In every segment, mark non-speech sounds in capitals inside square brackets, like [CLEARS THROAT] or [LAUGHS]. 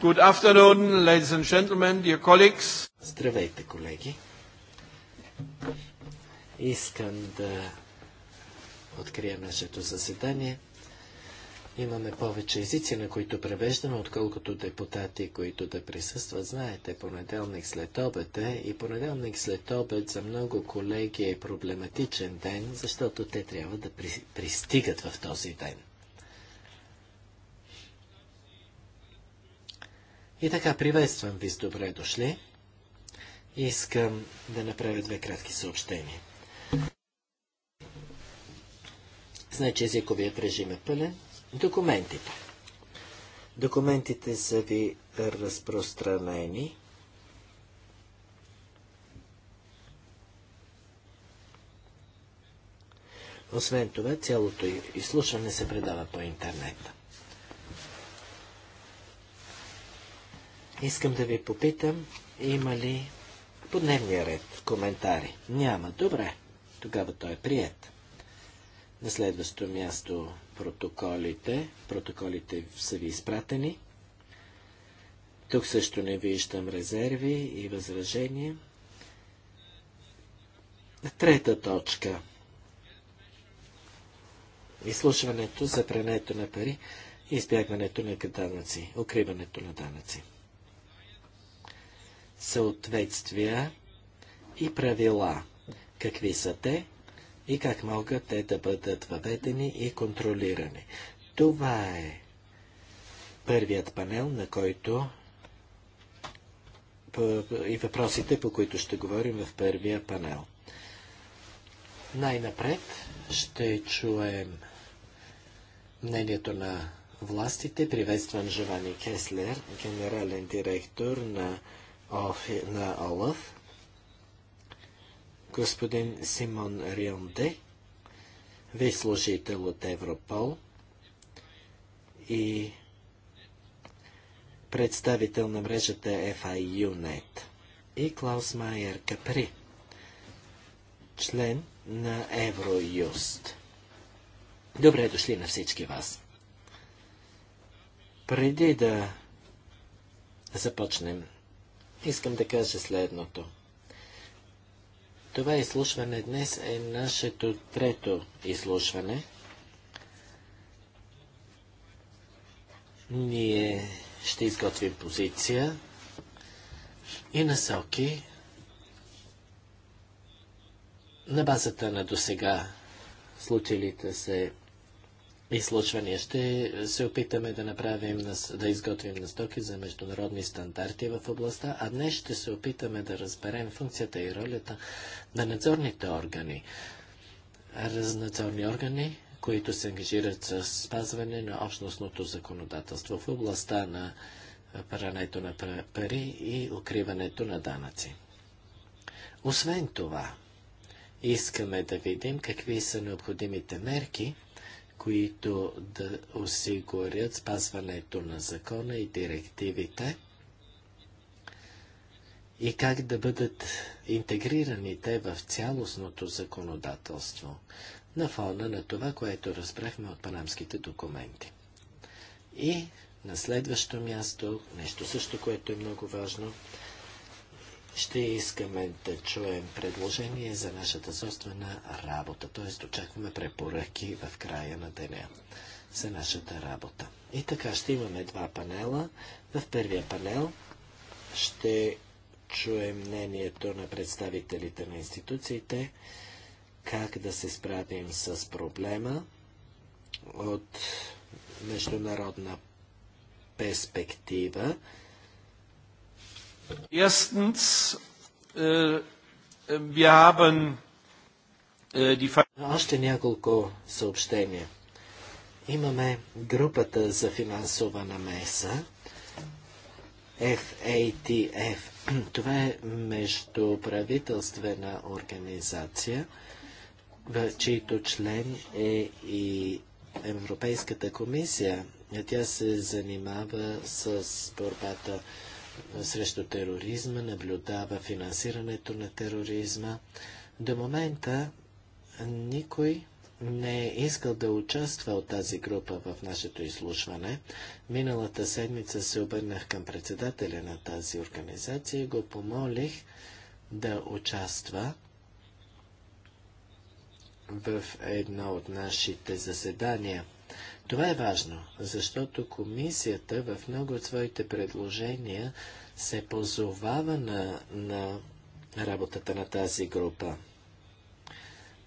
Good afternoon, ladies and gentlemen, dear colleagues. Здравейте, колеги. Искам да открия нашето заседание. Имаме повече езици, на които превеждаме, отколкото депутати, които да присъстват. Знаете, понеделник след обед е и понеделник след обед за много колеги е проблематичен ден, защото те трябва да пристигат в този ден. И така, приветствам ви с добре дошли. Искам да направя две кратки съобщения. Значи езиковият режим е пълен. Документите. Документите са ви разпространени. Освен това, цялото изслушване се предава по интернета. Искам да ви попитам, има ли по дневния ред коментари? Няма. Добре. Тогава той е прият. На следващо място протоколите. Протоколите са ви изпратени. Тук също не виждам резерви и възражения. Трета точка. Изслушването за прането на пари и избягването на данъци, укриването на данъци съответствия и правила. Какви са те и как могат те да бъдат въведени и контролирани. Това е първият панел, на който и въпросите, по които ще говорим в първия панел. Най-напред ще чуем мнението на властите. Приветствам Жовани Кеслер, генерален директор на ОФИ, на ОЛАФ, господин Симон Рионде, ви служител от Европол и представител на мрежата FIUNET и Клаус Майер Капри, член на Евроюст. Добре дошли на всички вас. Преди да започнем Искам да кажа следното. Това изслушване днес е нашето трето изслушване. Ние ще изготвим позиция и насоки на базата на досега случилите се изслушвания. Ще се опитаме да направим, да изготвим настоки за международни стандарти в областта, а днес ще се опитаме да разберем функцията и ролята на надзорните органи. Разнадзорни органи, които се ангажират с спазване на общностното законодателство в областта на прането на пари и укриването на данъци. Освен това, искаме да видим какви са необходимите мерки, които да осигурят спазването на закона и директивите и как да бъдат интегрирани те в цялостното законодателство на фона на това, което разбрахме от панамските документи. И на следващо място, нещо също, което е много важно – ще искаме да чуем предложение за нашата собствена работа, т.е. очакваме препоръки в края на деня за нашата работа. И така ще имаме два панела. В първия панел ще чуем мнението на представителите на институциите, как да се справим с проблема от международна перспектива. Erstens, äh, äh, wir haben äh, Още няколко съобщения. Имаме групата за финансова намеса, FATF. [CLEARS THROAT] Това е междуправителствена организация, в чийто член е и Европейската комисия. Тя се занимава с борбата срещу тероризма, наблюдава финансирането на тероризма. До момента никой не е искал да участва от тази група в нашето изслушване. Миналата седмица се обърнах към председателя на тази организация и го помолих да участва в едно от нашите заседания – това е важно, защото комисията в много от своите предложения се позовава на, на работата на тази група.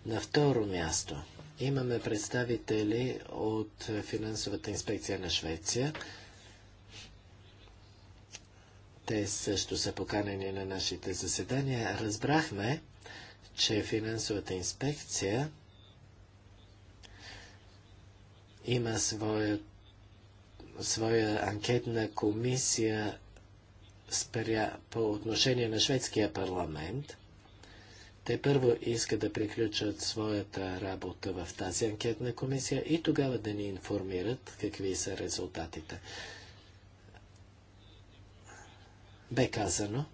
На второ място имаме представители от финансовата инспекция на Швеция. Те също са поканени на нашите заседания. Разбрахме, че финансовата инспекция има своя, своя анкетна комисия спря, по отношение на шведския парламент. Те първо искат да приключат своята работа в тази анкетна комисия и тогава да ни информират какви са резултатите. Бе казано,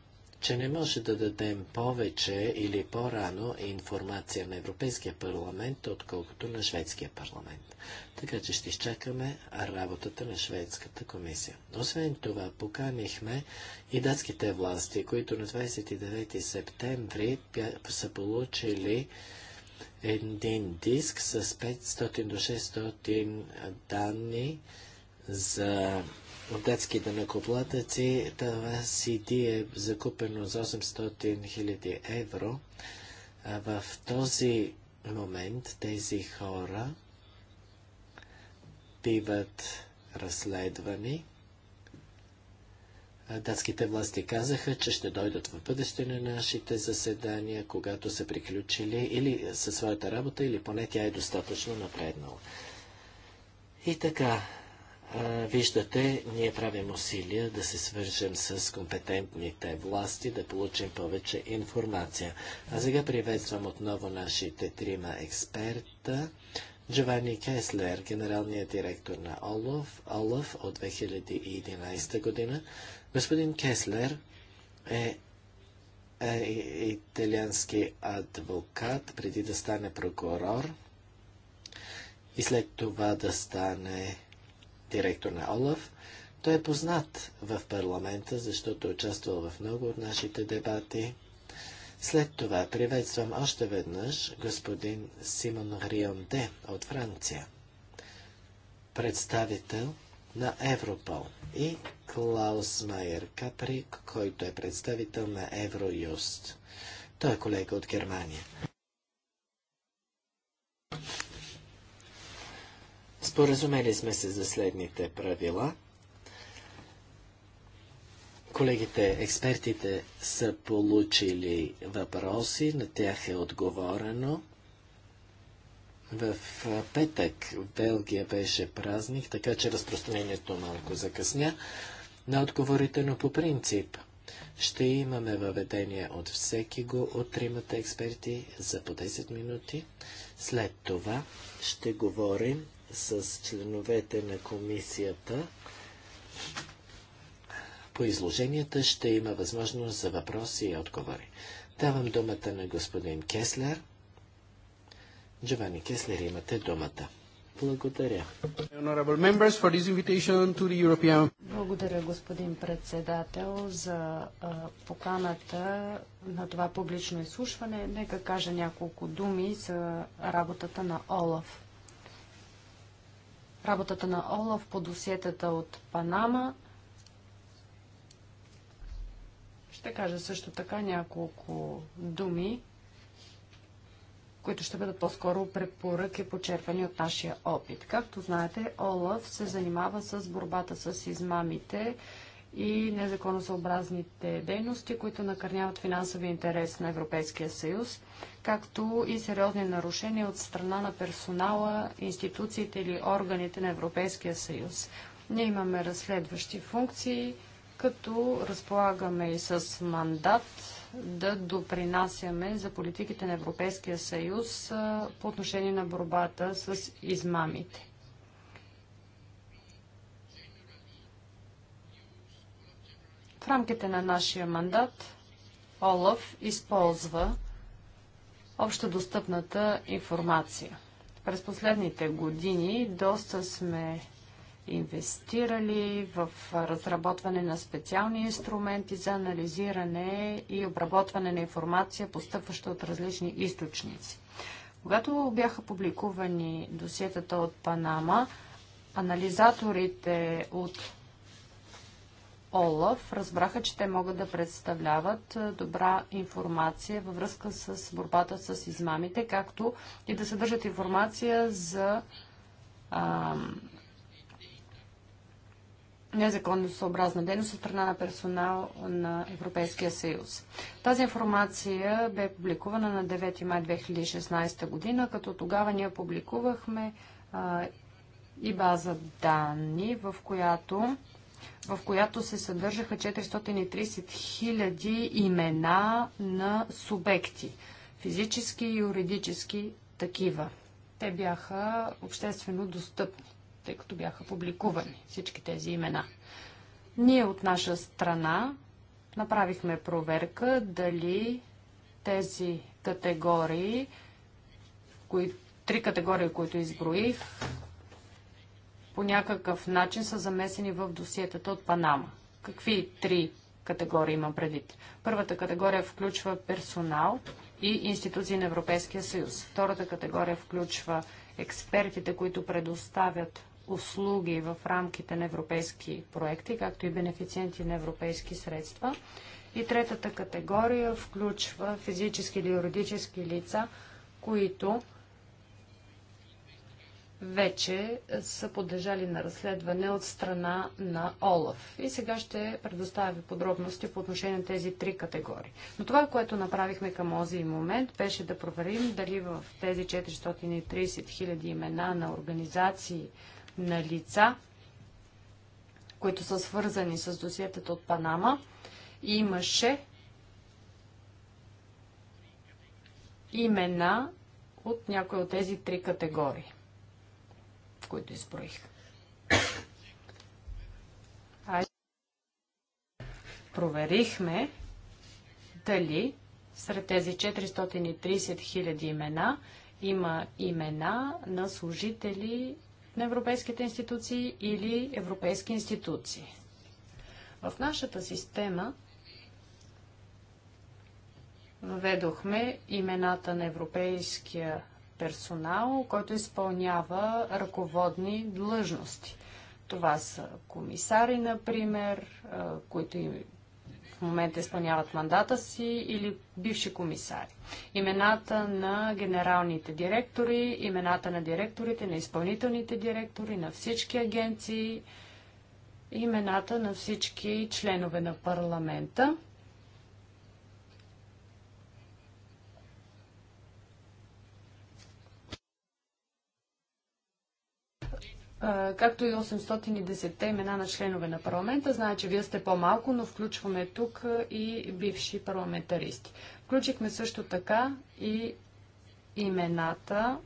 че не може да дадем повече или по-рано информация на Европейския парламент, отколкото на Шведския парламент. Така че ще изчакаме работата на Шведската комисия. Освен това, поканихме и датските власти, които на 29 септември са получили един диск с 500 до 600 данни за от датски накоплатъци, Това CD е закупено за 800 000 евро. А в този момент тези хора биват разследвани. Датските власти казаха, че ще дойдат в бъдеще на нашите заседания, когато са приключили или със своята работа, или поне тя е достатъчно напреднала. И така, Виждате, ние правим усилия да се свържем с компетентните власти, да получим повече информация. А сега приветствам отново нашите трима експерта. Джовани Кеслер, генералният директор на Олов. ОЛОВ от 2011 година. Господин Кеслер е, е италиански адвокат, преди да стане прокурор и след това да стане директор на ОЛАФ. Той е познат в парламента, защото е участвал в много от нашите дебати. След това приветствам още веднъж господин Симон Рионде от Франция, представител на Европол и Клаус Майер Каприк, който е представител на Евроюст. Той е колега от Германия. Споразумели сме се за следните правила. Колегите, експертите са получили въпроси, на тях е отговорено. В петък в Белгия беше празник, така че разпространението малко закъсня на отговорите, но по принцип ще имаме въведение от всеки го от тримата експерти за по 10 минути. След това ще говорим с членовете на комисията по изложенията ще има възможност за въпроси и отговори. Давам думата на господин Кеслер. Джовани Кеслер, имате думата. Благодаря. Благодаря, господин председател, за поканата на това публично изслушване. Нека кажа няколко думи за работата на ОЛАФ работата на Олаф по досиетата от Панама. Ще кажа също така няколко думи, които ще бъдат по-скоро препоръки, почерпани от нашия опит. Както знаете, Олаф се занимава с борбата с измамите и незаконосъобразните дейности, които накърняват финансови интерес на Европейския съюз, както и сериозни нарушения от страна на персонала, институциите или органите на Европейския съюз. Ние имаме разследващи функции, като разполагаме и с мандат да допринасяме за политиките на Европейския съюз по отношение на борбата с измамите. В рамките на нашия мандат ОЛАФ използва общодостъпната информация. През последните години доста сме инвестирали в разработване на специални инструменти за анализиране и обработване на информация, постъпваща от различни източници. Когато бяха публикувани досиетата от Панама, анализаторите от ОЛАФ разбраха, че те могат да представляват е, добра информация във връзка с борбата с измамите, както и да съдържат информация за а, незаконно съобразна дейност от страна на персонал на Европейския съюз. Тази информация бе публикувана на 9 май 2016 година, като тогава ние публикувахме и база данни, в която в която се съдържаха 430 хиляди имена на субекти, физически и юридически такива. Те бяха обществено достъпни, тъй като бяха публикувани всички тези имена. Ние от наша страна направихме проверка дали тези категории, кои, три категории, които изброих, по някакъв начин са замесени в досиетата от Панама. Какви три категории има предвид? Първата категория включва персонал и институции на Европейския съюз. Втората категория включва експертите, които предоставят услуги в рамките на европейски проекти, както и бенефициенти на европейски средства. И третата категория включва физически или юридически лица, които вече са подлежали на разследване от страна на ОЛАФ. И сега ще предоставя ви подробности по отношение на тези три категории. Но това, което направихме към този момент, беше да проверим дали в тези 430 000 имена на организации на лица, които са свързани с досиетата от Панама, имаше имена от някои от тези три категории които изброих. Проверихме дали сред тези 430 000 имена има имена на служители на европейските институции или европейски институции. В нашата система въведохме имената на Европейския персонал, който изпълнява ръководни длъжности. Това са комисари, например, които в момента изпълняват мандата си или бивши комисари. Имената на генералните директори, имената на директорите, на изпълнителните директори, на всички агенции, имената на всички членове на парламента. както и 810 имена на членове на парламента. Знае, че вие сте по-малко, но включваме тук и бивши парламентаристи. Включихме също така и имената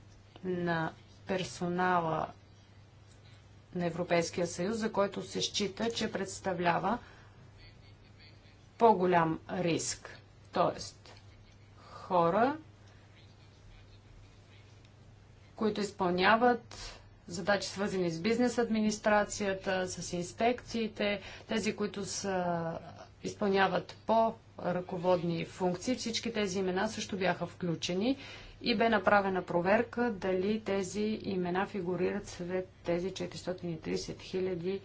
на персонала на Европейския съюз, за който се счита, че представлява по-голям риск. Тоест, хора, които изпълняват задачи свързани с бизнес администрацията, с инспекциите, тези, които са, изпълняват по ръководни функции. Всички тези имена също бяха включени и бе направена проверка дали тези имена фигурират сред тези 430 хиляди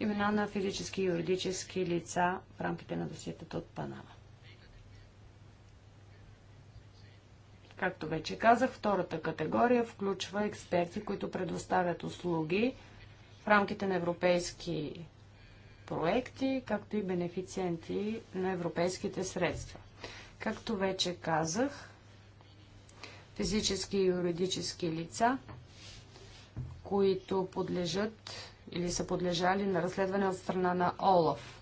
имена на физически и юридически лица в рамките на досиетата от Панама. Както вече казах, втората категория включва експерти, които предоставят услуги в рамките на европейски проекти, както и бенефициенти на европейските средства. Както вече казах, физически и юридически лица, които подлежат или са подлежали на разследване от страна на ОЛАФ.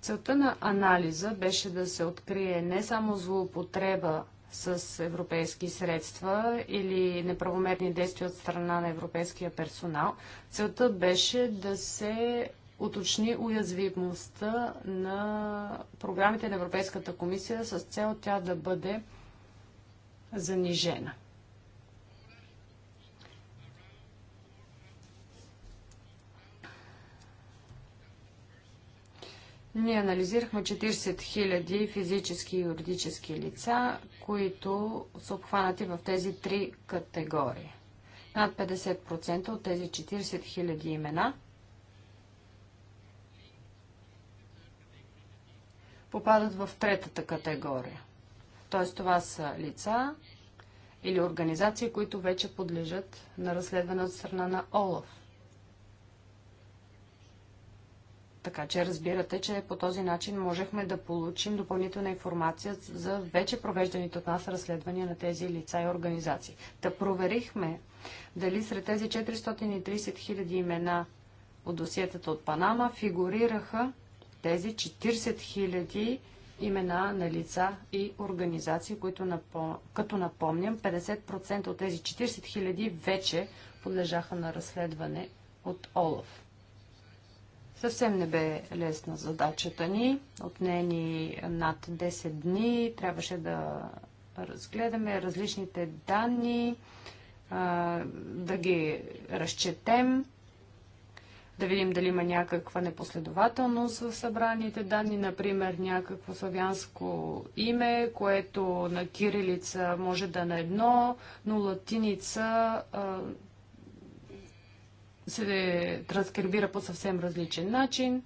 Целта на анализа беше да се открие не само злоупотреба с европейски средства или неправомерни действия от страна на европейския персонал. Целта беше да се уточни уязвимостта на програмите на Европейската комисия с цел тя да бъде занижена. Ние анализирахме 40 000 физически и юридически лица, които са обхванати в тези три категории. Над 50% от тези 40 000 имена попадат в третата категория. Т.е. това са лица или организации, които вече подлежат на разследване от страна на ОЛАФ. Така че разбирате, че по този начин можехме да получим допълнителна информация за вече провежданите от нас разследвания на тези лица и организации. да проверихме дали сред тези 430 хиляди имена от досиетата от Панама фигурираха тези 40 хиляди имена на лица и организации, които напом... като напомням, 50% от тези 40 хиляди вече подлежаха на разследване от ОЛАФ. Съвсем не бе лесна задачата ни. От ни над 10 дни. Трябваше да разгледаме различните данни, да ги разчетем, да видим дали има някаква непоследователност в събраните данни, например някакво славянско име, което на кирилица може да е на едно, но латиница се транскрибира по съвсем различен начин.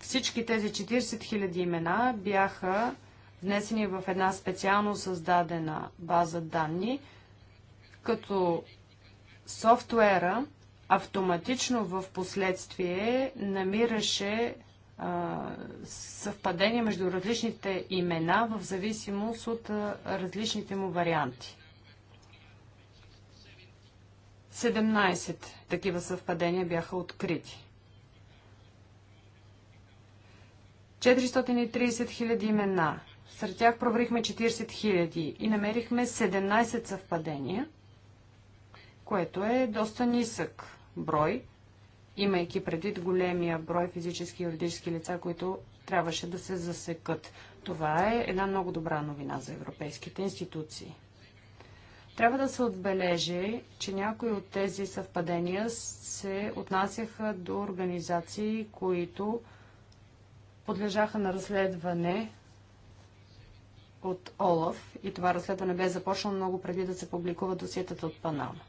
Всички тези 40 000 имена бяха внесени в една специално създадена база данни, като софтуера автоматично в последствие намираше съвпадение между различните имена в зависимост от различните му варианти. 17 такива съвпадения бяха открити. 430 хиляди имена. Сред тях проверихме 40 000 и намерихме 17 съвпадения, което е доста нисък брой – имайки предвид големия брой физически и юридически лица, които трябваше да се засекат. Това е една много добра новина за европейските институции. Трябва да се отбележи, че някои от тези съвпадения се отнасяха до организации, които подлежаха на разследване от Олаф и това разследване бе започнало много преди да се публикува досиетата от Панама.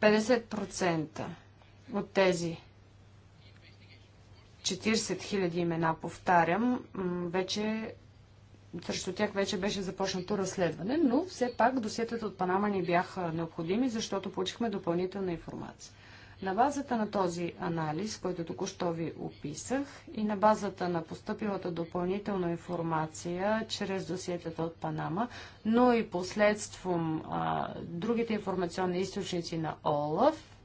50% от тези 40 000 имена, повтарям, вече срещу тях вече беше започнато разследване, но все пак досетата от Панама ни бяха необходими, защото получихме допълнителна информация. На базата на този анализ, който току-що ви описах и на базата на поступилата допълнителна информация чрез досиетата от Панама, но и последством а, другите информационни източници на ОЛАФ,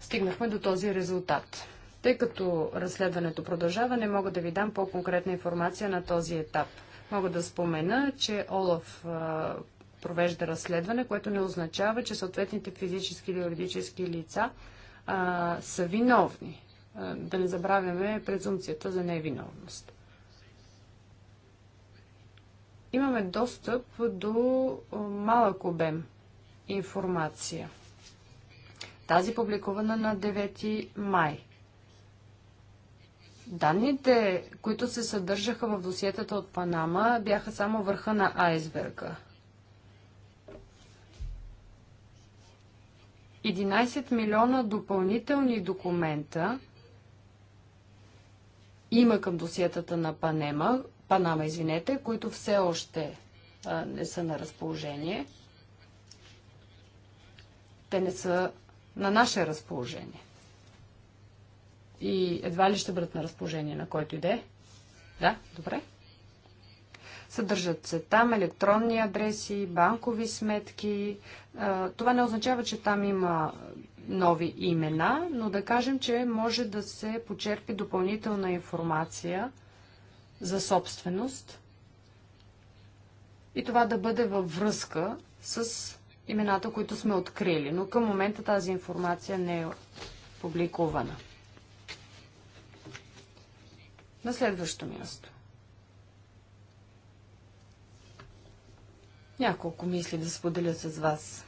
стигнахме до този резултат. Тъй като разследването продължава, не мога да ви дам по-конкретна информация на този етап – Мога да спомена, че Олаф провежда разследване, което не означава, че съответните физически или юридически лица а, са виновни. А, да не забравяме презумцията за невиновност. Имаме достъп до малък обем информация. Тази публикувана на 9 май – Данните, които се съдържаха в досиетата от Панама, бяха само върха на айсберга. 11 милиона допълнителни документа има към досиетата на Панема, Панама, извинете, които все още а, не са на разположение. Те не са на наше разположение и едва ли ще бъдат на разположение на който иде. Да, добре. Съдържат се там електронни адреси, банкови сметки. Това не означава, че там има нови имена, но да кажем, че може да се почерпи допълнителна информация за собственост и това да бъде във връзка с имената, които сме открили. Но към момента тази информация не е публикувана. На следващо място. Няколко мисли да споделя с вас.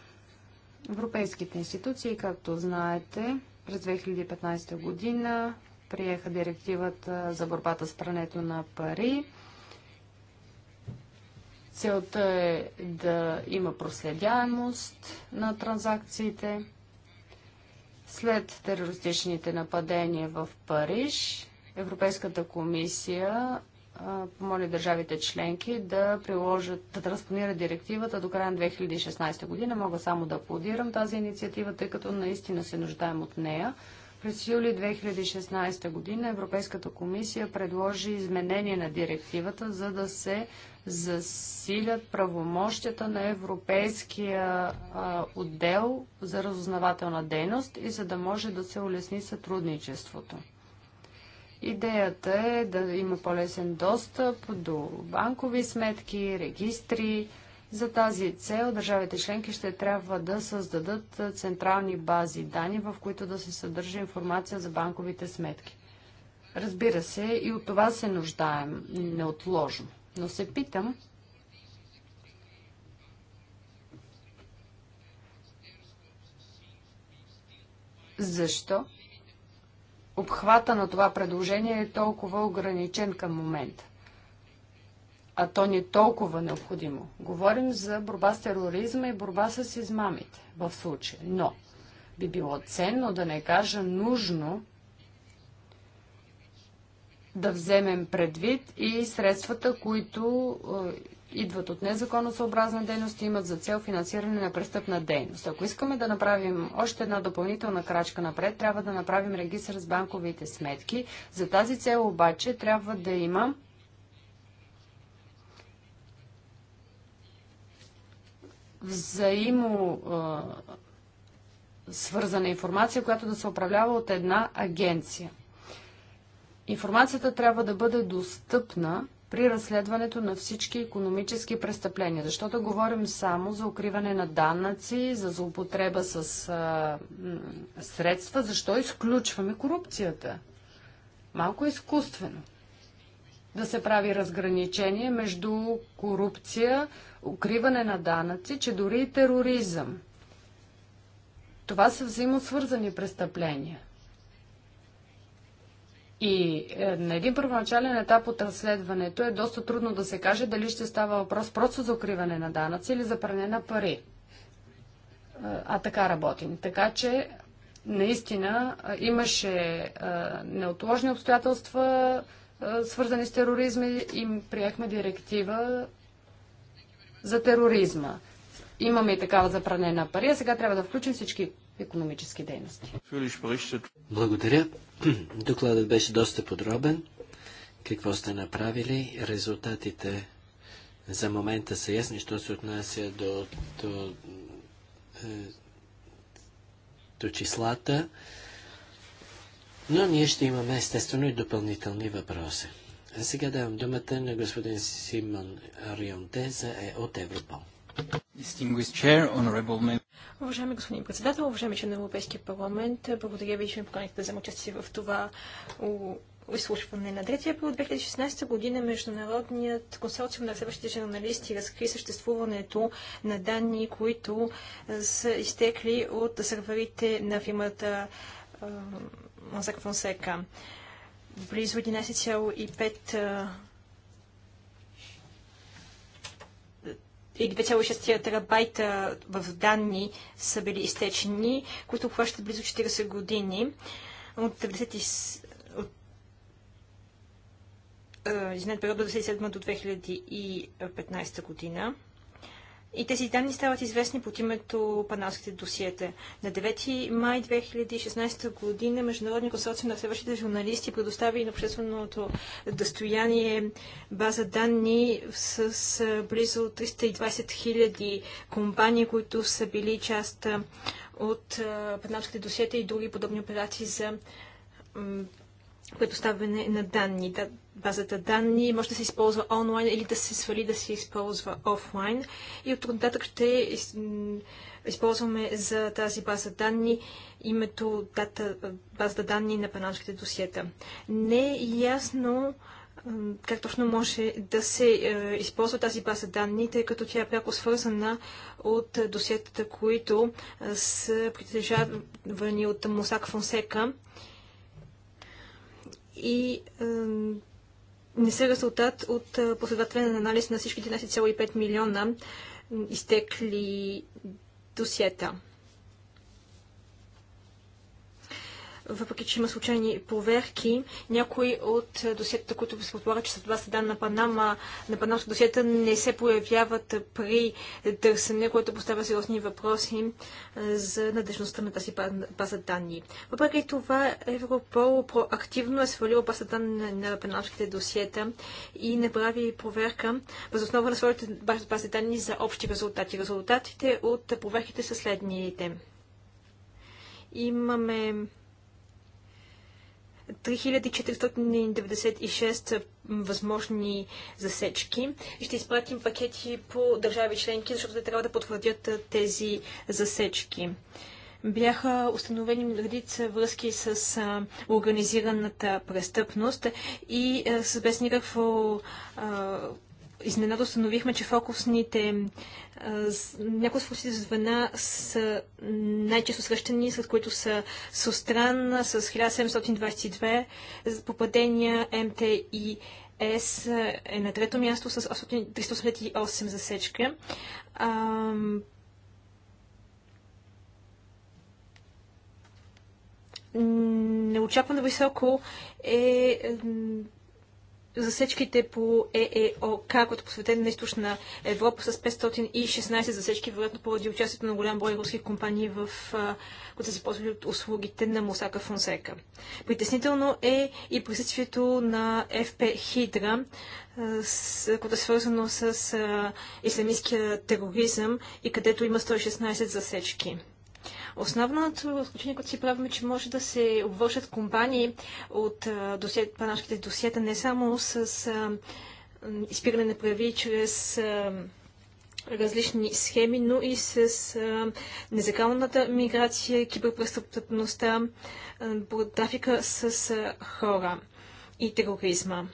Европейските институции, както знаете, през 2015 година приеха директивата за борбата с прането на пари. Целта е да има проследяемост на транзакциите. След терористичните нападения в Париж Европейската комисия помоли държавите членки да приложат, да транспонират директивата до края на 2016 година. Мога само да аплодирам тази инициатива, тъй като наистина се нуждаем от нея. През юли 2016 година Европейската комисия предложи изменение на директивата, за да се засилят правомощията на Европейския а, отдел за разузнавателна дейност и за да може да се улесни сътрудничеството. Идеята е да има по-лесен достъп до банкови сметки, регистри. За тази цел държавите членки ще трябва да създадат централни бази данни, в които да се съдържа информация за банковите сметки. Разбира се, и от това се нуждаем неотложно. Но се питам, защо обхвата на това предложение е толкова ограничен към момента. А то ни е толкова необходимо. Говорим за борба с тероризма и борба с измамите в случая. Но би било ценно, да не кажа нужно, да вземем предвид и средствата, които е, идват от незаконосъобразна дейност и имат за цел финансиране на престъпна дейност. Ако искаме да направим още една допълнителна крачка напред, трябва да направим регистр с банковите сметки. За тази цел обаче трябва да има взаимо свързана информация, която да се управлява от една агенция. Информацията трябва да бъде достъпна при разследването на всички економически престъпления, защото говорим само за укриване на данъци, за злоупотреба с а, средства, защо изключваме корупцията? Малко е изкуствено. Да се прави разграничение между корупция, укриване на данъци, че дори и тероризъм. Това са взаимосвързани престъпления. И е, на един първоначален етап от разследването е доста трудно да се каже дали ще става въпрос просто за укриване на данъци или за пране на пари. Е, а така работим. Така че наистина е, имаше неотложни обстоятелства, свързани с тероризма и приехме директива за тероризма. Имаме и такава за пране на пари, а сега трябва да включим всички економически дейности. Благодаря. [CLEARS THROAT] Докладът беше доста подробен. Какво сте направили? Резултатите за момента са ясни, що се отнася до, до, е, до числата. Но ние ще имаме естествено и допълнителни въпроси. А сега давам думата на господин Симон Рионте за е от Европол. Уважаеми господин председател, уважаеми член на Европейския парламент, благодаря ви, че ме поканихте да взема участие в това изслушване. На 3 април 2016 година Международният консорциум на разследващите журналисти разкри съществуването на данни, които са изтекли от сървърите на фирмата Мазак Фонсека. Близо 11,5 И 2,6 терабайта в данни са били изтечени, които обхващат близо 40 години. От 90 от, извинете, период от 2007 до 2015 година. И тези данни стават известни под името панамските досиета. На 9 май 2016 година Международния консорциум на следващите журналисти предостави на общественото достояние база данни с близо 320 хиляди компании, които са били част от панамските досиета и други подобни операции за предоставяне на данни базата данни може да се използва онлайн или да се свали да се използва офлайн. И от нататък ще използваме за тази база данни името дата, базата данни на панамските досиета. Не е ясно как точно може да се е, използва тази база данни, тъй като тя е пряко свързана от досиетата, които е, са притежавани от Мусак Фонсека и е, не са резултат от последователен анализ на всички 11,5 милиона изтекли досиета. въпреки че има случайни проверки, някои от досиетата, които се предполага, че са това седа дан на Панама, на панамска досиета не се появяват при търсене, което поставя сериозни въпроси за надежността на тази база данни. Въпреки това, Европол проактивно е свалил база данни на панамските досиета и не прави проверка въз основа на своите бази данни за общи резултати. Резултатите от проверките са следните. Имаме 3496 възможни засечки. Ще изпратим пакети по държави членки, защото те трябва да потвърдят тези засечки. Бяха установени редица връзки с а, организираната престъпност и а, без никакво а, изненада установихме, че фокусните някои от за звена са най-често срещани, след които са Состран с 1722 попадения и ЕС е на трето място с 388 засечка. А, неочаквано високо е засечките по ЕЕОК, като посветен на източна Европа с 516 засечки, вероятно поради участието на голям брой руски компании, в, които се ползвали от услугите на Мусака Фонсека. Притеснително е и присъствието на ФП Хидра, което е свързано с исламистския тероризъм и където има 116 засечки. Основното заключение, което си правим, е, че може да се обвършат компании от панашките досиета не само с а, изпиране на прави чрез а, различни схеми, но и с а, незаконната миграция, киберпрестъпността, трафика с а, хора и тероризма.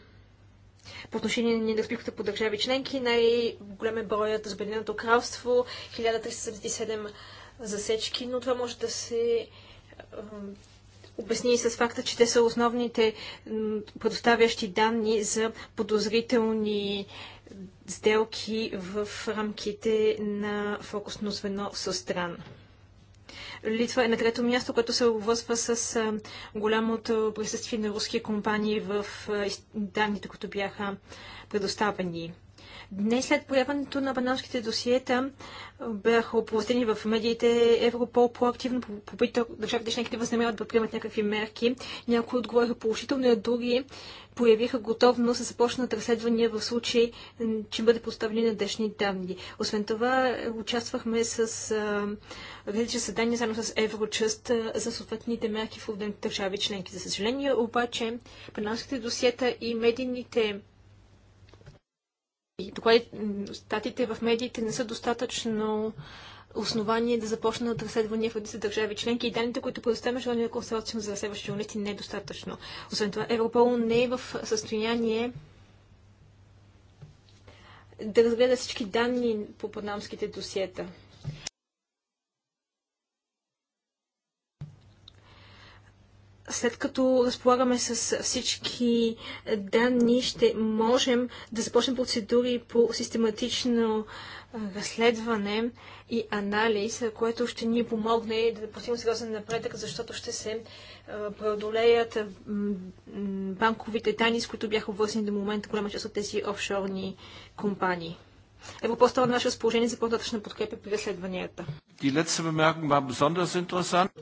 По отношение на недоспихата по държави членки, най-голям е броят за Обединеното кралство, 1377 засечки, но това може да се обясни и с факта, че те са основните предоставящи данни за подозрителни сделки в рамките на фокусно звено с стран. Литва е на трето място, което се обвързва с голямото присъствие на руски компании в данните, които бяха предоставени. Днес след появането на панамските досиета бяха оповестени в медиите. Европол по-активно попита държавите членки да възнамеряват да приемат някакви мерки. Някои отговориха положително, а други появиха готовност да започнат разследвания в случай, че бъде поставени на надежни данни. Освен това, участвахме с различни съдания, заедно с Еврочъст, за съответните мерки в отделните държави членки. За съжаление, обаче, панамските досиета и медийните и статите в медиите не са достатъчно основание да започнат разследвания в редица държави членки и данните, които предоставя Международния консорциум за разследващи журналисти не е достатъчно. Освен това, Европол не е в състояние да разгледа всички данни по панамските досиета. след като разполагаме с всички данни, ще можем да започнем процедури по систематично разследване и анализ, което ще ни помогне да постигнем сериозен напредък, защото ще се преодолеят банковите тайни, с които бяха обвързани до момента голяма част от тези офшорни компании. Европол става наше разположение за по-нататъчна подкрепа при разследванията.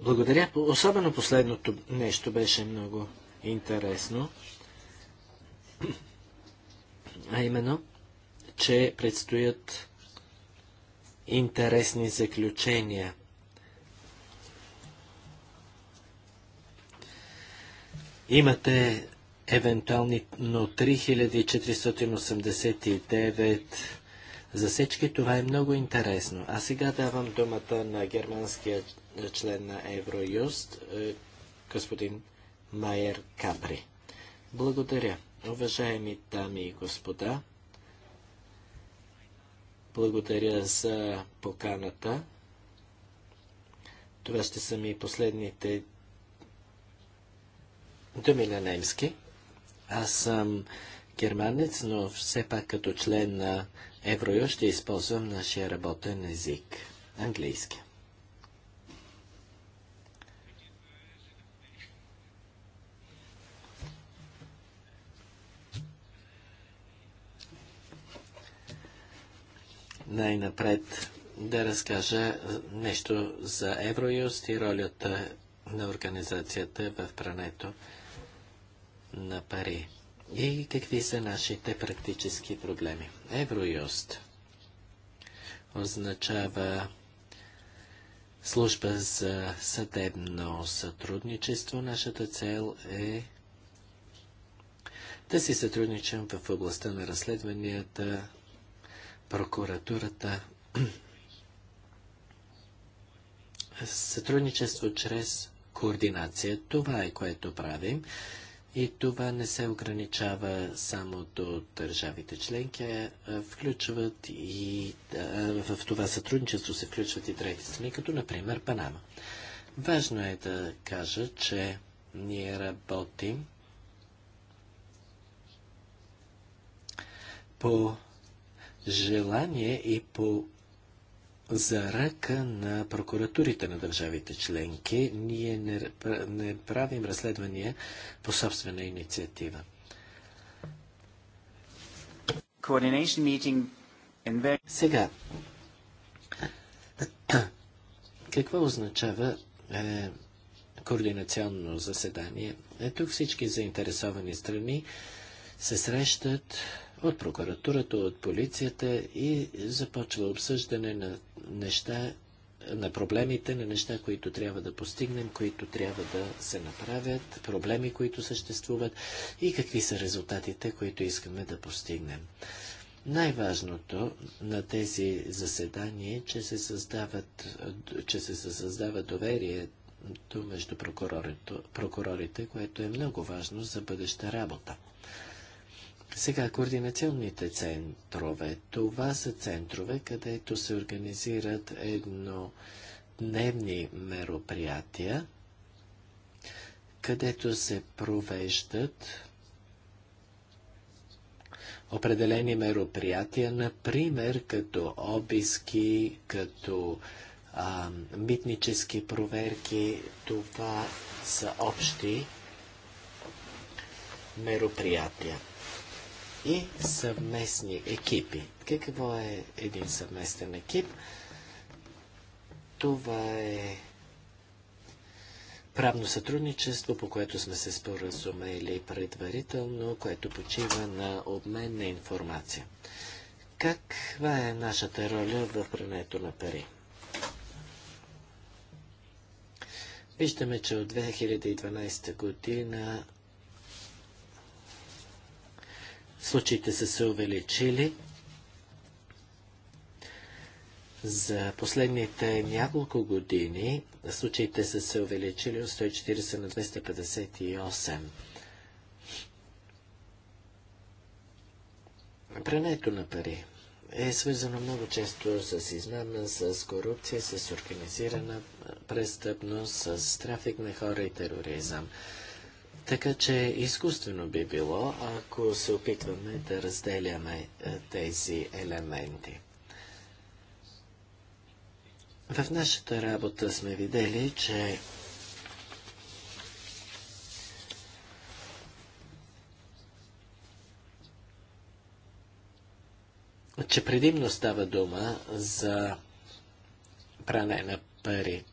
Благодаря. Особено последното нещо беше много интересно. А именно, че предстоят интересни заключения. Имате евентуални но 3489 за всички това е много интересно. А сега давам думата на германския член на Евроюст, е, господин Майер Капри. Благодаря. Уважаеми дами и господа, благодаря за поканата. Това ще са ми последните думи на немски. Аз съм германец, но все пак като член на Еврою ще използвам нашия работен език – английски. Най-напред да разкажа нещо за Евроюст и ролята на организацията в прането на пари. И какви са нашите практически проблеми? Евроюст означава служба за съдебно сътрудничество. Нашата цел е да си сътрудничам в областта на разследванията, прокуратурата, сътрудничество чрез координация. Това е което правим. И това не се ограничава само до държавите членки, включват и в това сътрудничество се включват и трети страни, като например Панама. Важно е да кажа, че ние работим по желание и по за ръка на прокуратурите на държавите членки. Ние не, не правим разследвания по собствена инициатива. Сега, [CLEARS THROAT] какво означава е, координационно заседание? Е, тук всички заинтересовани страни се срещат от прокуратурата, от полицията и започва обсъждане на неща, на проблемите, на неща, които трябва да постигнем, които трябва да се направят, проблеми, които съществуват и какви са резултатите, които искаме да постигнем. Най-важното на тези заседания е, че се, създават, че се създава доверието между прокурорите, което е много важно за бъдеща работа. Сега, координационните центрове. Това са центрове, където се организират едно дневни мероприятия, където се провеждат определени мероприятия, например като обиски, като а, митнически проверки. Това са общи мероприятия и съвместни екипи. Какво е един съвместен екип? Това е правно сътрудничество, по което сме се споразумели предварително, което почива на обмен на информация. Каква е нашата роля в прането на пари? Виждаме, че от 2012 година Случаите са се увеличили. За последните няколко години случаите са се увеличили от 140 на 258. Прането на пари е свързано много често с измама, с корупция, с организирана престъпност, с трафик на хора и тероризъм. Така че изкуствено би било, ако се опитваме да разделяме е, тези елементи. В нашата работа сме видели, че че предимно става дума за пране на пари.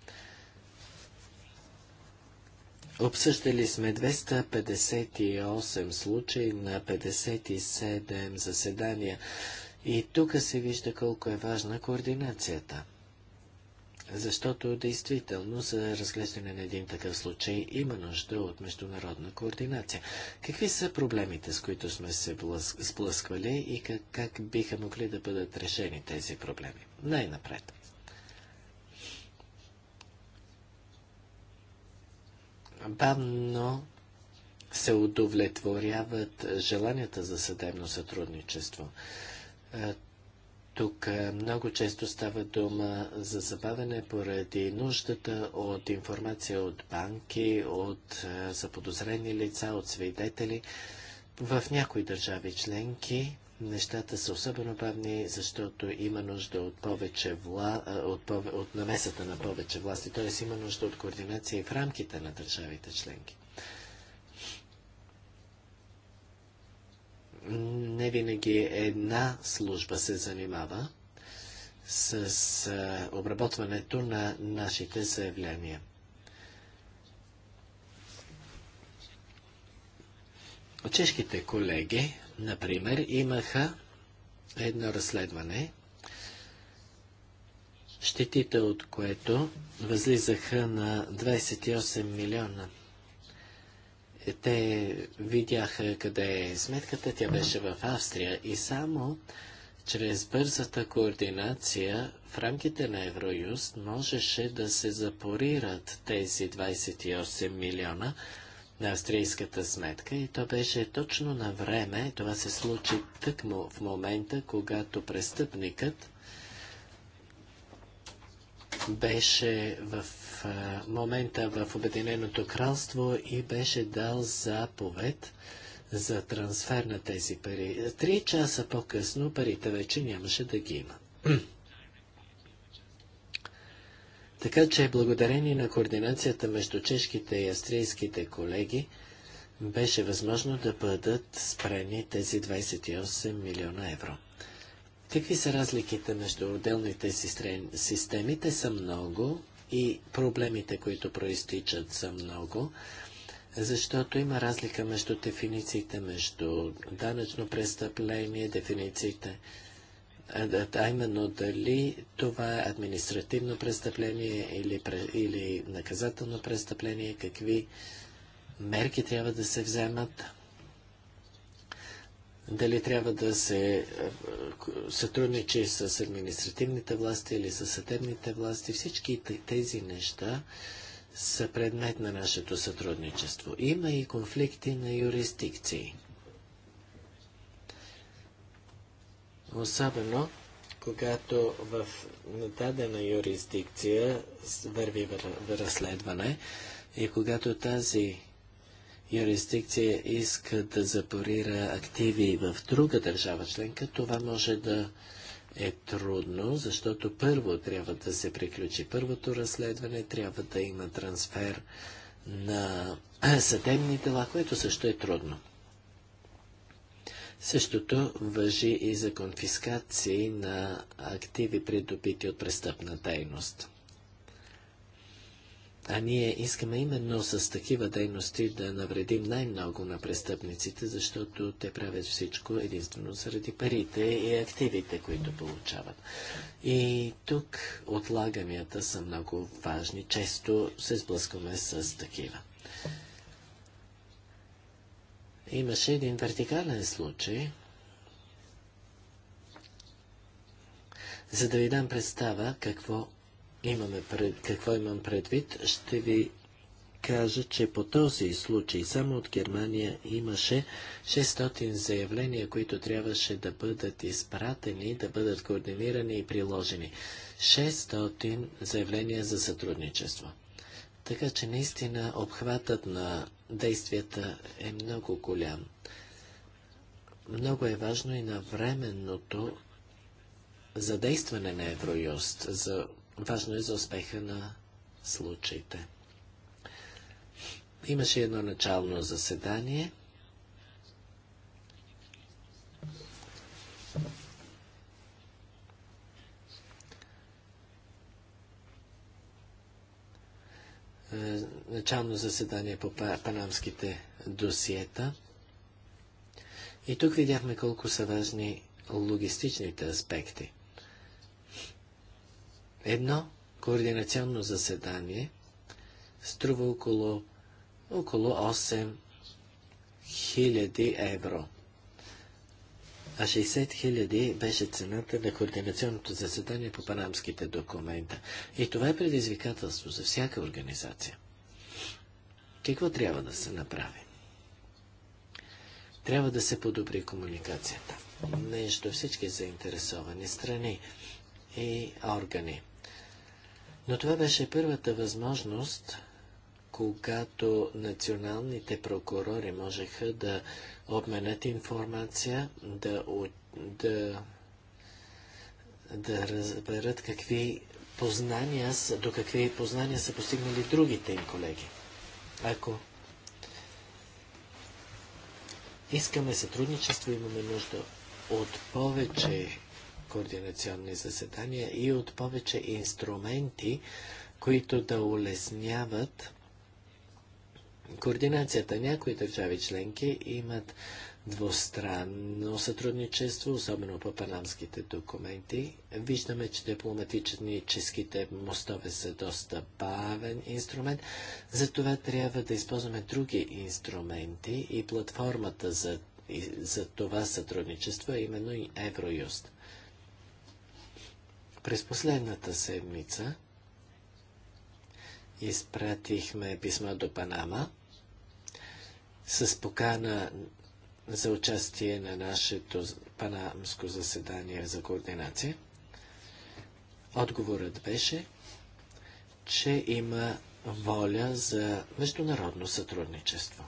Обсъждали сме 258 случаи на 57 заседания и тук се вижда колко е важна координацията. Защото действително за разглеждане на един такъв случай има нужда от международна координация. Какви са проблемите, с които сме се сблъсквали и как, как биха могли да бъдат решени тези проблеми? Най-напред. бавно се удовлетворяват желанията за съдебно сътрудничество. Е, тук е, много често става дума за забавене поради нуждата от информация от банки, от е, заподозрени лица, от свидетели. В някои държави членки Нещата са особено бавни, защото има нужда от, повече вла... от, пове... от намесата на повече власти, т.е. има нужда от координация и в рамките на държавите членки. Не винаги една служба се занимава с обработването на нашите заявления. Чешките колеги Например, имаха едно разследване, щетите от което възлизаха на 28 милиона. Е, те видяха къде е сметката, тя беше в Австрия и само чрез бързата координация в рамките на Евроюст можеше да се запорират тези 28 милиона, на австрийската сметка и то беше точно на време. Това се случи тъкмо в момента, когато престъпникът беше в момента в Обединеното кралство и беше дал заповед за трансфер на тези пари. Три часа по-късно парите вече нямаше да ги има. Така че благодарение на координацията между чешките и австрийските колеги беше възможно да бъдат спрени тези 28 милиона евро. Какви са разликите между отделните системи? Те са много и проблемите, които проистичат, са много, защото има разлика между дефинициите, между данъчно престъпление, дефинициите а именно дали това е административно престъпление или, или наказателно престъпление, какви мерки трябва да се вземат, дали трябва да се е, сътрудничи с административните власти или с съдебните власти. Всички тези неща са предмет на нашето сътрудничество. Има и конфликти на юрисдикции. Особено, когато в дадена юрисдикция върви разследване и когато тази юрисдикция иска да запорира активи в друга държава членка, това може да е трудно, защото първо трябва да се приключи първото разследване, трябва да има трансфер на [CLEARS THROAT] съдебни дела, което също е трудно. Същото въжи и за конфискации на активи, придобити от престъпна дейност. А ние искаме именно с такива дейности да навредим най-много на престъпниците, защото те правят всичко единствено заради парите и активите, които получават. И тук отлаганията са много важни. Често се сблъскваме с такива. Имаше един вертикален случай. За да ви дам представа какво, имаме пред, какво имам предвид, ще ви кажа, че по този случай само от Германия имаше 600 заявления, които трябваше да бъдат изпратени, да бъдат координирани и приложени. 600 заявления за сътрудничество. Така че наистина обхватът на действията е много голям. Много е важно и на временното задействане на Евроюст. За... Важно е за успеха на случаите. Имаше едно начално заседание. Е, начално заседание по панамските досиета. И тук видяхме колко са важни логистичните аспекти. Едно координационно заседание струва около, около 8 000 евро а 60 хиляди беше цената на координационното заседание по панамските документа. И това е предизвикателство за всяка организация. Какво трябва да се направи? Трябва да се подобри комуникацията между всички заинтересовани страни и органи. Но това беше първата възможност когато националните прокурори можеха да обменят информация, да, да, да разберат какви познания, до какви познания са постигнали другите им колеги. Ако искаме сътрудничество, имаме нужда от повече координационни заседания и от повече инструменти, които да улесняват координацията. Някои държави членки имат двустранно сътрудничество, особено по панамските документи. Виждаме, че дипломатическите мостове са доста бавен инструмент. Затова трябва да използваме други инструменти и платформата за, и, за това сътрудничество е именно и Евроюст. През последната седмица изпратихме писма до Панама – с покана за участие на нашето панамско заседание за координация. Отговорът беше, че има воля за международно сътрудничество.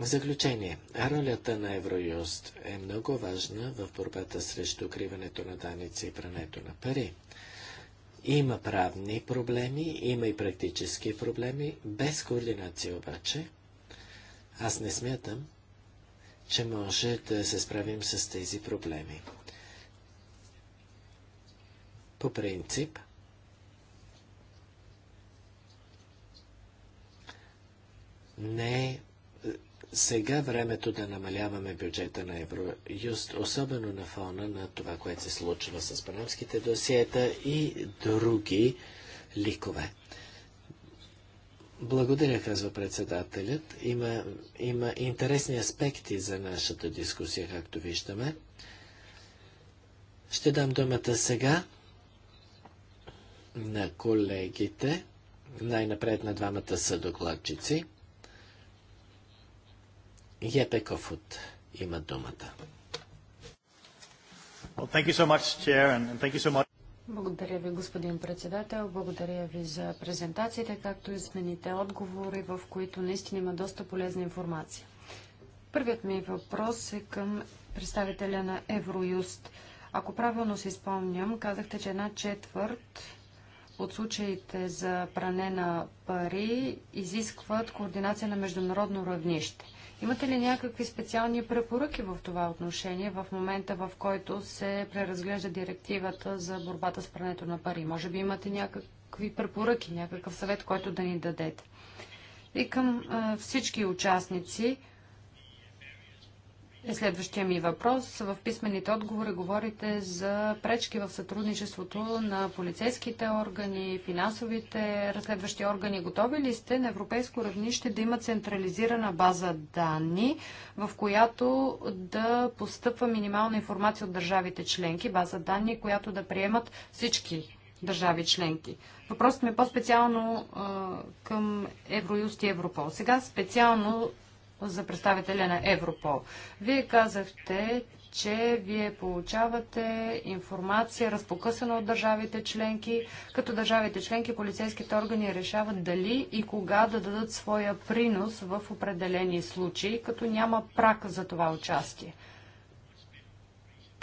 В заключение, ролята на Евроюст е много важна в борбата срещу укриването на даници и прането на пари. Има правни проблеми, има и практически проблеми, без координация обаче. Аз не смятам, че може да се справим с тези проблеми. По принцип, не е сега е времето да намаляваме бюджета на Евроюст, особено на фона на това, което се случва с панамските досиета и други ликове. Благодаря, казва председателят. Има, има интересни аспекти за нашата дискусия, както виждаме. Ще дам думата сега на колегите, най-напред на двамата са докладчици. Епеков от има думата. Благодаря ви, господин председател. Благодаря ви за презентациите, както и смените отговори, в които наистина има доста полезна информация. Първият ми въпрос е към представителя на Евроюст. Ако правилно си изпомням, казахте, че една четвърт от случаите за пране на пари изискват координация на международно равнище. Имате ли някакви специални препоръки в това отношение в момента, в който се преразглежда директивата за борбата с прането на пари? Може би имате някакви препоръки, някакъв съвет, който да ни дадете. И към а, всички участници – е следващия ми въпрос. В писмените отговори говорите за пречки в сътрудничеството на полицейските органи, финансовите разследващи органи. Готови ли сте на европейско равнище да има централизирана база данни, в която да постъпва минимална информация от държавите членки, база данни, която да приемат всички държави членки. Въпросът ми е по-специално към Евроюст и Европол. Сега специално за представителя на Европол. Вие казахте, че вие получавате информация разпокъсана от държавите членки, като държавите членки полицейските органи решават дали и кога да дадат своя принос в определени случаи, като няма прак за това участие.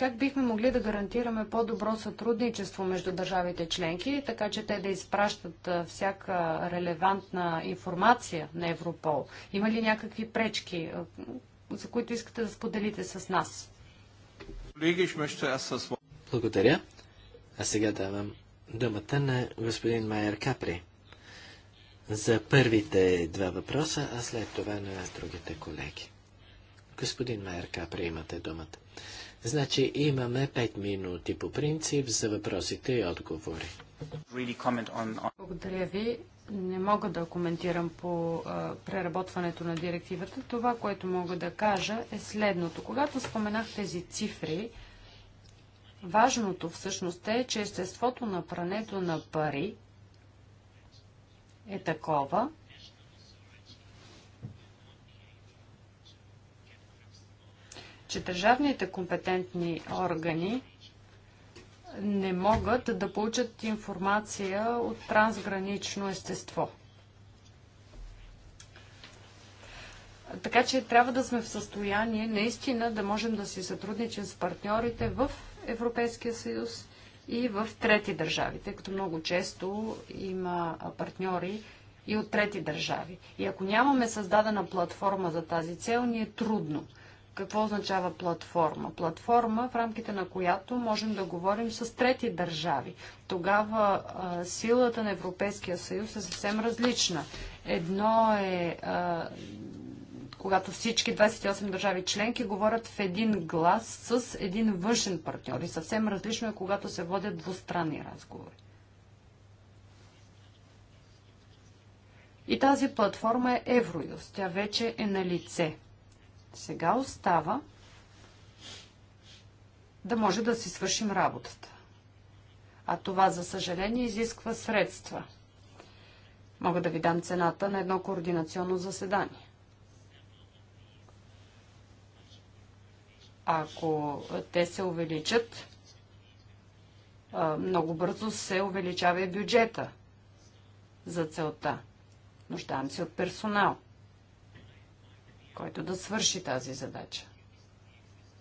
Как бихме могли да гарантираме по-добро сътрудничество между държавите членки, така че те да изпращат всяка релевантна информация на Европол? Има ли някакви пречки, за които искате да споделите с нас? Благодаря. А сега давам думата на господин Майер Капри за първите два въпроса, а след това на другите колеги. Господин Майер Капри, имате думата. Значи имаме 5 минути по принцип за въпросите и отговори. Благодаря ви. Не мога да коментирам по а, преработването на директивата. Това, което мога да кажа е следното. Когато споменах тези цифри, важното всъщност е, че естеството на прането на пари е такова, че държавните компетентни органи не могат да получат информация от трансгранично естество. Така че трябва да сме в състояние наистина да можем да си сътрудничим с партньорите в Европейския съюз и в трети държави, тъй като много често има партньори и от трети държави. И ако нямаме създадена платформа за тази цел, ни е трудно – какво означава платформа? Платформа, в рамките на която можем да говорим с трети държави. Тогава а, силата на Европейския съюз е съвсем различна. Едно е а, когато всички 28 държави членки говорят в един глас с един външен партньор. И съвсем различно е, когато се водят двустранни разговори. И тази платформа е Евроюз. Тя вече е на лице. Сега остава да може да си свършим работата. А това, за съжаление, изисква средства. Мога да ви дам цената на едно координационно заседание. Ако те се увеличат, много бързо се увеличава и бюджета за целта. Нуждаем се от персонал който да свърши тази задача.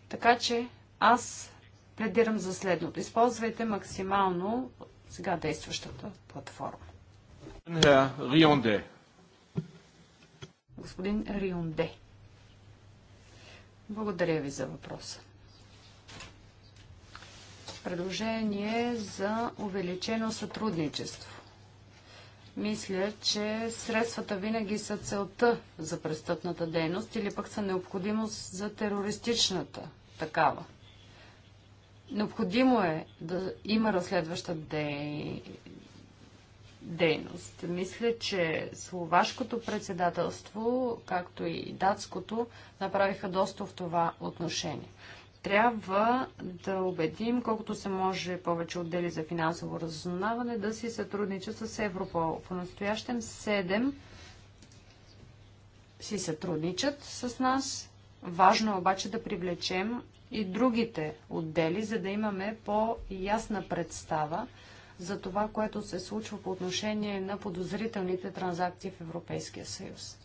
Така че аз пледирам за следното. Използвайте максимално сега действащата платформа. Рионде. Господин Рионде. Благодаря ви за въпроса. Предложение за увеличено сътрудничество. Мисля, че средствата винаги са целта за престъпната дейност или пък са необходимост за терористичната такава. Необходимо е да има разследваща дей... дейност. Мисля, че словашкото председателство, както и датското, направиха доста в това отношение трябва да убедим колкото се може повече отдели за финансово разузнаване да си сътрудничат с Европол. По настоящем 7 си сътрудничат с нас. Важно е обаче да привлечем и другите отдели, за да имаме по-ясна представа за това, което се случва по отношение на подозрителните транзакции в Европейския съюз.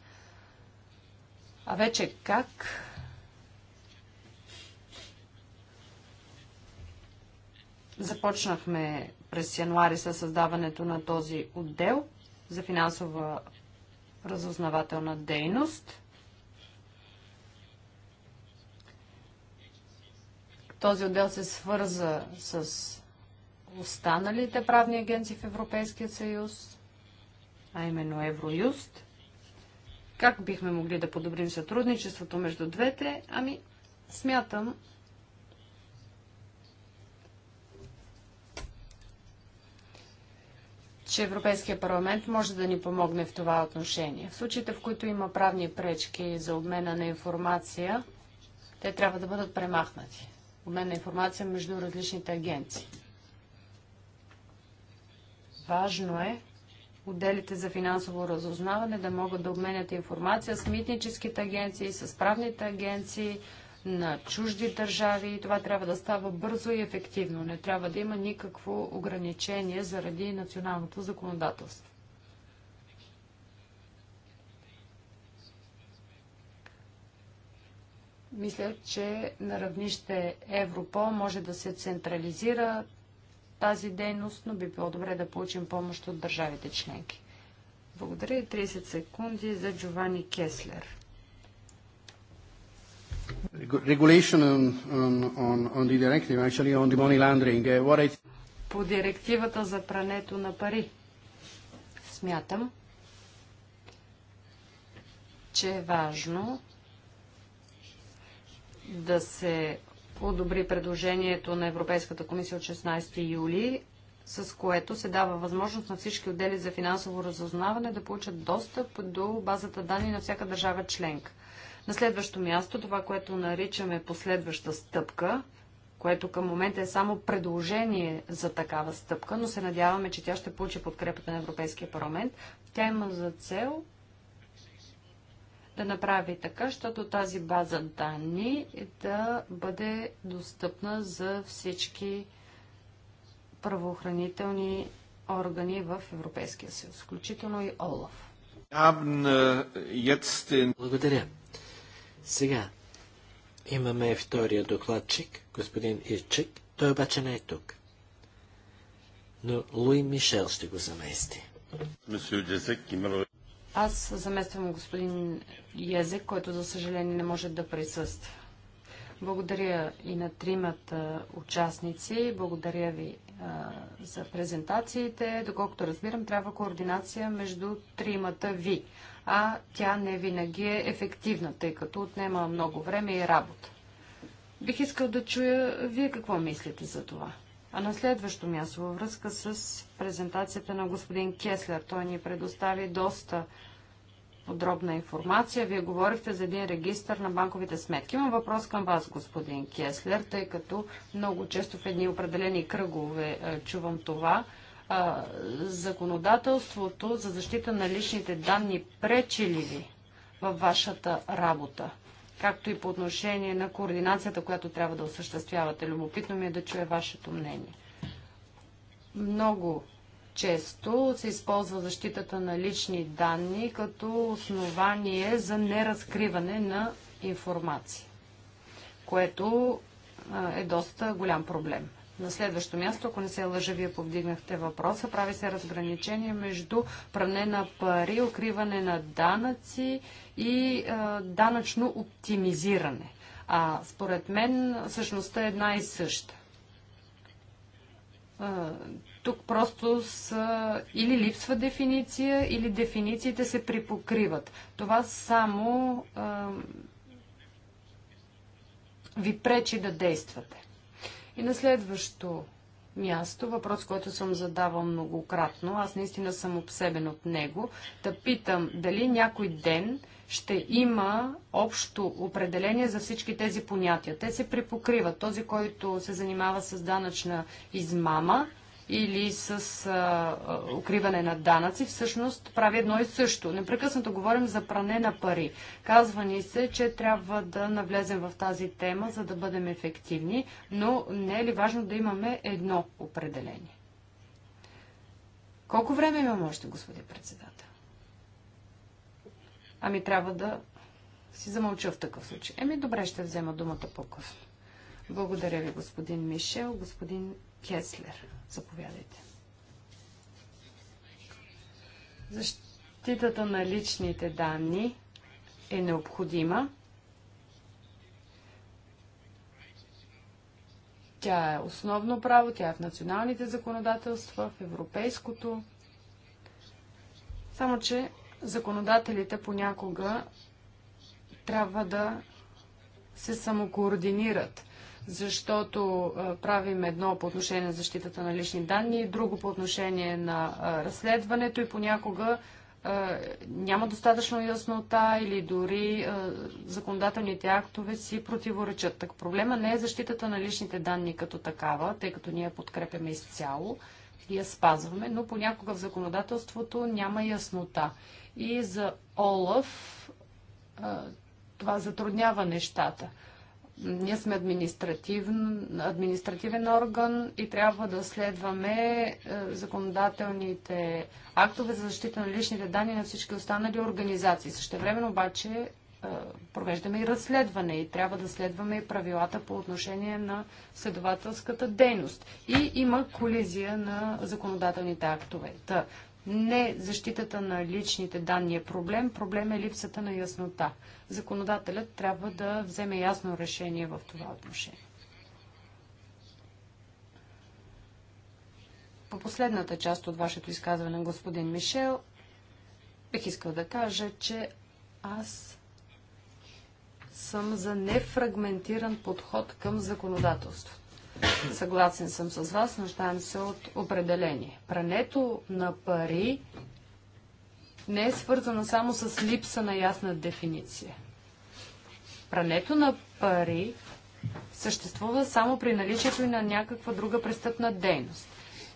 А вече как Започнахме през януари със създаването на този отдел за финансова разузнавателна дейност. Този отдел се свърза с останалите правни агенции в Европейския съюз, а именно Евроюст. Как бихме могли да подобрим сътрудничеството между двете? Ами, смятам, че Европейския парламент може да ни помогне в това отношение. В случаите, в които има правни пречки за обмена на информация, те трябва да бъдат премахнати. Обмен на информация между различните агенции. Важно е отделите за финансово разузнаване да могат да обменят информация с митническите агенции, с правните агенции, на чужди държави и това трябва да става бързо и ефективно. Не трябва да има никакво ограничение заради националното законодателство. Мисля, че на равнище Европо може да се централизира тази дейност, но би било добре да получим помощ от държавите членки. Благодаря и 30 секунди за Джовани Кеслер. Regulation on, on, on the directive, actually on the money laundering. Uh, what I... По директивата за прането на пари. Смятам, че е важно да се одобри предложението на Европейската комисия от 16 юли, с което се дава възможност на всички отдели за финансово разузнаване да получат достъп до базата данни на всяка държава членка. На следващо място, това, което наричаме последваща стъпка, което към момента е само предложение за такава стъпка, но се надяваме, че тя ще получи подкрепата на Европейския парламент. Тя има за цел да направи така, защото тази база данни да бъде достъпна за всички правоохранителни органи в Европейския съюз, включително и ОЛАФ. Е, Благодаря. Сега имаме втория докладчик, господин Ирчик. Той обаче не е тук. Но Луи Мишел ще го замести. Аз замествам господин Язек, който за съжаление не може да присъства. Благодаря и на тримата участници. Благодаря ви а, за презентациите. Доколкото разбирам, трябва координация между тримата ви, а тя не винаги е ефективна, тъй като отнема много време и работа. Бих искал да чуя вие какво мислите за това. А на следващо място, във връзка с презентацията на господин Кеслер, той ни предостави доста подробна информация. Вие говорихте за един регистр на банковите сметки. Имам въпрос към вас, господин Кеслер, тъй като много често в едни определени кръгове е, чувам това. Е, законодателството за защита на личните данни пречи ли ви във вашата работа? Както и по отношение на координацията, която трябва да осъществявате. Любопитно ми е да чуя вашето мнение. Много често се използва защитата на лични данни като основание за неразкриване на информация, което е доста голям проблем. На следващо място, ако не се лъжа, вие повдигнахте въпроса, прави се разграничение между пране на пари, укриване на данъци и е, данъчно оптимизиране. А според мен същността е една и съща. Е, тук просто са или липсва дефиниция, или дефинициите се припокриват. Това само а, ви пречи да действате. И на следващо място, въпрос, който съм задавал многократно, аз наистина съм обсебен от него, да питам дали някой ден ще има общо определение за всички тези понятия. Те се припокриват. Този, който се занимава с данъчна измама, или с а, укриване на данъци, всъщност прави едно и също. Непрекъснато говорим за пране на пари. Казва ни се, че трябва да навлезем в тази тема, за да бъдем ефективни, но не е ли важно да имаме едно определение? Колко време имам още, господин председател? Ами трябва да си замълча в такъв случай. Еми добре, ще взема думата по-късно. Благодаря ви, господин Мишел. Господин Кеслер. Заповядайте. Защитата на личните данни е необходима. Тя е основно право, тя е в националните законодателства, в европейското. Само, че законодателите понякога трябва да се самокоординират защото правим едно по отношение на защитата на лични данни, друго по отношение на разследването и понякога няма достатъчно яснота или дори законодателните актове си противоречат. Так проблема не е защитата на личните данни като такава, тъй като ние подкрепяме изцяло и я спазваме, но понякога в законодателството няма яснота. И за Олаф това затруднява нещата. Ние сме административен орган и трябва да следваме е, законодателните актове за защита на личните данни на всички останали организации. време обаче е, провеждаме и разследване и трябва да следваме и правилата по отношение на следователската дейност. И има колизия на законодателните актове. Та, не защитата на личните данни е проблем, проблем е липсата на яснота. Законодателят трябва да вземе ясно решение в това отношение. По последната част от вашето изказване, господин Мишел, бих искал да кажа, че аз съм за нефрагментиран подход към законодателството. Съгласен съм с вас, нуждаем се от определение. Прането на пари не е свързано само с липса на ясна дефиниция. Прането на пари съществува само при наличието и на някаква друга престъпна дейност.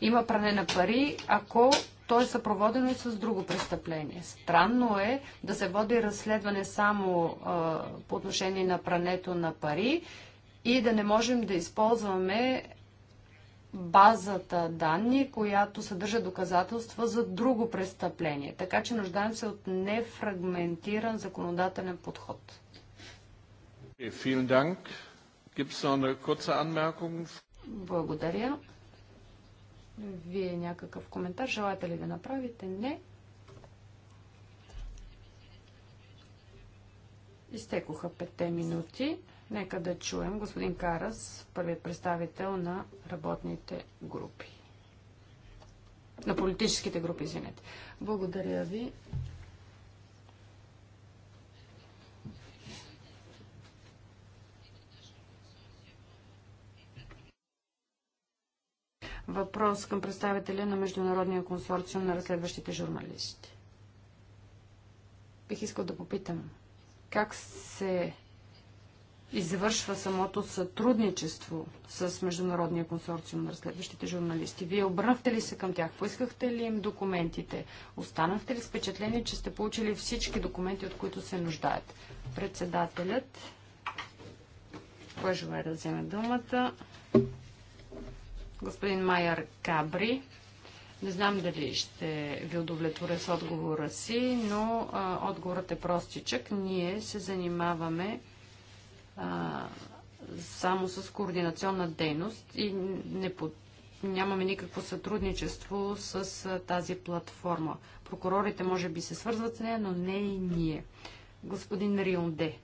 Има пране на пари, ако то е съпроводено и с друго престъпление. Странно е да се води разследване само а, по отношение на прането на пари и да не можем да използваме базата данни, която съдържа доказателства за друго престъпление. Така че нуждаем се от нефрагментиран законодателен подход. Благодаря. Вие някакъв коментар желаете ли да направите? Не. Изтекоха петте минути. Нека да чуем господин Карас, първият представител на работните групи. На политическите групи, извинете. Благодаря ви. Въпрос към представителя на Международния консорциум на разследващите журналисти. Бих искал да попитам, как се извършва самото сътрудничество с Международния консорциум на разследващите журналисти? Вие обърнахте ли се към тях? Поискахте ли им документите? Останахте ли с впечатление, че сте получили всички документи, от които се нуждаят? Председателят, кой желая да вземе думата? Господин Майер Кабри. Не знам дали ще ви удовлетворя с отговора си, но а, отговорът е простичък. Ние се занимаваме само с координационна дейност и не по, нямаме никакво сътрудничество с а, тази платформа. Прокурорите може би се свързват с нея, но не и ние. Господин Рионде,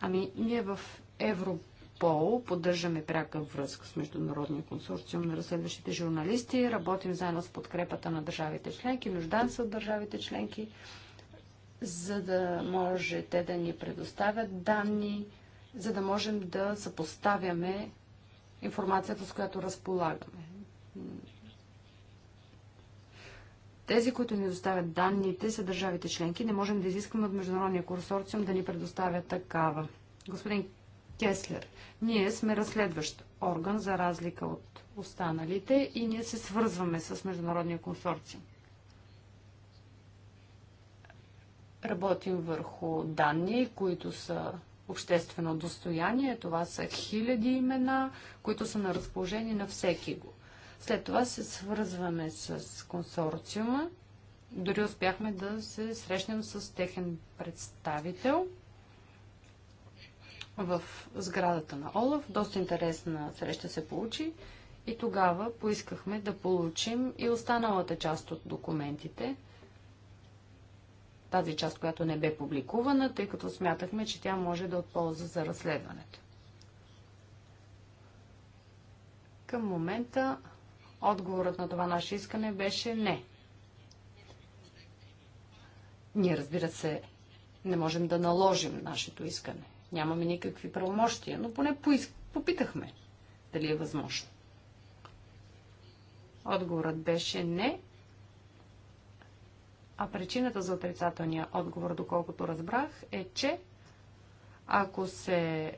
ами ние в Европол поддържаме пряка връзка с Международния консорциум на разследващите журналисти, работим заедно с подкрепата на държавите членки, нуждан са от държавите членки за да може те да ни предоставят данни, за да можем да съпоставяме информацията, с която разполагаме. Тези, които ни доставят данните, са държавите членки. Не можем да изискаме от Международния консорциум да ни предоставя такава. Господин Кеслер, ние сме разследващ орган, за разлика от останалите, и ние се свързваме с Международния консорциум. Работим върху данни, които са обществено достояние. Това са хиляди имена, които са на разположение на всеки го. След това се свързваме с консорциума. Дори успяхме да се срещнем с техен представител в сградата на Олаф. Доста интересна среща се получи. И тогава поискахме да получим и останалата част от документите, тази част, която не бе публикувана, тъй като смятахме, че тя може да отполза за разследването. Към момента отговорът на това наше искане беше не. Ние, разбира се, не можем да наложим нашето искане. Нямаме никакви правомощия, но поне поиск... попитахме дали е възможно. Отговорът беше не а причината за отрицателния отговор, доколкото разбрах, е, че ако се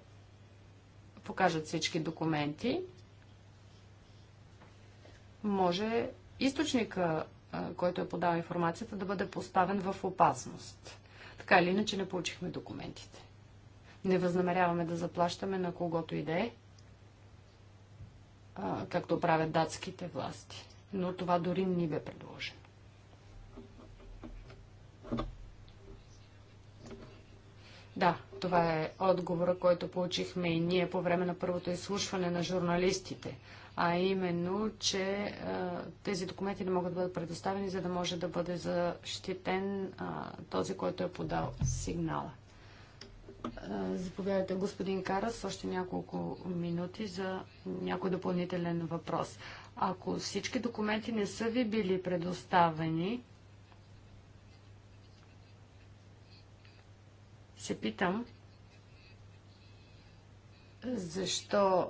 покажат всички документи, може източника, който е подал информацията, да бъде поставен в опасност. Така или иначе не получихме документите. Не възнамеряваме да заплащаме на когото и да е, както правят датските власти. Но това дори ни бе предложено. Да, това е отговора, който получихме и ние по време на първото изслушване на журналистите. А именно, че тези документи не могат да бъдат предоставени, за да може да бъде защитен този, който е подал сигнала. заповядайте, господин Карас, още няколко минути за някой допълнителен въпрос. Ако всички документи не са ви били предоставени, се питам защо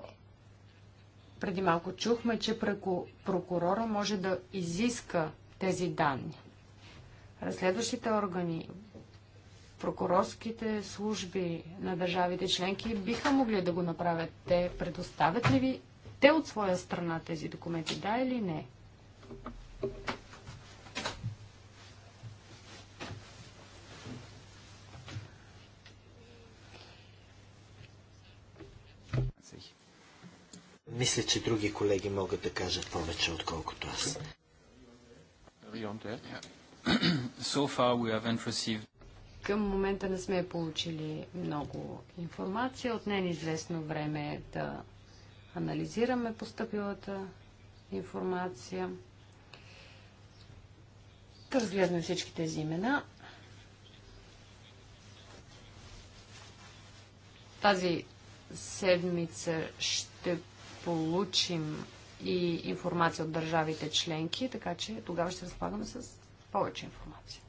преди малко чухме, че прокурора може да изиска тези данни. Разследващите органи, прокурорските служби на държавите членки биха могли да го направят. Те предоставят ли ви те от своя страна тези документи, да или не? Мисля, че други колеги могат да кажат повече, отколкото аз. [CLEARS THROAT] Към момента не сме получили много информация. От нея е известно време е да анализираме поступилата информация. Да разгледаме всички тези имена. Тази седмица ще получим и информация от държавите членки, така че тогава ще разполагаме с повече информация.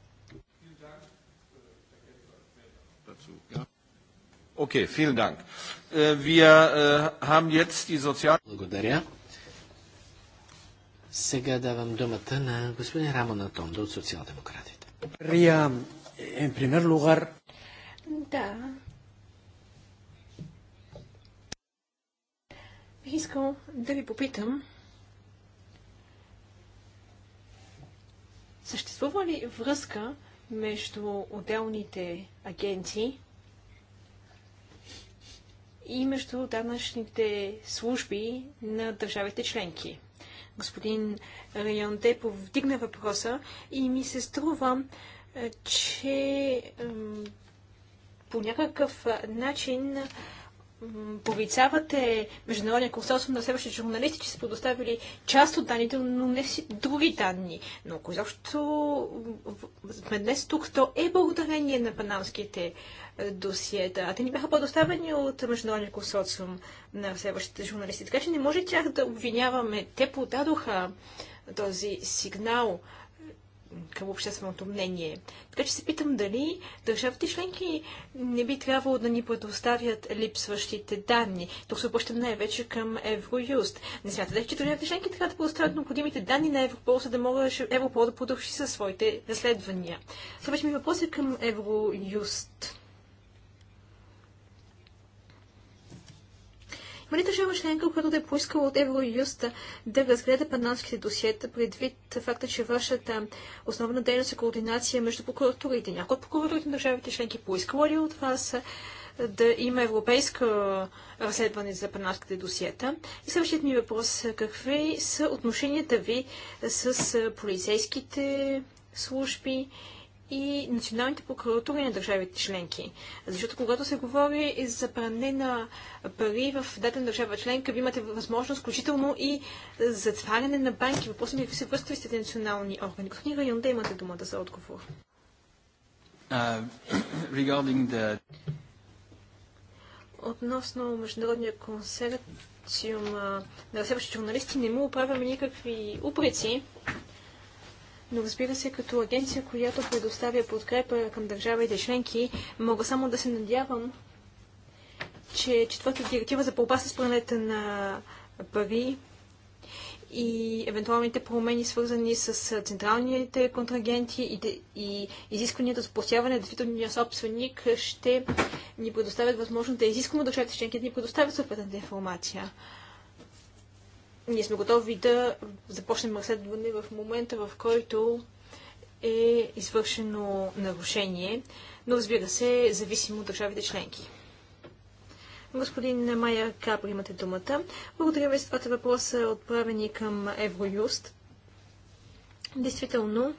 Okay, vielen Dank. Wir е, haben е, jetzt die Sozial... Благодаря. Сега давам думата на господин Рамон Атондо от социал-демократите. Рия, е, в пример лугар... Да, Бих искал да ви попитам, съществува ли връзка между отделните агенции и между данъчните служби на държавите членки? Господин Районде повдигна въпроса и ми се струва, че по някакъв начин Повицавате, Международния консорциум на следващите журналисти, че са предоставили част от данните, но не си други данни. Но ако изобщо сме днес тук, то е благодарение на панамските е, досиета. А те ни бяха предоставени от Международния консорциум на следващите журналисти. Така че не може тях да обвиняваме. Те подадоха този сигнал към общественото мнение. Така че се питам дали държавите членки не би трябвало да ни предоставят липсващите данни. Тук се обръщам най-вече към Евроюст. Не смятате, че държавите членки трябва да предоставят необходимите данни на Европол, за да може Европол да продължи със своите разследвания. Следващият ми въпрос е към Евроюст. Марита ли държава членка, която да е поискала от Евроюст да разгледа панамските досиета, предвид факта, че вашата основна дейност е координация между прокуратурите? някои от прокуратурите на държавите членки поискала ли е от вас да има европейска разследване за панамските досиета. И следващият ми въпрос какви са отношенията ви с полицейските служби и националните прокуратури на държавите членки. Защото когато се говори за пране на пари в дадена държава членка, ви имате възможност, включително и затваряне на банки. Въпросът ми е какви са връзките национални органи. Господин Район, да имате думата за отговор. Uh, [COUGHS] the... Относно международния консерт, на разследващи журналисти не му оправяме никакви упреци, но разбира се, като агенция, която предоставя подкрепа към държавите членки, мога само да се надявам, че четвърта директива за борба с прането на пари и евентуалните промени, свързани с централните контрагенти и, изискванията за посяване на действителния собственик, ще ни предоставят възможност да изискваме държавите членки да ни предоставят съответната информация ние сме готови да започнем разследване в момента, в който е извършено нарушение, но разбира се, зависимо от държавите членки. Господин Майя Капр, имате думата. Благодаря ви за двата въпроса, отправени към Евроюст. Действително,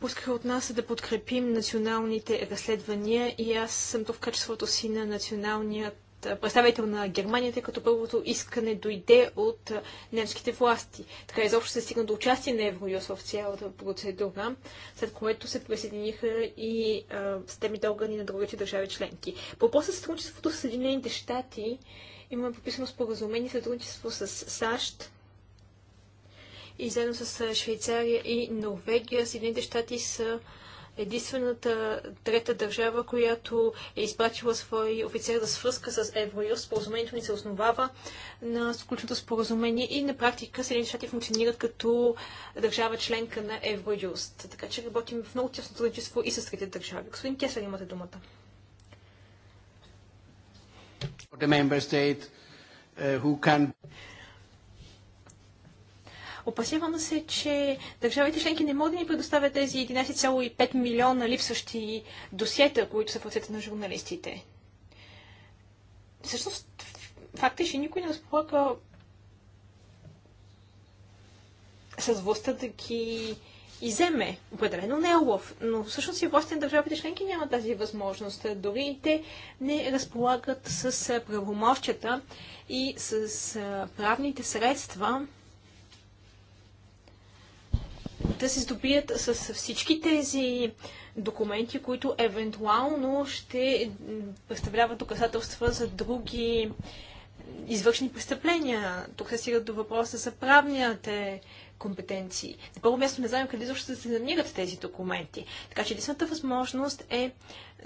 пусках от нас да подкрепим националните разследвания и аз съм то в качеството си на националният представител на Германия, тъй като първото искане дойде от немските власти. Така изобщо се стигна до участие на Евроюз в цялата процедура, след което се присъединиха и системните органи на другите държави членки. По въпроса сътрудничеството с Съединените щати има подписано споразумение сътрудничество с САЩ, и заедно с Швейцария и Норвегия, Съединените щати са единствената трета държава, която е изпратила свой офицер за свръзка с Евроюз. Споразумението ни се основава на сключното споразумение и на практика Съединените щати функционират като държава членка на Евроюст. Така че работим в много тясно сътрудничество и с трите държави. Господин Кесър, имате думата. Uh, can... Опасявам се, че държавите членки не могат да ни предоставят тези 11,5 милиона липсващи досиета, които са в ръцете на журналистите. Всъщност, факт е, че никой не разполага с властта да ги иземе. Определено не е лов, но всъщност и властите на държавите членки няма тази възможност. Дори и те не разполагат с правомощията и с правните средства, да се здобият с всички тези документи, които евентуално ще представляват доказателства за други извършени престъпления. Тук се стига до въпроса за правните компетенции. На първо място не знаем къде защо се намират тези документи. Така че единствената възможност е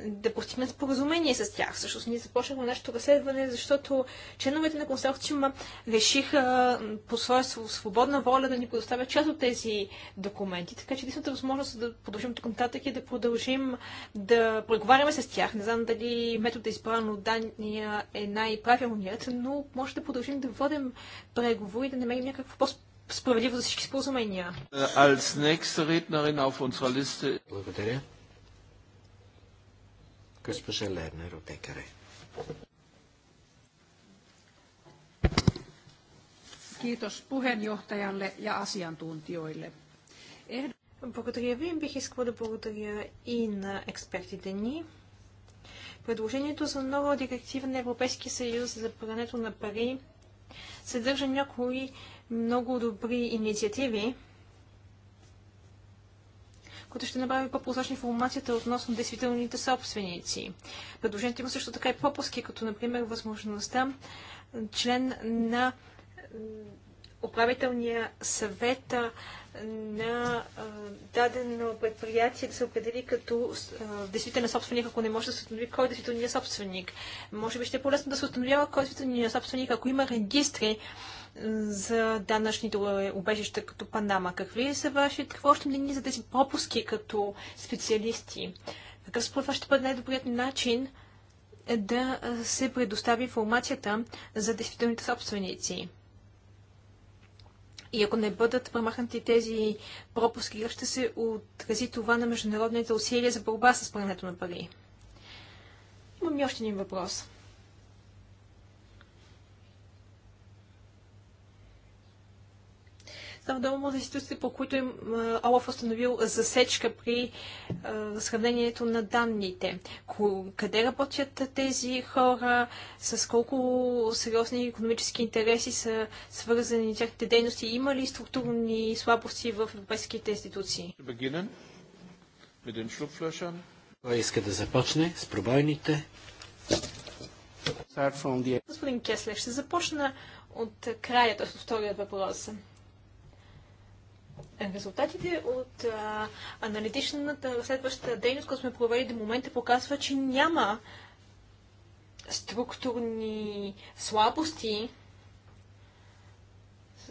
да постигнат споразумение с тях. Всъщност ние започнахме нашето разследване, защото членовете на консорциума решиха по своя свободна воля да ни предоставят част от тези документи. Така че единствената възможност е да продължим тук нататък и да продължим да преговаряме с тях. Не знам дали методът избран от Дания е най-правилният, но може да продължим да водим преговори и да намерим някакво по справедливо за всички споразумения. Благодаря. Госпожа Лернер от ЕКАРЕ. Kiitos puheenjohtajalle ja asiantuntijoille. Благодаря ви. Бих искала да благодаря и на експертите ни. Предложението за нова директива на Европейския съюз за прането на пари съдържа някои много добри инициативи, които ще направи по-прозрачна информацията относно действителните собственици. Предложението има също така и пропуски, като например възможността член на управителния съвет на дадено предприятие да се определи като действителен собственик, ако не може да се установи кой е действителният собственик. Може би ще е по-лесно да се установява кой е действителният собственик, ако има регистри за данъчните убежища като Панама. Какви са вашите, какво линии мнение за тези пропуски като специалисти? Какъв според вас ще бъде най-добрият начин да се предостави информацията за действителните собственици? И ако не бъдат премахнати тези пропуски, как ще се отрази това на международните усилия за борба с прането на пари? Имам и още един въпрос. Става дума за институциите, по които им, Олаф установил засечка при а, сравнението на данните. Къде работят тези хора, с колко сериозни економически интереси са свързани тяхните дейности, има ли структурни слабости в европейските институции? иска да започне с пробойните? Господин Кеслер, ще започна от края, т.е. от вторият въпрос. Е, резултатите от а, аналитичната следваща дейност, която сме провели до момента, показва, че няма структурни слабости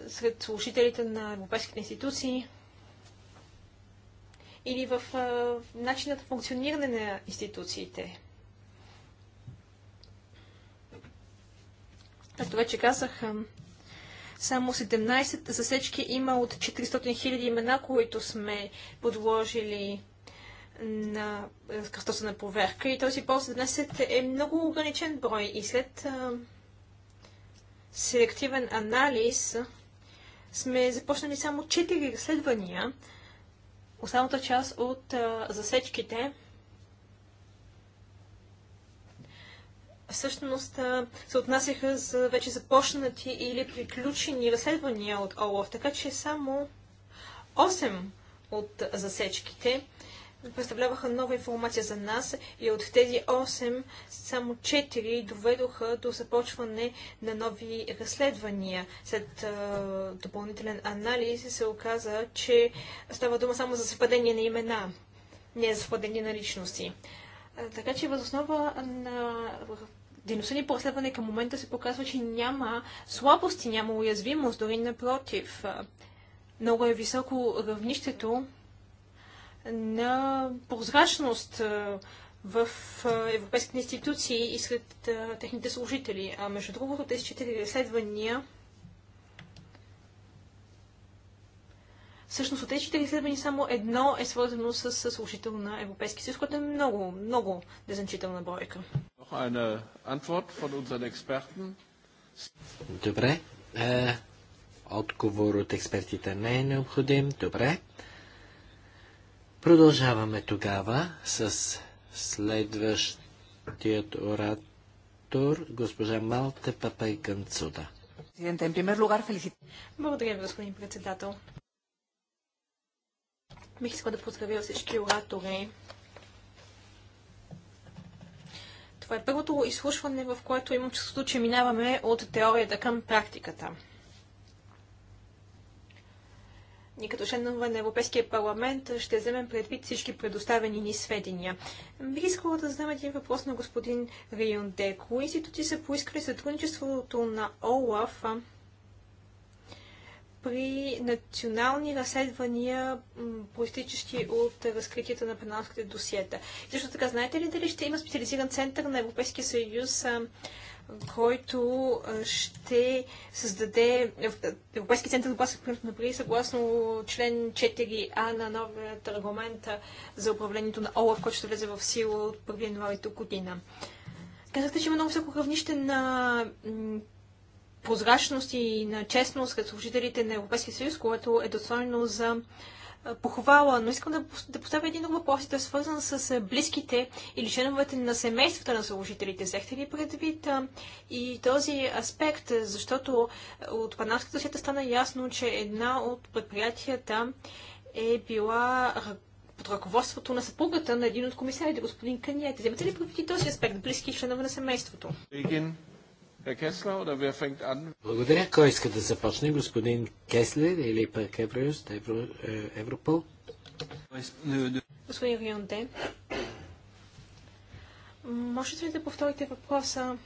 сред служителите на европейските институции или в а, начинът на функциониране на институциите. Както вече казах, само 17 засечки има от 400 000 имена, които сме подложили на кръстосана проверка и този пост 17 е много ограничен брой и след а, селективен анализ сме започнали само 4 разследвания. Останалата част от а, засечките всъщност се отнасяха за вече започнати или приключени разследвания от ОЛАФ, така че само 8 от засечките представляваха нова информация за нас и от тези 8 само 4 доведоха до започване на нови разследвания. След а, допълнителен анализ се оказа, че става дума само за съвпадение на имена, не за съвпадение на личности. Така че възоснова на дейността ни по разследване към момента се показва, че няма слабости, няма уязвимост, дори напротив. Много е високо равнището на прозрачност в европейските институции и сред техните служители. А между другото, тези четири разследвания Всъщност от тези 4 изследвания само едно е свързано с служител на Европейски съюз, което е много, много незначителна бройка. Добре. Е, отговор от експертите не е необходим. Добре. Продължаваме тогава с следващият оратор, госпожа Малте Папайканцуда. Благодаря ви, господин председател. Бих искала да поздравя всички оратори. Това е първото изслушване, в което имам чувството, че минаваме от теорията към практиката. Ние като членове на Европейския парламент ще вземем предвид всички предоставени ни сведения. Бих искала да задам един въпрос на господин Рион Деко. Институти са поискали сътрудничеството на ОЛАФ при национални разследвания, проистичащи от разкритията на панамските досиета. Също така, знаете ли дали ще има специализиран център на Европейския съюз, който ще създаде е, е, Европейски център за пластик на пари, съгласно член 4а на новият регламент за управлението на ОЛАФ, който ще влезе в сила от 1 януари година. Казахте, че има много високо равнище на прозрачност и на честност като служителите на Европейския съюз, което е достойно за похвала, но искам да, да поставя един друг въпрос, е свързан с близките или членовете на семействата на служителите. Взехте ли предвид а, и този аспект, защото от панавската света стана ясно, че една от предприятията е била под ръководството на съпругата на един от комисарите, господин Каниете. Вземате ли предвид и този аспект, близки членове на семейството? Благодаря. Кой иска да започне? Господин Кеслер или пък Евреус, е, Европол? Господин Рионте, можете ли да повторите въпроса,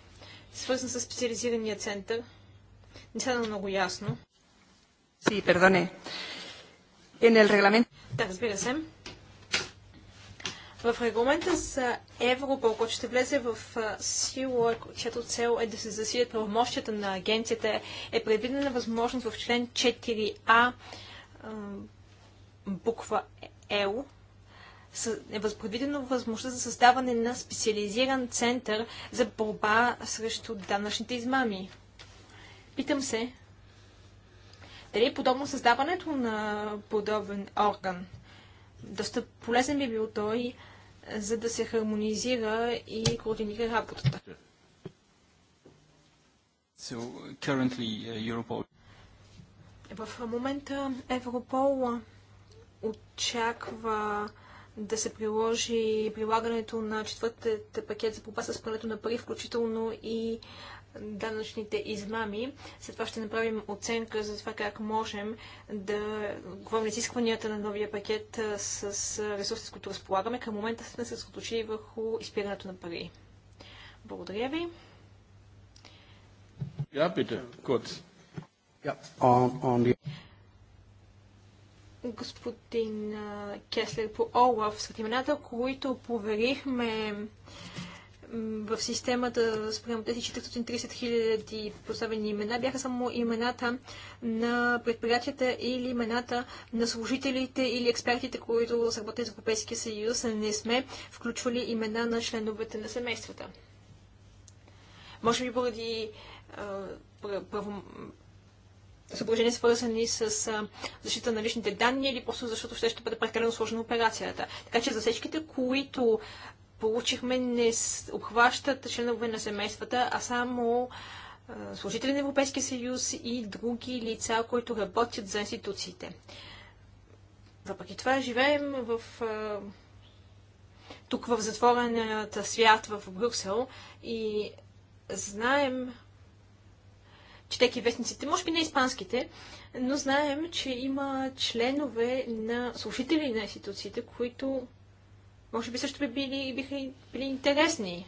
свързан с специализирания център? Не стана много ясно. Си, пердоне. Да, разбира се. В регламента за Европол, който ще влезе в сила, чиято цел е да се засилят правомощията на агенцията, е предвидена възможност в член 4а буква Л е възпредвидено възможността за създаване на специализиран център за борба срещу данъчните измами. Питам се, дали е подобно създаването на подобен орган? Доста полезен би бил той за да се хармонизира и координира работата. Uh, В момента Европол очаква да се приложи прилагането на четвъртата пакет за борба с прането на пари, включително и данъчните измами. След това ще направим оценка за това как можем да говорим изискванията на новия пакет с ресурси, с които разполагаме. Към момента сме се съсредоточили върху изпирането на пари. Благодаря ви. Ja, bitte, kurz. Ja, on, on the... Господин Кеслер по ОЛАФ, имената, които поверихме в системата спрямо тези 430 хиляди поставени имена бяха само имената на предприятията или имената на служителите или експертите, които са работят в Европейския съюз. Не сме включвали имена на членовете на семействата. Може би поради съображения, свързани с защита на личните данни или просто защото ще, ще бъде прекалено сложна операцията. Така че за всичките, които получихме, не обхващат членове на семействата, а само служители на Европейския съюз и други лица, които работят за институциите. Въпреки това живеем в, тук в затворената свят в Брюксел и знаем, четейки вестниците, може би не испанските, но знаем, че има членове на служители на институциите, които може би също би били, биха били интересни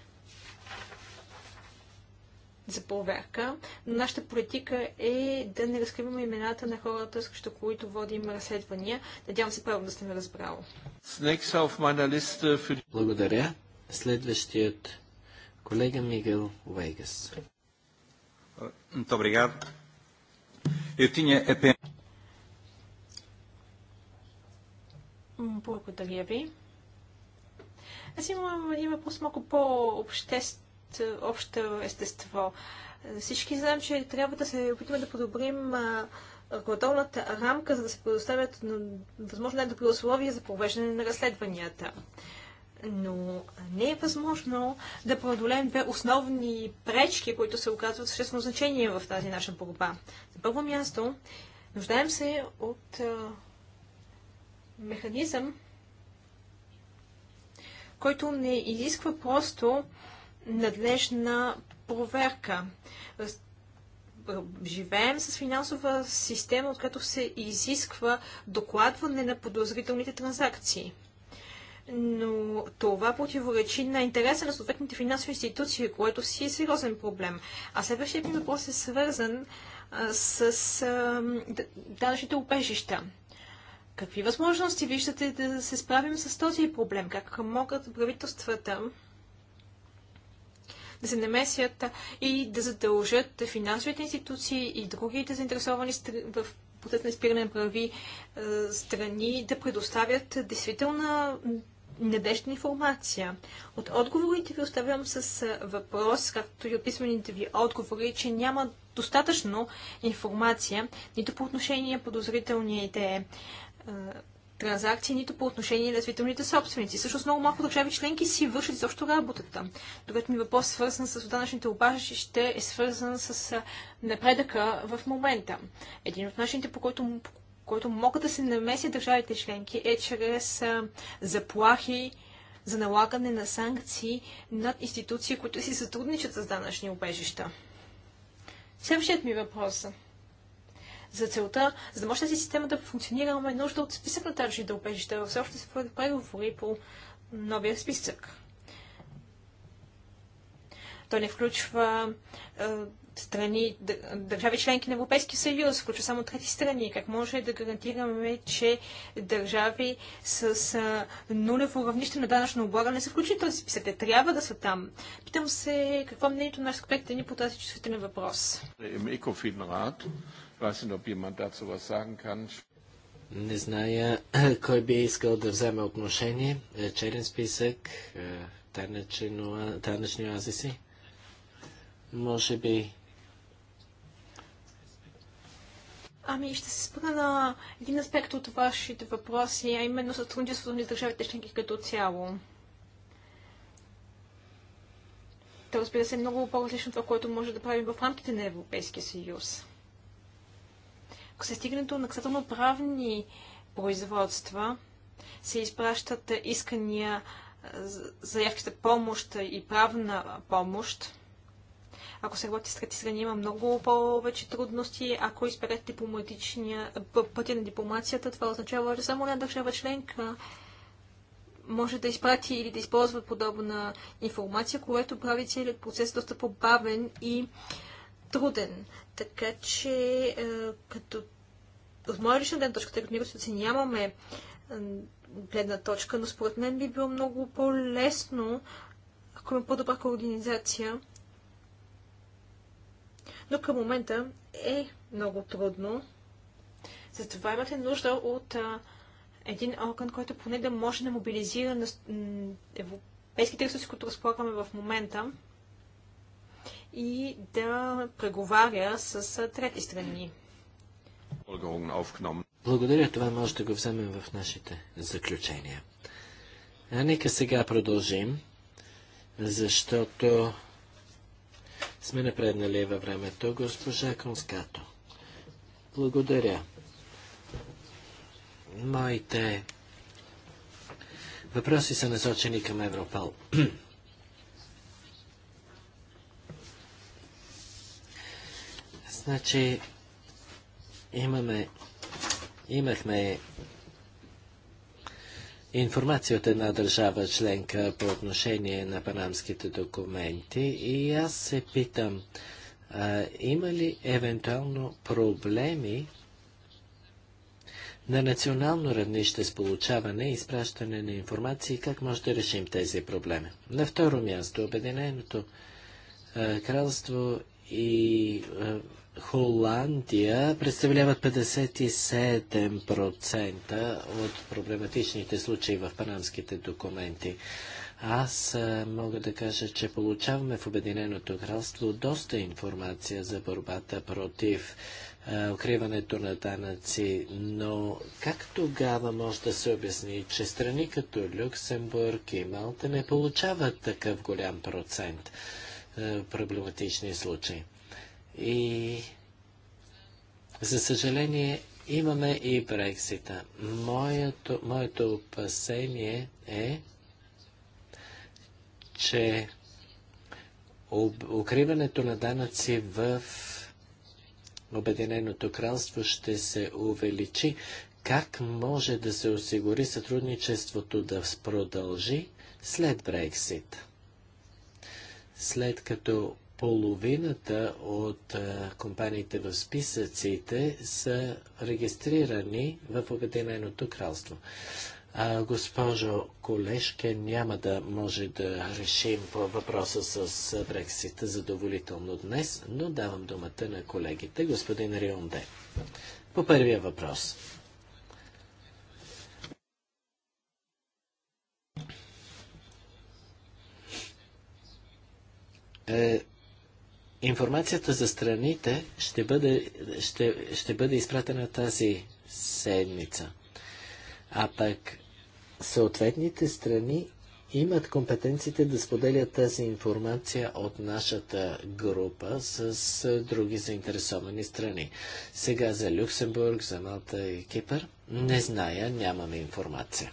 за проверка, но нашата политика е да не разкриваме имената на хората, с които водим разследвания. Надявам се правилно да сте ме разбрал. Благодаря. Следващият колега Мигел Вейгас. Е Благодаря ви. Аз имам имам въпрос малко по-общо естество. Всички знаем, че трябва да се опитаме да подобрим регулаторната рамка, за да се предоставят възможно най-добри условия за провеждане на разследванията но не е възможно да преодолеем две основни пречки, които се оказват съществено значение в тази наша борба. На първо място, нуждаем се от а, механизъм, който не изисква просто надлежна проверка. Живеем с финансова система, от която се изисква докладване на подозрителните транзакции но това противоречи на интереса на съответните финансови институции, което си е сериозен проблем. А следващият ми въпрос е свързан а, с данъчните убежища. Какви възможности виждате да се справим с този проблем? Как могат правителствата да се намесят и да задължат финансовите институции и другите заинтересовани в процес на изпиране на прави страни да предоставят действителна надежда информация. От отговорите ви оставям с въпрос, както и от писмените ви отговори, че няма достатъчно информация нито по отношение подозрителните транзакции, нито по отношение на действителните собственици. Също с много малко държави членки си вършат изобщо работата. Другият ми въпрос, свързан с данъчните обажище, е свързан с напредъка в момента. Един от начините, по който, по който могат да се намесят държавите членки, е чрез заплахи за налагане на санкции над институции, които си сътрудничат с данъчни обежища. Следващият ми въпрос за целта, за да може тази система да функционира, имаме нужда от списък на тази да убежища. Все още се водят преговори по новия списък. Той не включва е, страни, държави членки на Европейския съюз, включва само трети страни. Как може да гарантираме, че държави с е, нулево равнище на данъчно облагане са включени този списък? Те трябва да са там. Питам се какво е мнението на нашите ни по тази чувствителен въпрос weiß nicht, ob jemand dazu was sagen kann. Не зная [CLEARS THROAT] кой би искал да вземе отношение. Е, черен списък, е, тайначни азиси. Може би Ами ще се спра на един аспект от вашите въпроси, а именно сътрудничеството ни с държавите членки като цяло. То разбира се е много по-различно това, което може да правим в рамките на Европейския съюз се стигне до наказателно-правни производства, се изпращат искания, заявки за помощ и правна помощ. Ако се работи с трети страни, има много повече трудности. Ако изберете дипломатичния пътя на дипломацията, това означава, че само една държава членка може да изпрати или да използва подобна информация, което прави целият процес доста по-бавен и труден. Така че, е, като от моя лична гледна точка, тъй като ние си нямаме е, гледна точка, но според мен би било много по-лесно, ако има по-добра координизация. Но към момента е много трудно. Затова имате нужда от а, е, един орган, който поне да може да мобилизира на, европейските ресурси, които разполагаме в момента и да преговаря с трети страни. Благодаря, това може да го вземем в нашите заключения. А нека сега продължим, защото сме напреднали във времето госпожа Конскато. Благодаря. Моите въпроси са насочени към Европол. [CLEARS THROAT] Значи, имаме, имахме информация от една държава членка по отношение на панамските документи и аз се питам, а, има ли евентуално проблеми на национално равнище с получаване и изпращане на информации, как може да решим тези проблеми. На второ място, Обединеното кралство и Холандия представляват 57% от проблематичните случаи в панамските документи. Аз мога да кажа, че получаваме в Обединеното кралство доста информация за борбата против укриването на данъци, но как тогава може да се обясни, че страни като Люксембург и Малта не получават такъв голям процент проблематични случаи? И за съжаление имаме и Брексита. Моето, моето опасение е, че укриването на данъци в Обединеното кралство ще се увеличи. Как може да се осигури сътрудничеството да продължи след Брексит? След като половината от е, компаниите в списъците са регистрирани в Обединеното кралство. А, госпожо Колешке, няма да може да решим по въпроса с е, Брексит задоволително днес, но давам думата на колегите, господин Рионде. По първия въпрос. Е, Информацията за страните ще бъде, ще, ще бъде изпратена тази седмица. А пък съответните страни имат компетенциите да споделят тази информация от нашата група с, с други заинтересовани страни. Сега за Люксембург, за Малта и Кипър не зная, нямаме информация.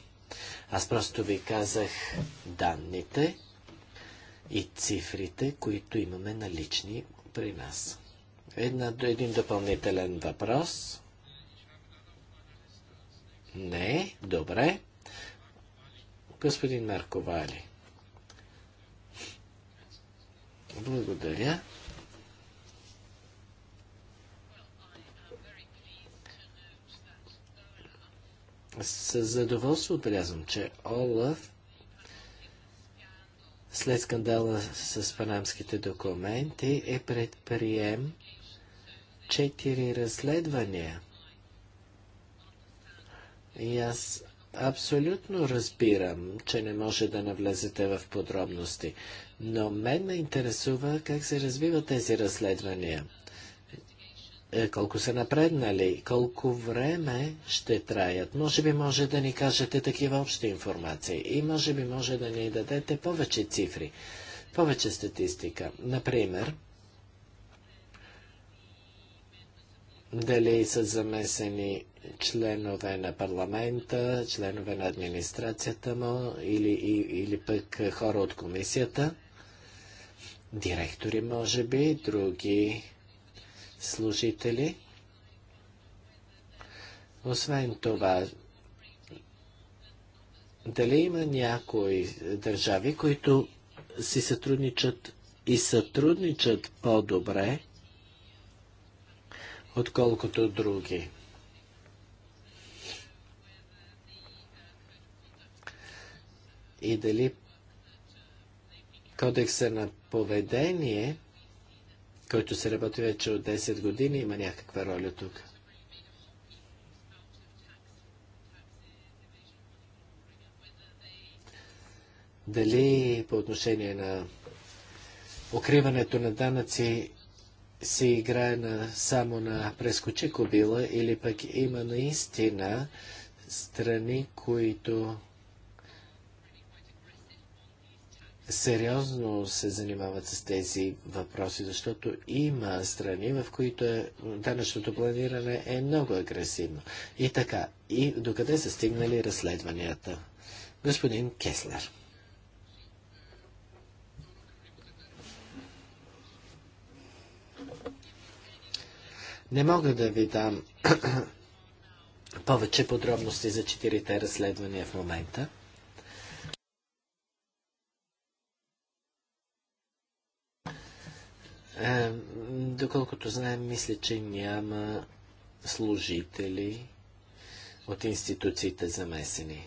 Аз просто ви казах данните, и цифрите, които имаме налични при нас. Една, един допълнителен въпрос. Не, добре. Господин Марковали. Благодаря. С задоволство отбелязвам, че Олаф след скандала с панамските документи е предприем четири разследвания. И аз абсолютно разбирам, че не може да навлезете в подробности, но мен ме интересува как се развиват тези разследвания. Е, колко са напреднали, колко време ще траят. Може би може да ни кажете такива общи информации и може би може да ни дадете повече цифри, повече статистика. Например, дали са замесени членове на парламента, членове на администрацията му или, и, или пък хора от комисията, директори, може би, други служители. Освен това, дали има някои държави, които си сътрудничат и сътрудничат по-добре, отколкото други. И дали кодекса на поведение който се работи вече от 10 години, има някаква роля тук. Дали по отношение на укриването на данъци се играе на, само на прескочи кобила или пък има наистина страни, които сериозно се занимават с тези въпроси, защото има страни, в които е, данъчното планиране е много агресивно. И така, и докъде са стигнали разследванията? Господин Кеслер. Не мога да ви дам [CLEARS THROAT] повече подробности за четирите разследвания в момента. Е, доколкото знаем, мисля, че няма служители от институциите замесени.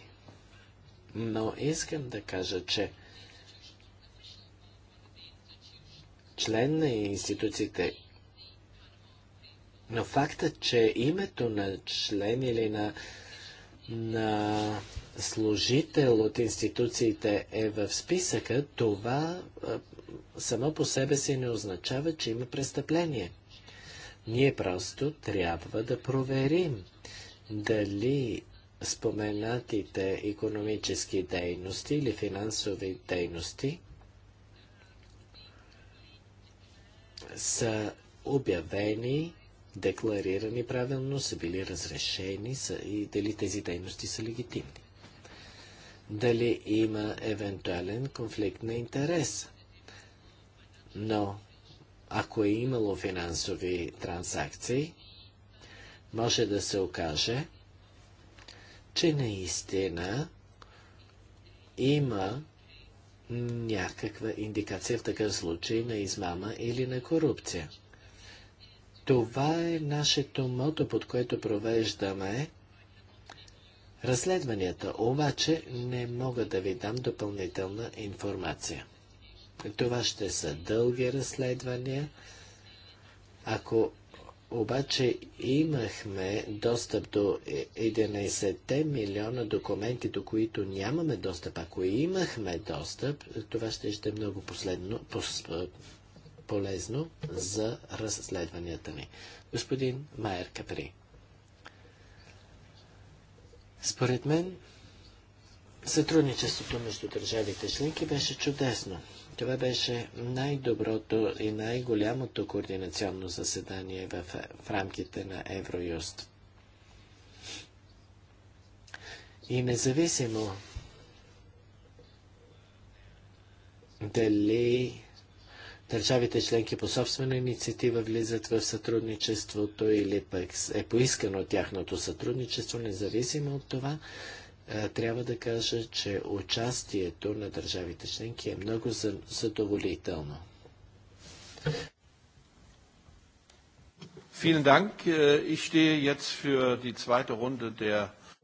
Но искам да кажа, че член на институциите, но фактът, че името на член или на, на служител от институциите е в списъка, това е, само по себе си не означава, че има престъпление. Ние просто трябва да проверим дали споменатите економически дейности или финансови дейности са обявени, декларирани правилно, са били разрешени са, и дали тези дейности са легитимни. Дали има евентуален конфликт на интерес но ако е имало финансови транзакции, може да се окаже, че наистина има някаква индикация в такъв случай на измама или на корупция. Това е нашето мото, под което провеждаме разследванията, обаче не мога да ви дам допълнителна информация. Това ще са дълги разследвания. Ако обаче имахме достъп до 11 е, милиона документи, до които нямаме достъп. Ако имахме достъп, това ще ще е много последно, пос, е, полезно за разследванията ни. Господин Майер Капри. Според мен, сътрудничеството между държавите членки беше чудесно. Това беше най-доброто и най-голямото координационно заседание в, в рамките на Евроюст. И независимо дали държавите членки по собствена инициатива влизат в сътрудничеството или пък е поискано тяхното сътрудничество, независимо от това, е, трябва да кажа, че участието на държавите членки е много задоволително. Е,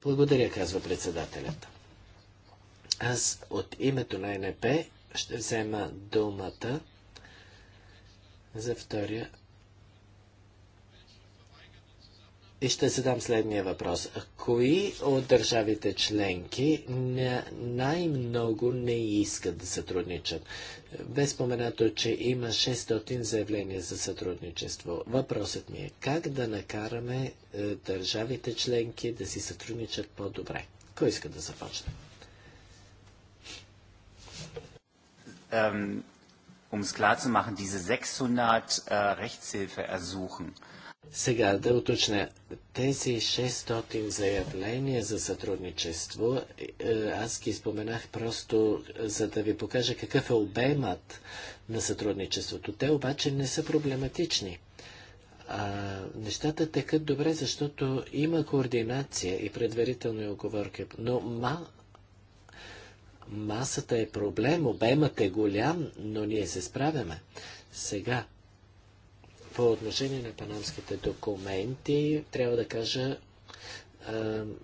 Благодаря, казва председателят. Аз от името на НП ще взема думата за втория И ще задам следния въпрос. Кои от държавите членки най-много не искат да сътрудничат? Без споменато, че има 600 заявления за сътрудничество. Въпросът ми е как да накараме е, държавите членки да си сътрудничат по-добре? Кой иска да започне? Um es klar zu machen, diese 600 сега да уточня. Тези 600 заявления за сътрудничество, е, аз ги споменах просто е, за да ви покажа какъв е обемът на сътрудничеството. Те обаче не са проблематични. А, нещата текат добре, защото има координация и предварителни оговорки, но ма, масата е проблем, обемът е голям, но ние се справяме. Сега, по отношение на панамските документи, трябва да кажа,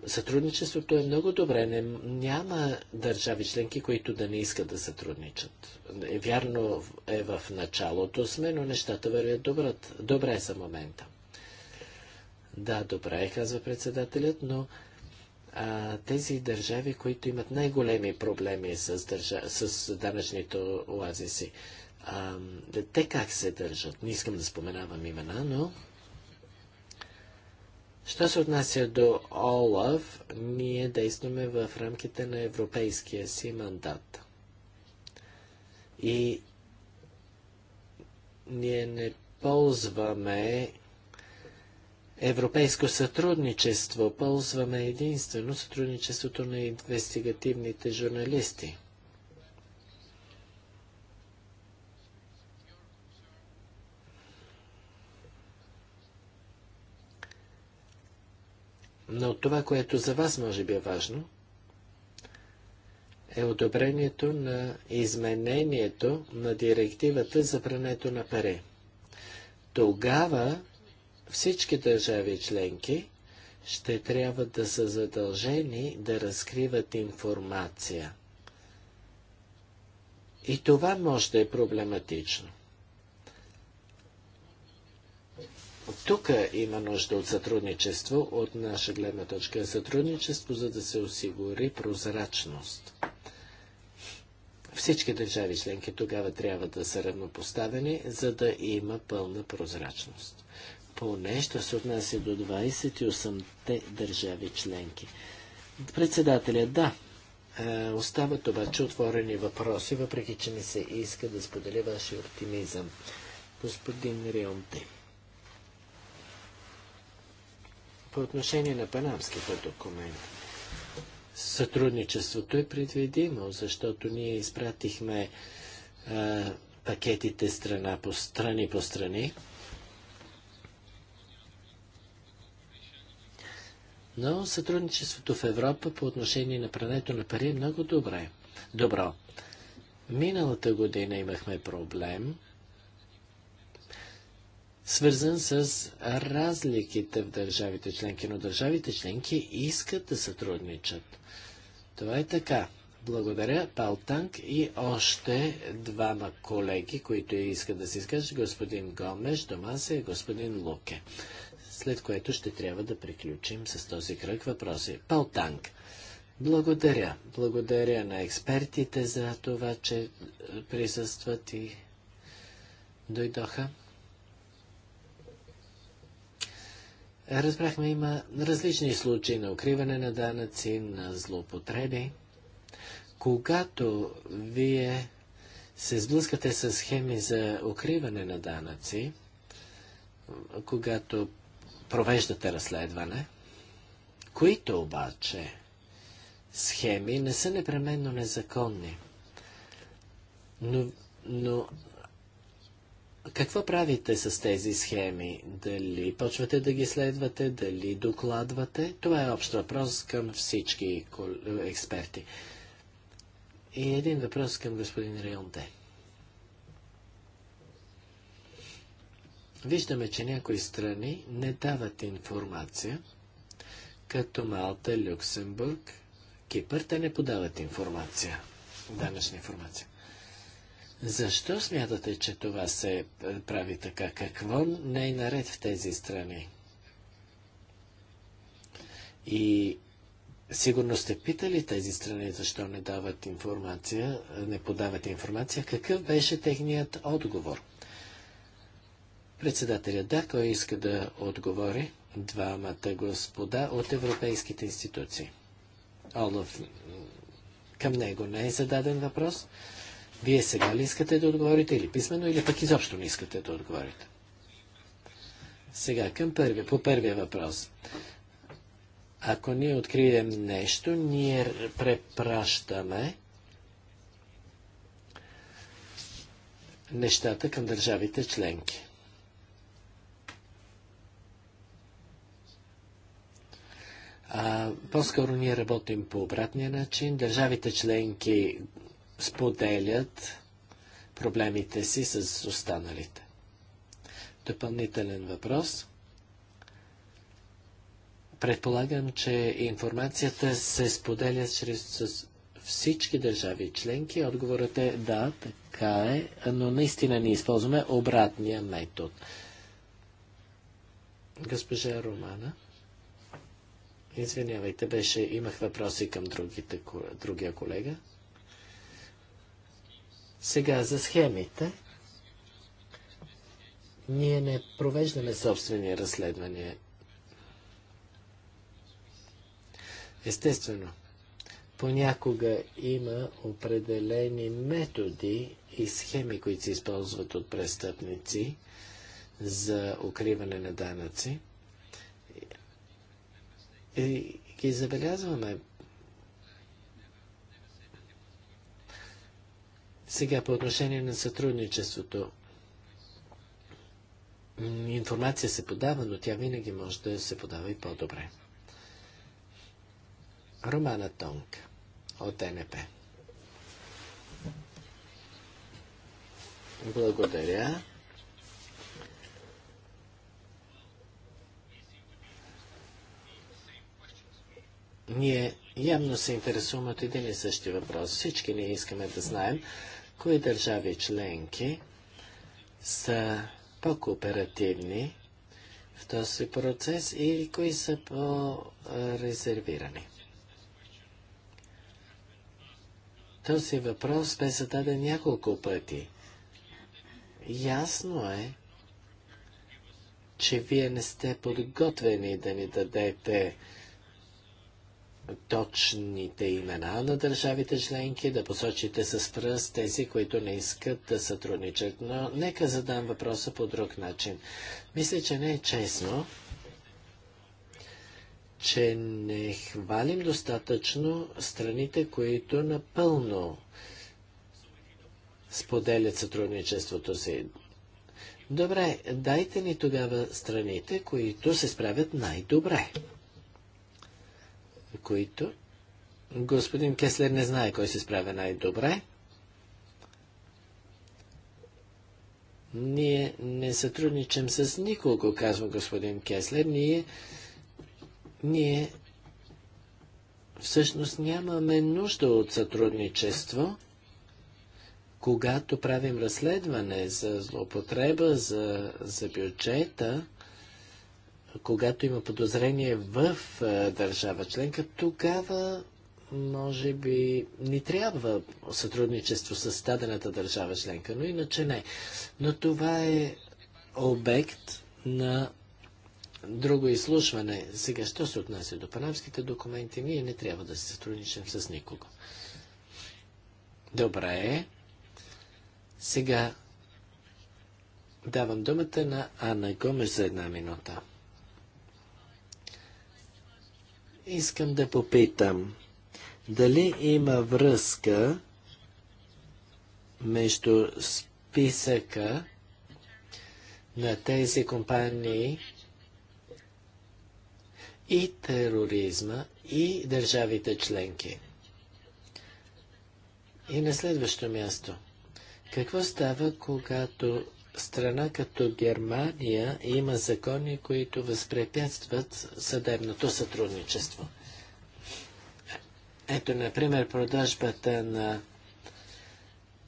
сътрудничеството е много добре. Не, няма държави членки, които да не искат да сътрудничат. Е, вярно е в началото сме, но нещата вървят добрат, добре за момента. Да, добре, е, казва председателят, но а, тези държави, които имат най-големи проблеми с, държа... с данъчните оазиси, а, те как се държат? Не искам да споменавам имена, но... Що се отнася до ОЛАВ, ние действаме в рамките на европейския си мандат. И ние не ползваме европейско сътрудничество, ползваме единствено сътрудничеството на инвестигативните журналисти. Но това, което за вас може би е важно, е одобрението на изменението на директивата за прането на пари. Тогава всички държави членки ще трябва да са задължени да разкриват информация. И това може да е проблематично. тук има нужда от сътрудничество, от наша гледна точка е сътрудничество, за да се осигури прозрачност. Всички държави членки тогава трябва да са равнопоставени, за да има пълна прозрачност. Поне, що се отнася до 28-те държави членки. Председателя, да, е, остават обаче отворени въпроси, въпреки че ми се иска да споделя вашия оптимизъм. Господин Рионте. По отношение на панамските документи, сътрудничеството е предвидимо, защото ние изпратихме а, е, пакетите страна по страни по страни. Но сътрудничеството в Европа по отношение на прането на пари е много добре. Добро. Миналата година имахме проблем свързан с разликите в държавите членки, но държавите членки искат да сътрудничат. Това е така. Благодаря, Пал Танк и още двама колеги, които искат да се изкажат, господин Гомеш, Домаса и господин Луке. След което ще трябва да приключим с този кръг въпроси. Пал Танк. Благодаря. Благодаря на експертите за това, че присъстват и дойдоха. Разбрахме, има различни случаи на укриване на данъци, на злоупотреби. Когато вие се сблъскате с схеми за укриване на данъци, когато провеждате разследване, които обаче схеми не са непременно незаконни, но, но какво правите с тези схеми? Дали почвате да ги следвате, дали докладвате? Това е общ въпрос към всички експерти. И един въпрос към господин Рионте. Виждаме, че някои страни не дават информация, като Малта, Люксембург, Кипър, те не подават информация, данъчна информация. Защо смятате, че това се прави така? Какво не е наред в тези страни? И сигурно сте питали тези страни, защо не дават информация, не подават информация. Какъв беше техният отговор? Председателят, да, кой иска да отговори? Двамата господа от европейските институции. Олаф, към него не е зададен въпрос. Вие сега ли искате да отговорите или писменно, или пък изобщо не искате да отговорите? Сега към първи, по първия въпрос. Ако ние открием нещо, ние препращаме нещата към държавите членки. по-скоро ние работим по обратния начин. Държавите членки споделят проблемите си с останалите. Допълнителен въпрос. Предполагам, че информацията се споделя чрез, с всички държави членки. Отговорът е да, така е, но наистина ни използваме обратния метод. Госпожа Романа. Извинявайте, беше, имах въпроси към другите, другия колега. Сега за схемите. Ние не провеждаме собствени разследвания. Естествено, понякога има определени методи и схеми, които се използват от престъпници за укриване на данъци. И ги забелязваме Сега по отношение на сътрудничеството. Информация се подава, но тя винаги може да се подава и по-добре. Романа Тонг от НП. Благодаря. Ние явно се интересуваме от един и същи въпрос. Всички ние искаме да знаем кои държави членки са по-кооперативни в този процес и кои са по-резервирани. Този въпрос бе зададен няколко пъти. Ясно е, че вие не сте подготвени да ни дадете точните имена на държавите членки, да посочите с пръст тези, които не искат да сътрудничат. Но нека задам въпроса по друг начин. Мисля, че не е честно, че не хвалим достатъчно страните, които напълно споделят сътрудничеството си. Добре, дайте ни тогава страните, които се справят най-добре които господин Кеслер не знае кой се справя най-добре. Ние не сътрудничам с никого, казва господин Кеслер. Ние, ние всъщност нямаме нужда от сътрудничество, когато правим разследване за злоупотреба, за, за бюджета когато има подозрение в държава членка, тогава може би ни трябва сътрудничество с дадената държава членка, но иначе не. Но това е обект на друго изслушване. Сега, що се отнася до панамските документи, ние не трябва да се сътрудничим с никого. Добре. Сега давам думата на Анна Гомеш за една минута. Искам да попитам, дали има връзка между списъка на тези компании и тероризма и държавите членки. И на следващо място. Какво става, когато страна като Германия има закони, които възпрепятстват съдебното сътрудничество. Ето, например, продажбата на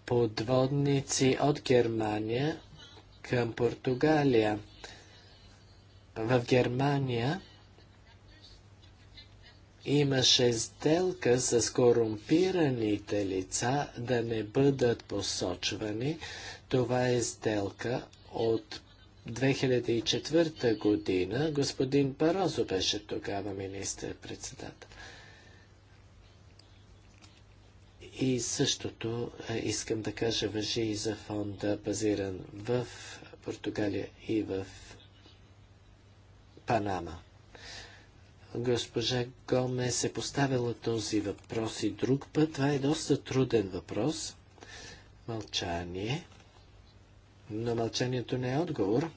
подводници от Германия към Португалия. В Германия имаше сделка с корумпираните лица да не бъдат посочвани, това е сделка от 2004 година. Господин Парозо беше тогава министър-председател. И същото искам да кажа въжи и за фонда, базиран в Португалия и в Панама. Госпожа Гомес е поставила този въпрос и друг път. Това е доста труден въпрос. Мълчание но мълчанието не е отговор.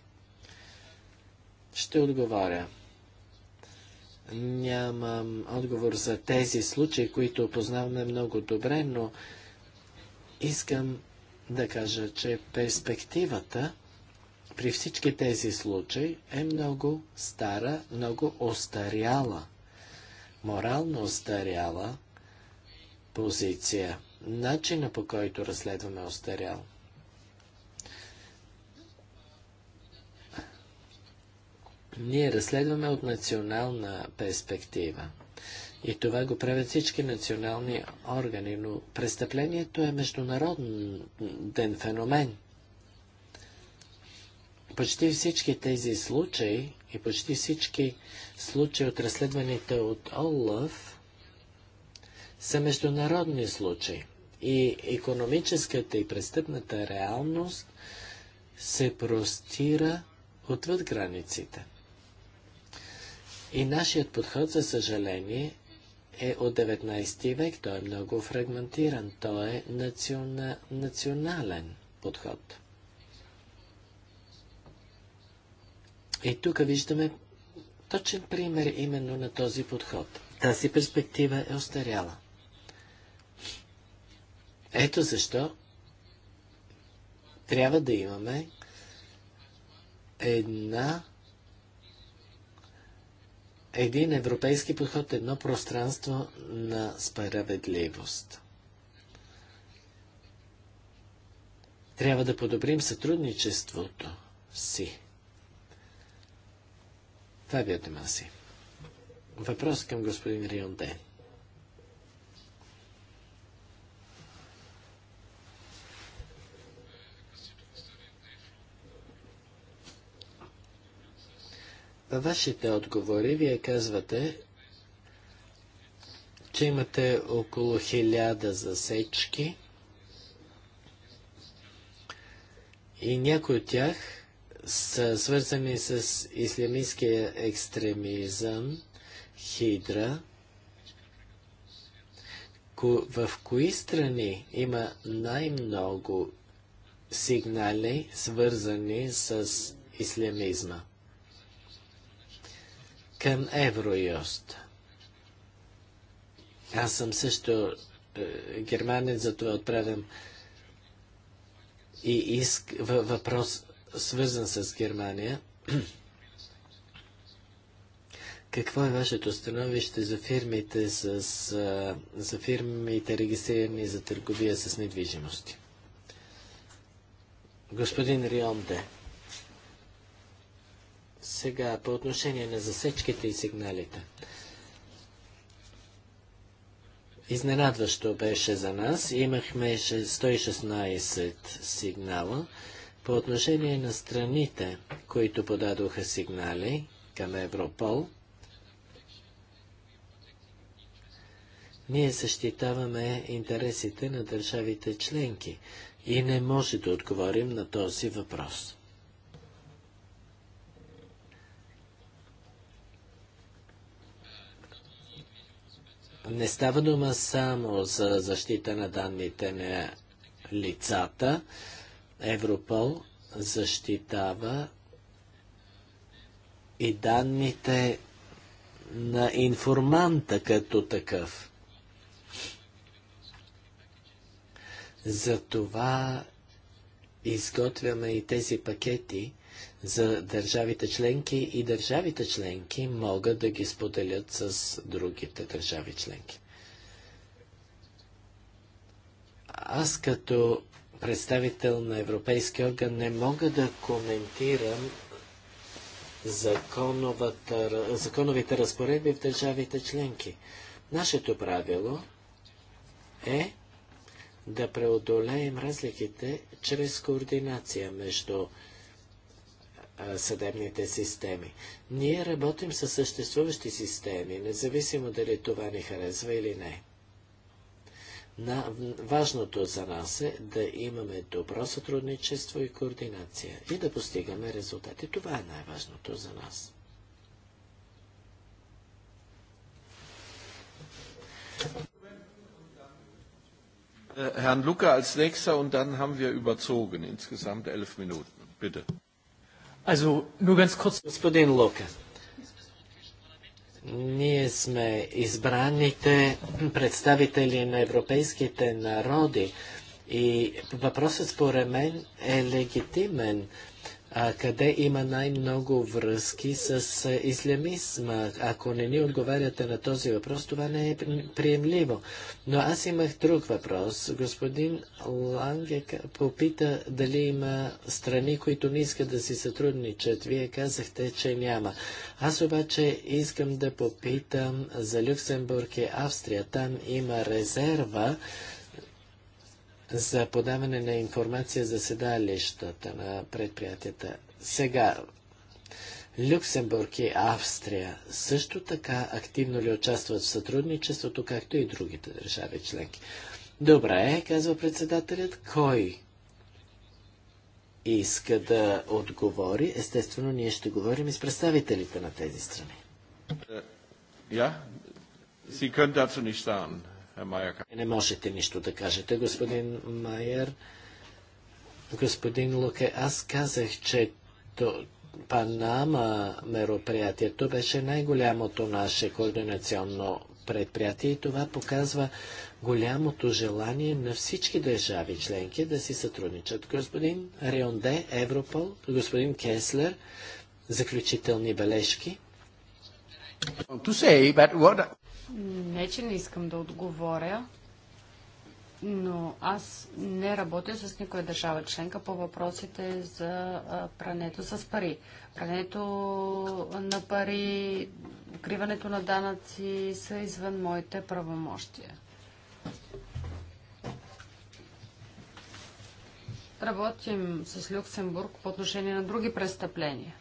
Ще отговоря. Нямам отговор за тези случаи, които познаваме много добре, но искам да кажа, че перспективата при всички тези случаи е много стара, много остаряла, морално остаряла позиция. Начина по който разследваме е остаряла. Ние разследваме от национална перспектива. И това го правят всички национални органи, но престъплението е международен феномен. Почти всички тези случаи и почти всички случаи от разследваните от Олав са международни случаи. И економическата и престъпната реалност се простира отвъд границите. И нашият подход, за съжаление, е от 19 век. Той е много фрагментиран. Той е национа... национален подход. И тук виждаме точен пример именно на този подход. Тази перспектива е остаряла. Ето защо трябва да имаме една един европейски подход, едно пространство на справедливост. Трябва да подобрим сътрудничеството си. Това е Въпрос към господин Рионде. Във вашите отговори вие казвате, че имате около хиляда засечки и някои от тях са свързани с ислямистския екстремизъм, хидра, ко в кои страни има най-много сигнали, свързани с ислямизма? към Евроюст. Аз съм също е, германец, затова отправям и иск, въпрос свързан с Германия. [CLEARS THROAT] Какво е вашето становище за фирмите, с, за фирмите регистрирани за търговия с недвижимости? Господин Рионде. Сега, по отношение на засечките и сигналите. Изненадващо беше за нас. Имахме 116 сигнала. По отношение на страните, които подадоха сигнали към Европол, ние защитаваме интересите на държавите членки и не може да отговорим на този въпрос. не става дума само за защита на данните на лицата. Европол защитава и данните на информанта като такъв. Затова изготвяме и тези пакети за държавите членки и държавите членки могат да ги споделят с другите държави членки. Аз като представител на Европейския орган не мога да коментирам законовите разпоредби в държавите членки. Нашето правило е да преодолеем разликите чрез координация между съдебните системи. Ние работим със съществуващи системи, независимо дали това ни харесва или не. На, важното за нас е да имаме добро сътрудничество и координация и да постигаме резултати. Това е най-важното за нас. Э, Herrn Luca als nächster und dann haben wir überzogen, insgesamt elf Minuten. Bitte. Also, nur ganz kurz. Господин Лука, ние сме избраните представители на европейските народи и въпросът според мен е легитимен а, къде има най-много връзки с а, ислямизма. Ако не ни отговаряте на този въпрос, това не е приемливо. Но аз имах друг въпрос. Господин Ланге попита дали има страни, които не искат да си сътрудничат. Вие казахте, че няма. Аз обаче искам да попитам за Люксембург и Австрия. Там има резерва за подаване на информация за седалищата на предприятията. Сега, Люксембург и Австрия също така активно ли участват в сътрудничеството, както и другите държави членки? Добре, казва председателят, кой иска да отговори? Естествено, ние ще говорим и с представителите на тези страни. Ja, Sie können dazu nicht sagen. Майер. Не можете нищо да кажете, господин Майер. Господин Луке, аз казах, че то, Панама мероприятието беше най-голямото наше координационно предприятие и това показва голямото желание на всички държави членки да си сътрудничат. Господин Рионде, Европол, господин Кеслер, заключителни бележки. Say, what... Не, че не искам да отговоря, но аз не работя с никоя държава членка по въпросите за прането с пари. Прането на пари, укриването на данъци са извън моите правомощия. Работим с Люксембург по отношение на други престъпления.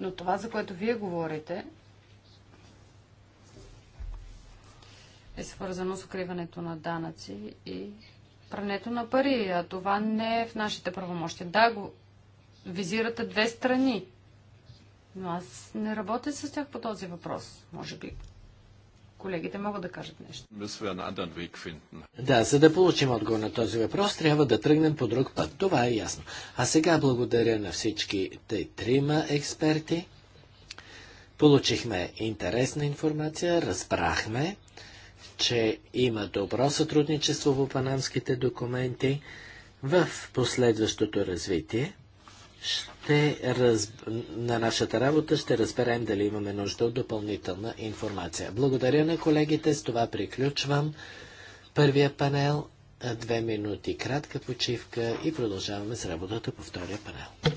Но това, за което вие говорите, е свързано с укриването на данъци и прането на пари, а това не е в нашите правомощия. Да, го визирате две страни, но аз не работя с тях по този въпрос. Може би колегите могат да кажат нещо. Да, за да получим отговор на този въпрос, трябва да тръгнем по друг път. Това е ясно. А сега благодаря на всички те трима експерти. Получихме интересна информация, разбрахме че има добро сътрудничество в панамските документи. В последващото развитие ще раз... на нашата работа ще разберем дали имаме нужда от допълнителна информация. Благодаря на колегите. С това приключвам първия панел. Две минути кратка почивка и продължаваме с работата по втория панел.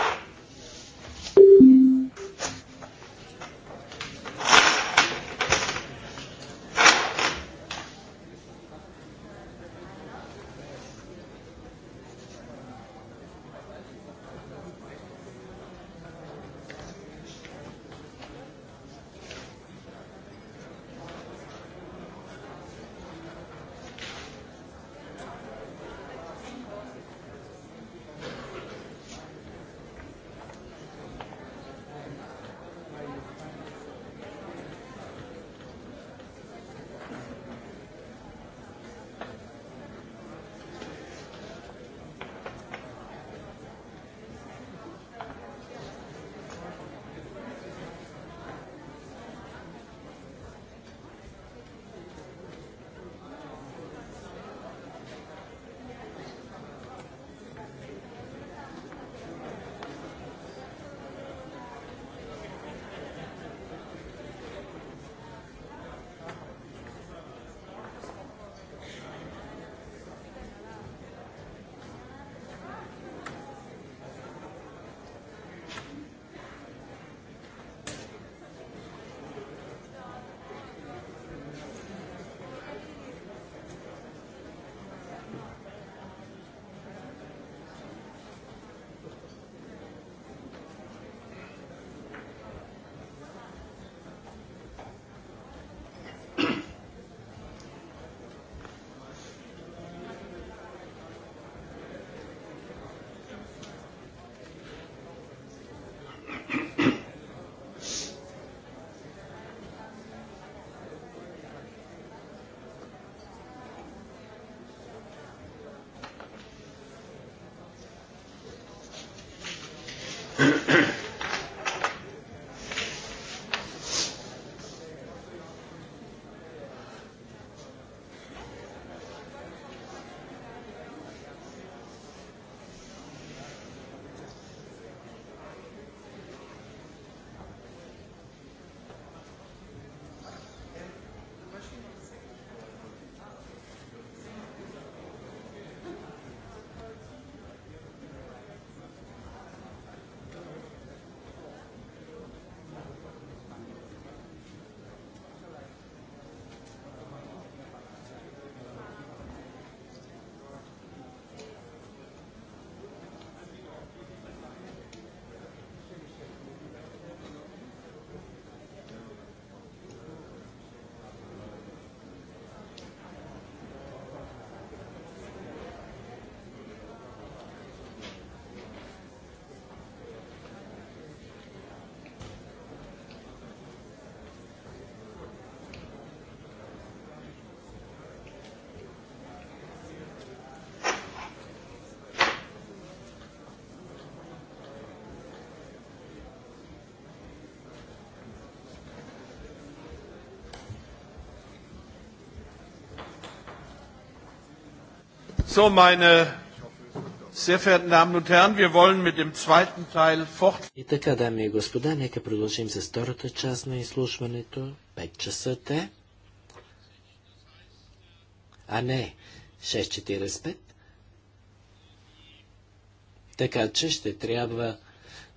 So, meine sehr verehrten Damen und Herren, wir wollen mit dem zweiten Teil fort. И така, дами и господа, нека продължим с втората част на изслушването. 5 часа е. А не, 6.45. Така че ще трябва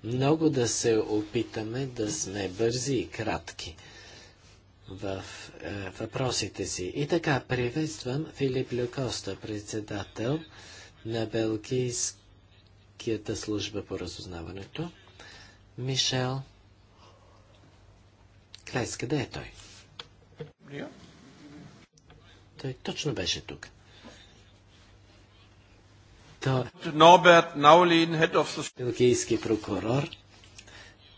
много да се опитаме да сме бързи и кратки в е, въпросите си. И така, приветствам Филип Люкоста, председател на Белгийската служба по разузнаването. Мишел Клес, къде е той? Той точно беше тук. Норберт Наулин, head of Белгийски прокурор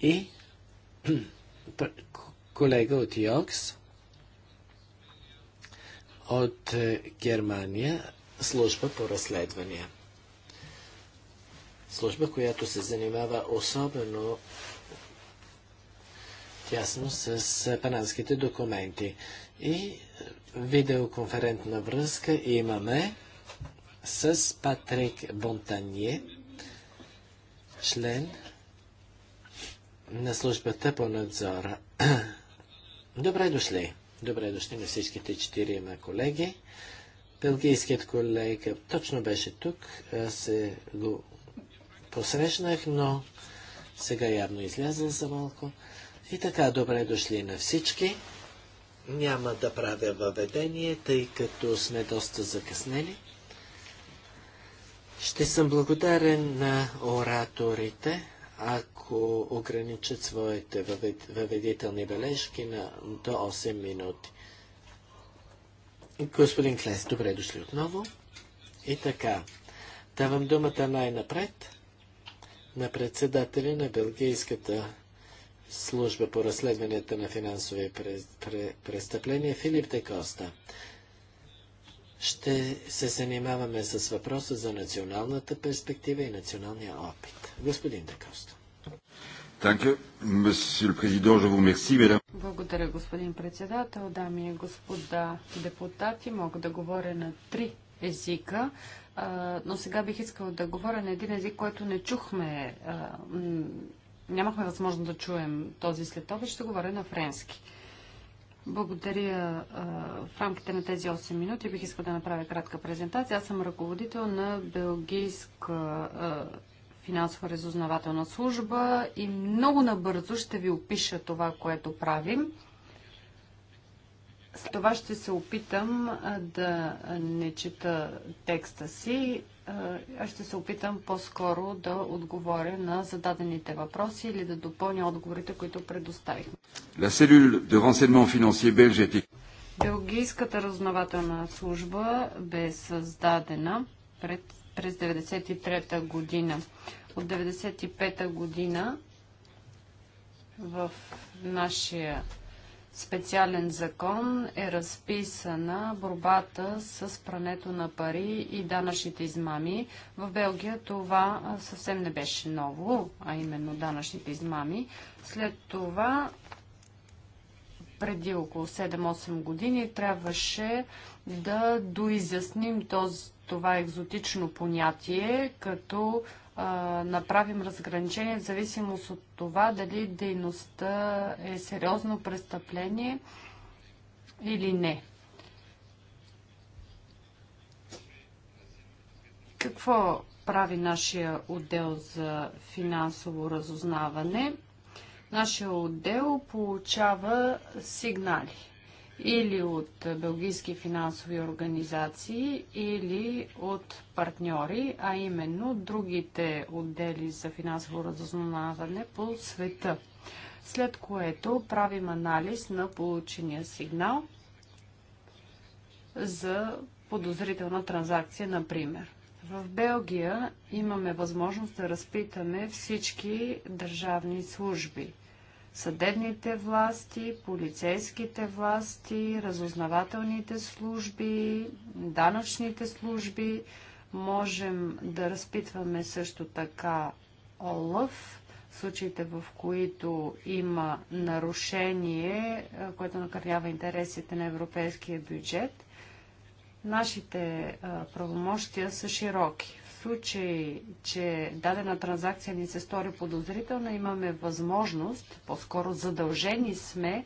и [CLEARS THROAT] колега от Йокс, от е, Германия служба по разследвания. Служба, която се занимава особено тясно с е, панамските документи. И е, видеоконферентна връзка имаме с Патрик Бонтанье, член на службата по надзора. [CLEARS THROAT] Добре дошли! Добре дошли на всичките четирима колеги. Белгийският колега точно беше тук. Аз се го посрещнах, но сега явно излязъл за малко. И така, добре дошли на всички. Няма да правя въведение, тъй като сме доста закъснели. Ще съм благодарен на ораторите, ако ограничат своите въведителни бележки на до 8 минути. Господин Клес, добре дошли отново. И така, давам думата най-напред на председателя на Белгийската служба по разследванията на финансови престъпления Филип Декоста. Коста ще се занимаваме с въпроса за националната перспектива и националния опит. Господин Декосто. Благодаря, господин председател. Дами и господа депутати, мога да говоря на три езика, но сега бих искала да говоря на един език, който не чухме, нямахме възможност да чуем този след ще говоря на френски. Благодаря. В рамките на тези 8 минути бих искал да направя кратка презентация. Аз съм ръководител на Белгийска финансова разузнавателна служба и много набързо ще ви опиша това, което правим. С това ще се опитам да не чета текста си. Е, аз ще се опитам по-скоро да отговоря на зададените въпроси или да допълня отговорите, които предоставихме. La cellule de renseignement financier belge Белгийската разнователна служба бе създадена пред, през 1993 година. От 1995 година в нашия специален закон е разписана борбата с прането на пари и данъчните измами. В Белгия това съвсем не беше ново, а именно данъчните измами. След това, преди около 7-8 години, трябваше да доизясним този, това екзотично понятие, като направим разграничение в зависимост от това дали дейността е сериозно престъпление или не. Какво прави нашия отдел за финансово разузнаване? Нашия отдел получава сигнали или от белгийски финансови организации, или от партньори, а именно другите отдели за финансово разузнаване по света. След което правим анализ на получения сигнал за подозрителна транзакция, например. В Белгия имаме възможност да разпитаме всички държавни служби – съдебните власти, полицейските власти, разузнавателните служби, данъчните служби. Можем да разпитваме също така Олав, случаите в които има нарушение, което накърнява интересите на европейския бюджет. Нашите правомощия са широки случай, че дадена транзакция ни се стори подозрителна, имаме възможност, по-скоро задължени сме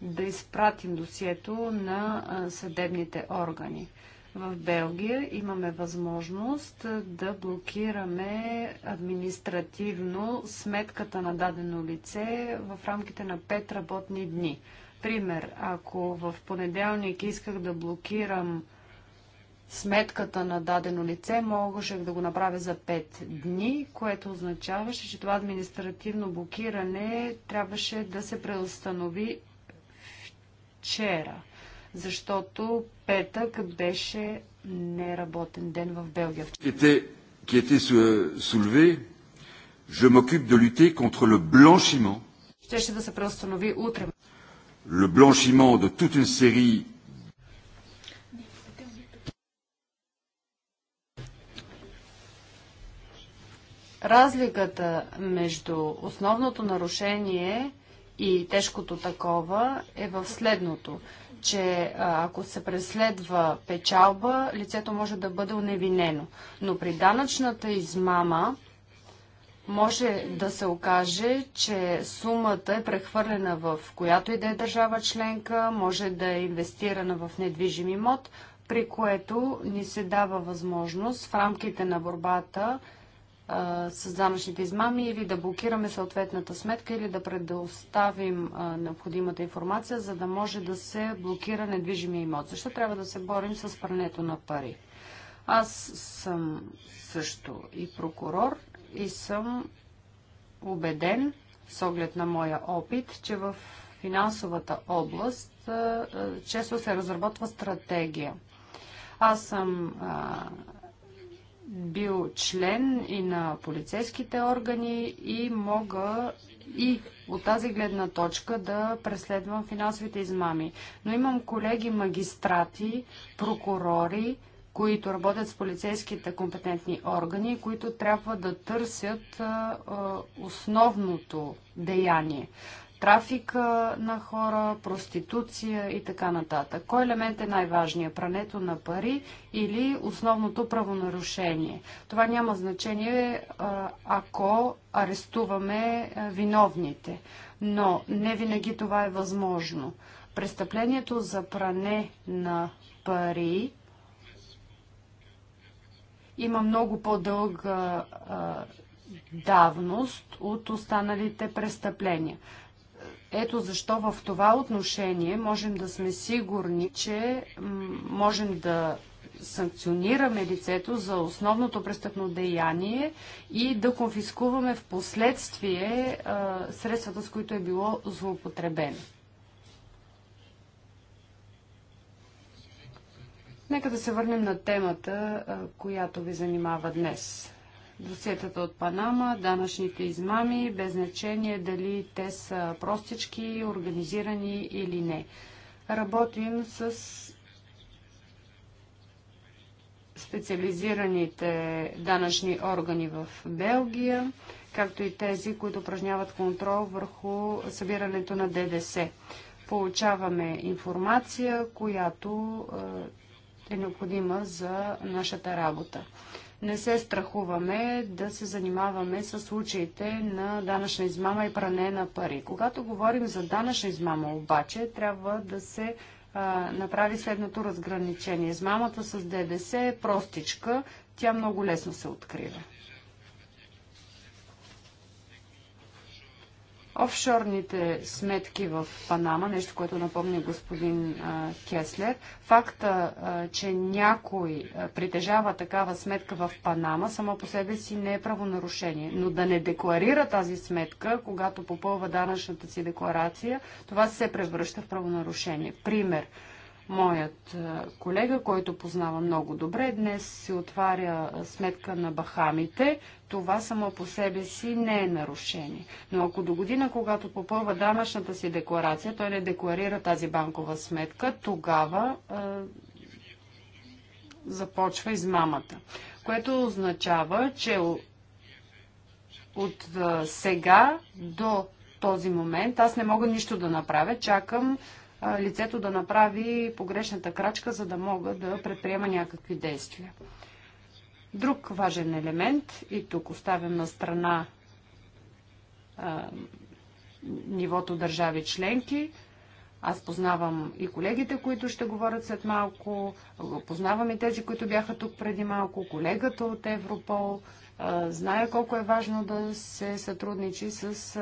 да изпратим досието на съдебните органи. В Белгия имаме възможност да блокираме административно сметката на дадено лице в рамките на 5 работни дни. Пример, ако в понеделник исках да блокирам сметката на дадено лице, можех да го направя за 5 дни, което означаваше, че това административно блокиране трябваше да се преустанови вчера, защото петък беше неработен ден в Белгия. qui était soulevé, je m'occupe de lutter contre le blanchiment. Щеше да се преустанови утре. Le blanchiment de toute une série Разликата между основното нарушение и тежкото такова е в следното, че ако се преследва печалба, лицето може да бъде уневинено. Но при данъчната измама може да се окаже, че сумата е прехвърлена в която и да е държава членка, може да е инвестирана в недвижим имот, при което ни се дава възможност в рамките на борбата а, с данъчните измами или да блокираме съответната сметка или да предоставим а, необходимата информация, за да може да се блокира недвижимия имот. Защо трябва да се борим с прането на пари? Аз съм също и прокурор и съм убеден, с оглед на моя опит, че в финансовата област често се разработва стратегия. Аз съм бил член и на полицейските органи и мога и от тази гледна точка да преследвам финансовите измами. Но имам колеги магистрати, прокурори, които работят с полицейските компетентни органи, които трябва да търсят а, основното деяние трафика на хора, проституция и така нататък. Кой елемент е най-важният? Прането на пари или основното правонарушение? Това няма значение, ако арестуваме виновните. Но не винаги това е възможно. Престъплението за пране на пари има много по-дълга давност от останалите престъпления. Ето защо в това отношение можем да сме сигурни, че можем да санкционираме лицето за основното престъпно деяние и да конфискуваме в последствие средствата, с които е било злоупотребено. Нека да се върнем на темата, която ви занимава днес досетата от Панама, данъчните измами, без значение дали те са простички, организирани или не. Работим с специализираните данъчни органи в Белгия, както и тези, които упражняват контрол върху събирането на ДДС. Получаваме информация, която е, е необходима за нашата работа не се страхуваме да се занимаваме с случаите на данъчна измама и пране на пари. Когато говорим за данъчна измама обаче, трябва да се а, направи следното разграничение. Измамата с ДДС е простичка, тя много лесно се открива. офшорните сметки в Панама, нещо, което напомня господин Кеслер, факта, че някой притежава такава сметка в Панама, само по себе си не е правонарушение. Но да не декларира тази сметка, когато попълва данъчната си декларация, това се превръща в правонарушение. Пример – Моят е, колега, който познава много добре, днес се отваря е, сметка на Бахамите. Това само по себе си не е нарушение. Но ако до година, когато попълва данъчната си декларация, той не декларира тази банкова сметка, тогава е, започва измамата. Което означава, че от е, сега до този момент аз не мога нищо да направя. Чакам лицето да направи погрешната крачка, за да мога да предприема някакви действия. Друг важен елемент, и тук оставям на страна а, нивото държави членки, аз познавам и колегите, които ще говорят след малко, познавам и тези, които бяха тук преди малко, колегата от Европол. Зная колко е важно да се сътрудничи с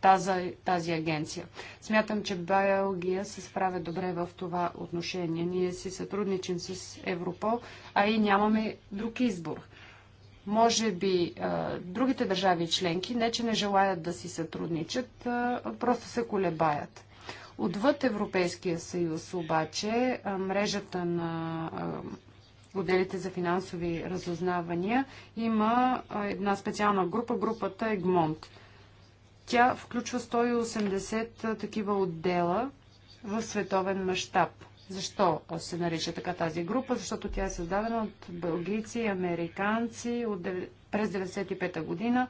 тази, тази агенция. Смятам, че Белгия се справя добре в това отношение. Ние си сътрудничим с Европол, а и нямаме друг избор. Може би другите държави членки, не че не желаят да си сътрудничат, просто се колебаят. Отвъд Европейския съюз обаче мрежата на отделите за финансови разузнавания има една специална група, групата Егмонт. Тя включва 180 такива отдела в световен мащаб. Защо се нарича така тази група? Защото тя е създадена от бългийци и американци от, през 1995 година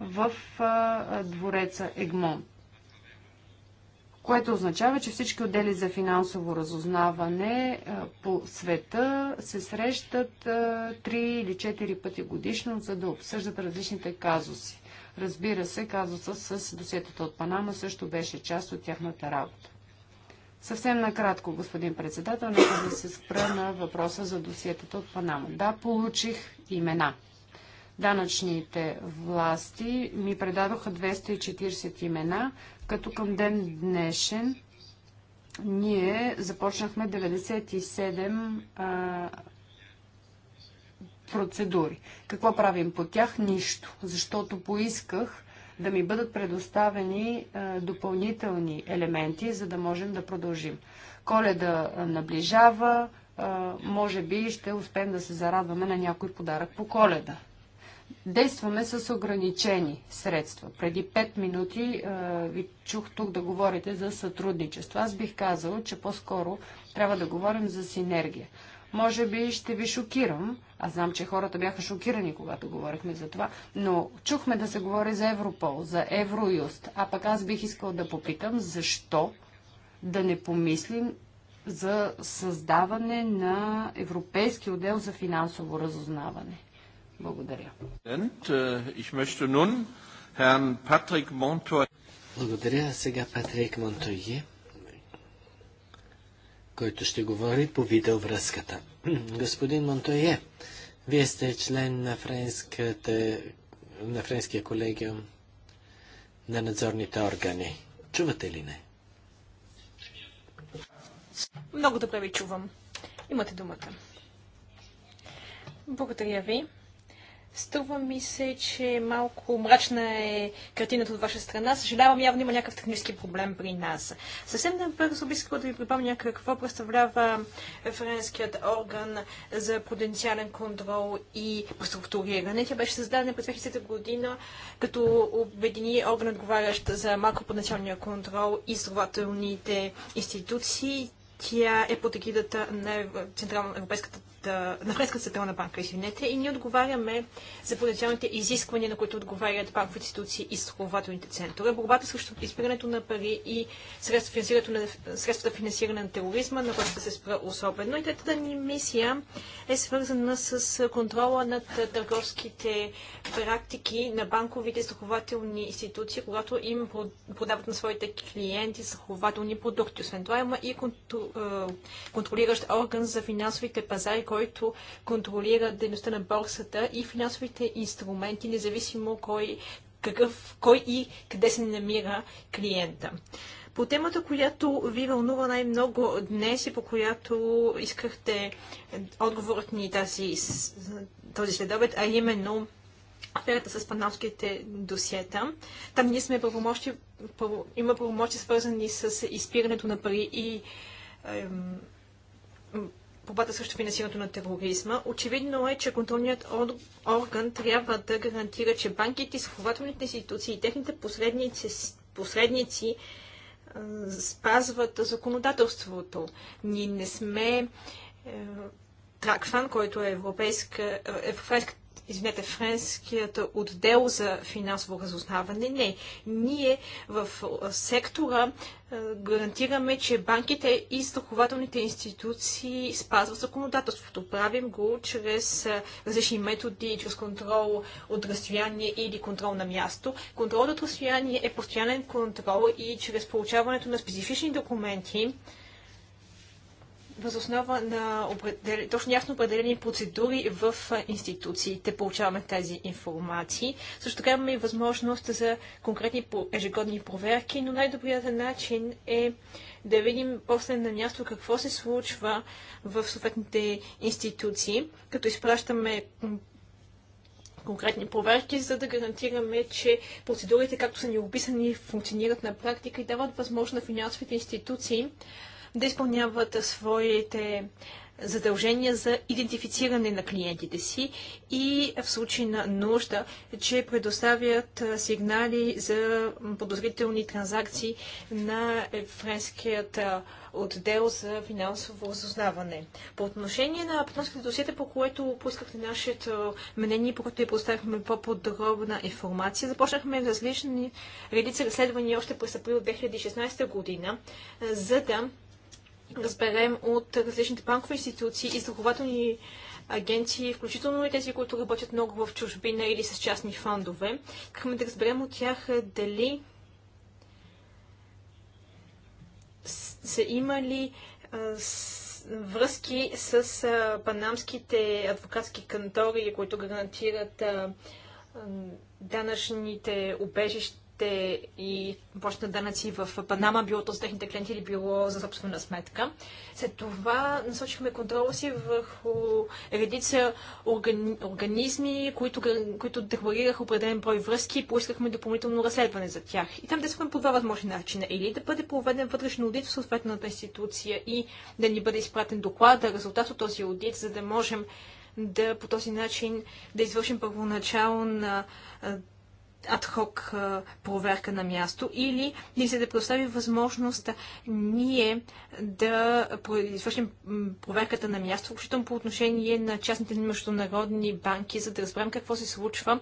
в а, двореца Егмон. Което означава, че всички отдели за финансово разузнаване а, по света се срещат а, 3 или 4 пъти годишно, за да обсъждат различните казуси. Разбира се, казуса с досетата от Панама също беше част от тяхната работа. Съвсем накратко, господин председател, нека да се спра на въпроса за досиетата от Панама. Да, получих имена. Данъчните власти ми предадоха 240 имена, като към ден днешен ние започнахме 97 а, процедури. Какво правим по тях? Нищо, защото поисках да ми бъдат предоставени е, допълнителни елементи, за да можем да продължим. Коледа е, наближава, е, може би ще успеем да се зарадваме на някой подарък по коледа. Действаме с ограничени средства. Преди 5 минути е, ви чух тук да говорите за сътрудничество. Аз бих казал, че по-скоро трябва да говорим за синергия. Може би ще ви шокирам. Аз знам, че хората бяха шокирани, когато говорихме за това, но чухме да се говори за Европол, за Евроюст, а пък аз бих искал да попитам защо да не помислим за създаване на Европейски отдел за финансово разузнаване. Благодаря. Е, Благодаря. Сега Патрик Монтойе който ще говори по видеовръзката. [CLEARS THROAT] Господин Монтойе, вие сте член на, френската, на френския колегиум на надзорните органи. Чувате ли не? Много добре ви чувам. Имате думата. Благодаря ви. Струва ми се, че малко мрачна е картината от ваша страна. Съжалявам, явно има някакъв технически проблем при нас. Съвсем набързо бих искала да ви припомня какво представлява френският орган за потенциален контрол и преструктуриране. Тя беше създадена през 2000 година като обедини орган, отговарящ за макропотенциалния контрол и здравателните институции. Тя е под егидата на Централно Европейската на Френска централна банка, извинете, и ние отговаряме за потенциалните изисквания, на които отговарят банкови институции и страхователните центрове. Борбата срещу изпирането на пари и средствата на, средствата финансиране на тероризма, на което се спра особено. И третата ни мисия е свързана с контрола над търговските практики на банковите страхователни институции, когато им продават на своите клиенти страхователни продукти. Освен това има и контролиращ орган за финансовите пазари, който контролира дейността на борсата и финансовите инструменти, независимо кой, какъв, кой и къде се намира клиента. По темата, която ви вълнува най-много днес и по която искахте отговорът ни тази, този следобед, а именно аферата с панамските досиета. Там ние сме правомощи, има правомощи свързани с изпирането на пари и борбата срещу финансирането на тероризма. Очевидно е, че контролният орган трябва да гарантира, че банките, съхователните институции и техните посредници, посредници спазват законодателството. Ние не сме е, Тракфан, който е европейска, е, европейска извинете, френският отдел за финансово разузнаване. Не. Ние в сектора е, гарантираме, че банките и страхователните институции спазват законодателството. Правим го чрез е, различни методи, чрез контрол от разстояние или контрол на място. Контрол от разстояние е постоянен контрол и чрез получаването на специфични документи, възоснова на определ... точно ясно определени процедури в институциите получаваме тези информации. Също така имаме и възможност за конкретни ежегодни проверки, но най-добрият начин е да видим после на място какво се случва в съответните институции, като изпращаме конкретни проверки, за да гарантираме, че процедурите, както са ни описани, функционират на практика и дават възможност на финансовите институции да изпълняват своите задължения за идентифициране на клиентите си и в случай на нужда, че предоставят сигнали за подозрителни транзакции на френският отдел за финансово разузнаване. По отношение на пътноските досиета, по което поискахте нашето мнение, по което и поставихме по-подробна информация, започнахме различни редици разследвания още през април 2016 година, за да разберем от различните банкови институции и страхователни агенции, включително и тези, които работят много в чужбина или с частни фондове. Искахме да разберем от тях дали са имали връзки с панамските адвокатски кантори, които гарантират данъчните обежища парите и плащат данъци в Панама, било то за техните клиенти или било за собствена сметка. След това насочихме контрола си върху редица органи, организми, които, които декларираха определен брой връзки и поискахме допълнително разследване за тях. И там действаме по два възможни начина. Или да бъде проведен вътрешен аудит в съответната институция и да ни бъде изпратен доклад, да резултат от този аудит, за да можем да по този начин да извършим първоначално на адхок проверка на място или ни се да предостави възможност ние да извършим проверката на място, включително по отношение на частните международни банки, за да разберем какво се случва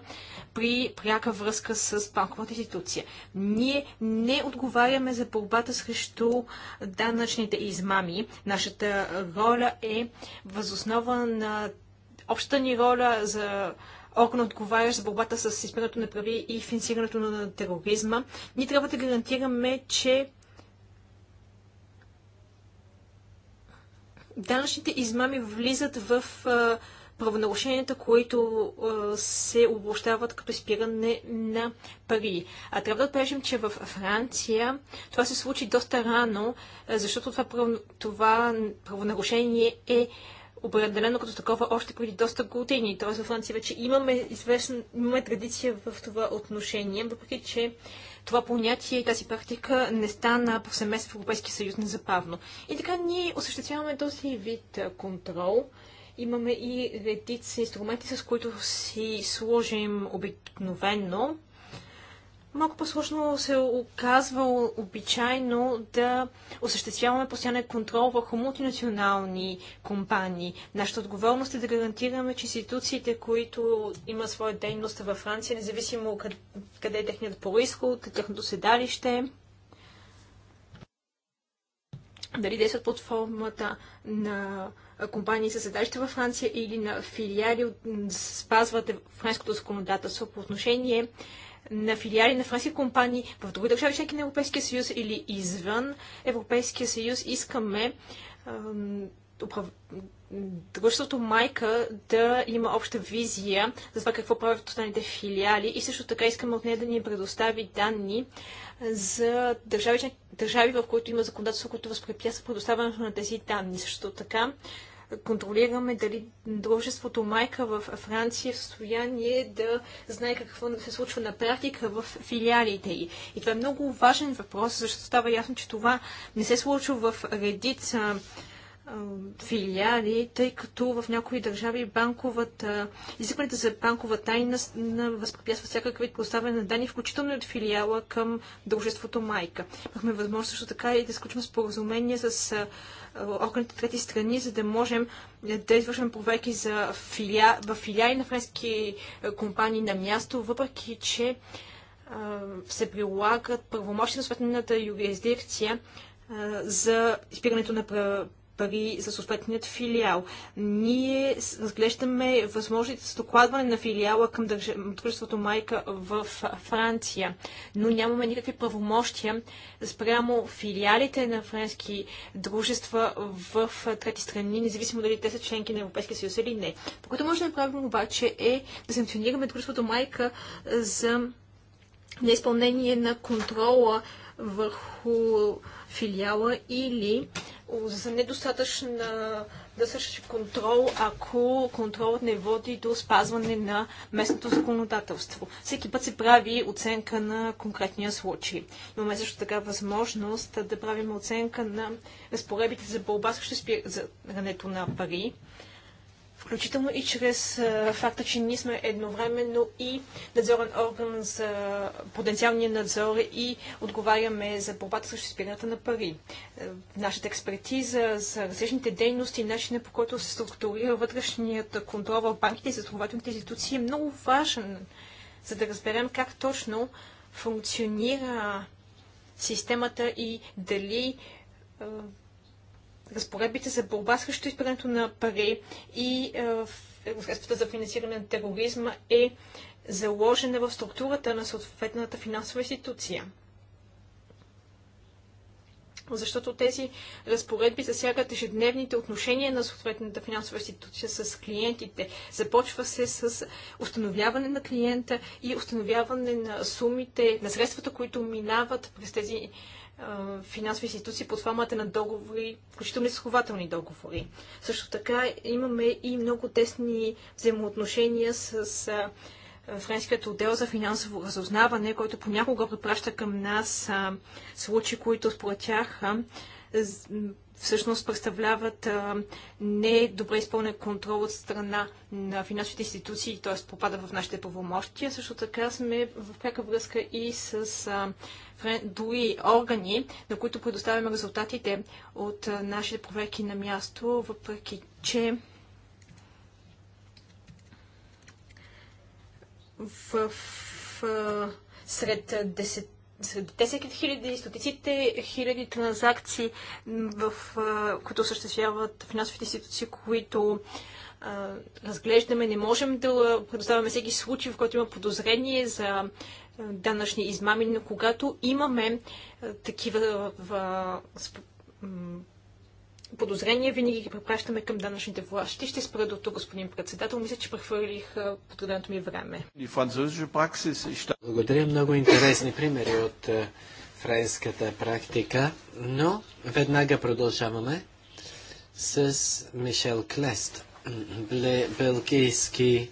при пряка връзка с банковата институция. Ние не отговаряме за борбата срещу данъчните измами. Нашата роля е възоснова на общата ни роля за орган отговаря за борбата с изпирането на прави и финансирането на тероризма, ние трябва да гарантираме, че данъчните измами влизат в правонарушенията, които се обобщават като изпиране на пари. А трябва да отбележим, че в Франция това се случи доста рано, защото това, това правонарушение е определено като такова още преди доста години. Т.е. във Франция вече имаме известна имаме традиция в това отношение, въпреки че това понятие и тази практика не стана повсеместно в Европейския съюз незабавно. И така ние осъществяваме този вид контрол. Имаме и редица инструменти, с които си сложим обикновенно малко по-сложно се оказва обичайно да осъществяваме постоянен контрол върху мултинационални компании. Нашата отговорност е да гарантираме, че институциите, които имат своя дейност във Франция, независимо къде, къде е техният происход, тяхното седалище, дали действат под формата на компании със седалище във Франция или на филиали, спазват френското законодателство по отношение на филиали на френски компании в други държави, членки на Европейския съюз или извън Европейския съюз, искаме дружеството майка да има обща визия за това какво правят останалите филиали и също така искаме от нея да ни предостави данни за държави, държави в които има законодателство, което възпрепятства предоставянето на тези данни. Също така контролираме дали дружеството майка в Франция е в състояние да знае какво се случва на практика в филиалите й. И това е много важен въпрос, защото става ясно, че това не се случва в редица филиали, тъй като в някои държави банковата, изискването за банкова тайна възпрепятства всякакви поставяне на данни, включително от филиала към дружеството майка. Имахме възможност също така и да сключим споразумение с органите трети страни, за да можем е, да извършваме проверки за филия, в филиали на френски е, компании на място, въпреки че е, се прилагат правомощи на съответната юрисдикция за изпирането на пари за съответният филиал. Ние разглеждаме възможност за докладване на филиала към дружеството Майка в Франция, но нямаме никакви правомощия спрямо филиалите на френски дружества в трети страни, независимо дали те са членки на Европейския съюз или не. Това, което може да направим обаче е да санкционираме дружеството Майка за неизпълнение на контрола върху филиала или за недостатъчна да същи контрол, ако контролът не води до спазване на местното законодателство. Всеки път се прави оценка на конкретния случай. Имаме също така възможност да правим оценка на разпоредбите за борба срещу спирането на пари включително и чрез факта, че ние сме едновременно и надзорен орган за потенциалния надзор и отговаряме за борбата с изпирането на пари. нашата експертиза за различните дейности и начина по който се структурира вътрешният контрол в банките и застрахователните институции е много важен, за да разберем как точно функционира системата и дали разпоредбите за борба срещу изпирането на пари и е, е, средствата за финансиране на тероризма е заложена в структурата на съответната финансова институция. Защото тези разпоредби засягат ежедневните отношения на съответната финансова институция с клиентите. Започва се с установяване на клиента и установяване на сумите, на средствата, които минават през тези финансови институции под формата на договори, включително и схователни договори. Също така имаме и много тесни взаимоотношения с, с Френският отдел за финансово разузнаване, който понякога препраща към нас случаи, които според тях всъщност представляват а, не добре изпълнен контрол от страна на финансовите институции, т.е. попада в нашите правомощия. Също така сме в пряка връзка и с а, други органи, на които предоставяме резултатите от а, нашите проверки на място, въпреки че в, в, в сред 10 десетки хиляди, стотиците хиляди транзакции, в които осъществяват финансовите институции, които а, разглеждаме. Не можем да предоставяме всеки случай, в който има подозрение за данъчни измами, но когато имаме а, такива в, в, подозрения, винаги ги препращаме към данъчните власти. Ще спра до тук, господин председател. Мисля, че прехвърлих подреденото ми е време. Е Благодаря. Много интересни примери от френската практика, но веднага продължаваме с Мишел Клест, белгийски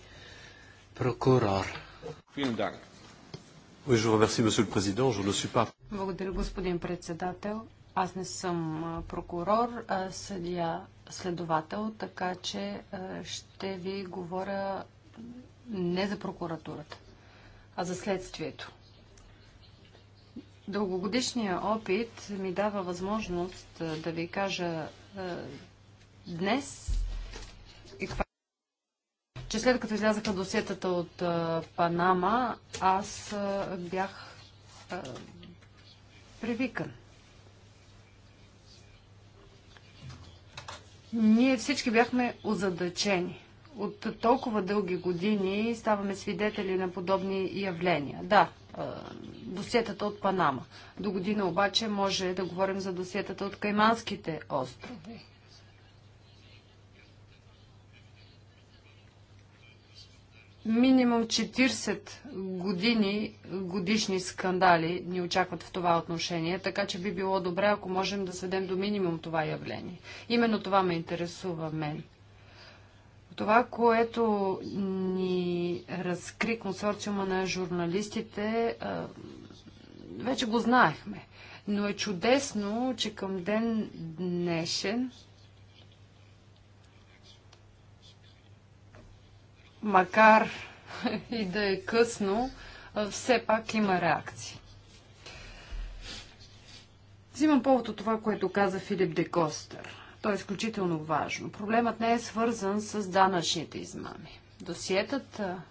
прокурор. Благодаря, господин председател. Аз не съм прокурор, а съдия следовател, така че ще ви говоря не за прокуратурата, а за следствието. Дългогодишният опит ми дава възможност да ви кажа днес и каква че след като излязаха досетата от Панама, аз бях привикан. Ние всички бяхме озадачени. От толкова дълги години ставаме свидетели на подобни явления. Да, досетата от Панама. До година обаче може да говорим за досетата от Кайманските острови. минимум 40 години годишни скандали ни очакват в това отношение, така че би било добре, ако можем да сведем до минимум това явление. Именно това ме интересува мен. Това, което ни разкри консорциума на журналистите, вече го знаехме. Но е чудесно, че към ден днешен макар [LAUGHS] и да е късно, все пак има реакции. Взимам повод от това, което каза Филип Декостър. То е изключително важно. Проблемът не е свързан с данъчните измами. Досиетата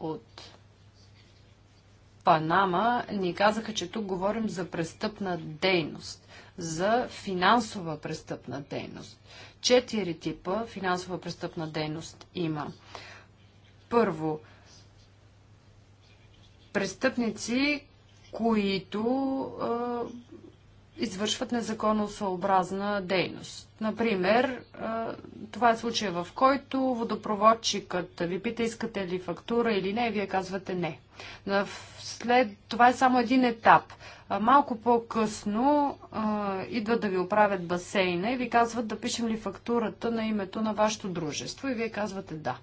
от Панама ни казаха, че тук говорим за престъпна дейност, за финансова престъпна дейност. Четири типа финансова престъпна дейност има. Първо, престъпници, които извършват незаконосъобразна дейност. Например, това е случая, в който водопроводчикът ви пита искате ли фактура или не, и вие казвате не. След, това е само един етап. Малко по-късно идват да ви оправят басейна и ви казват да пишем ли фактурата на името на вашето дружество и вие казвате да.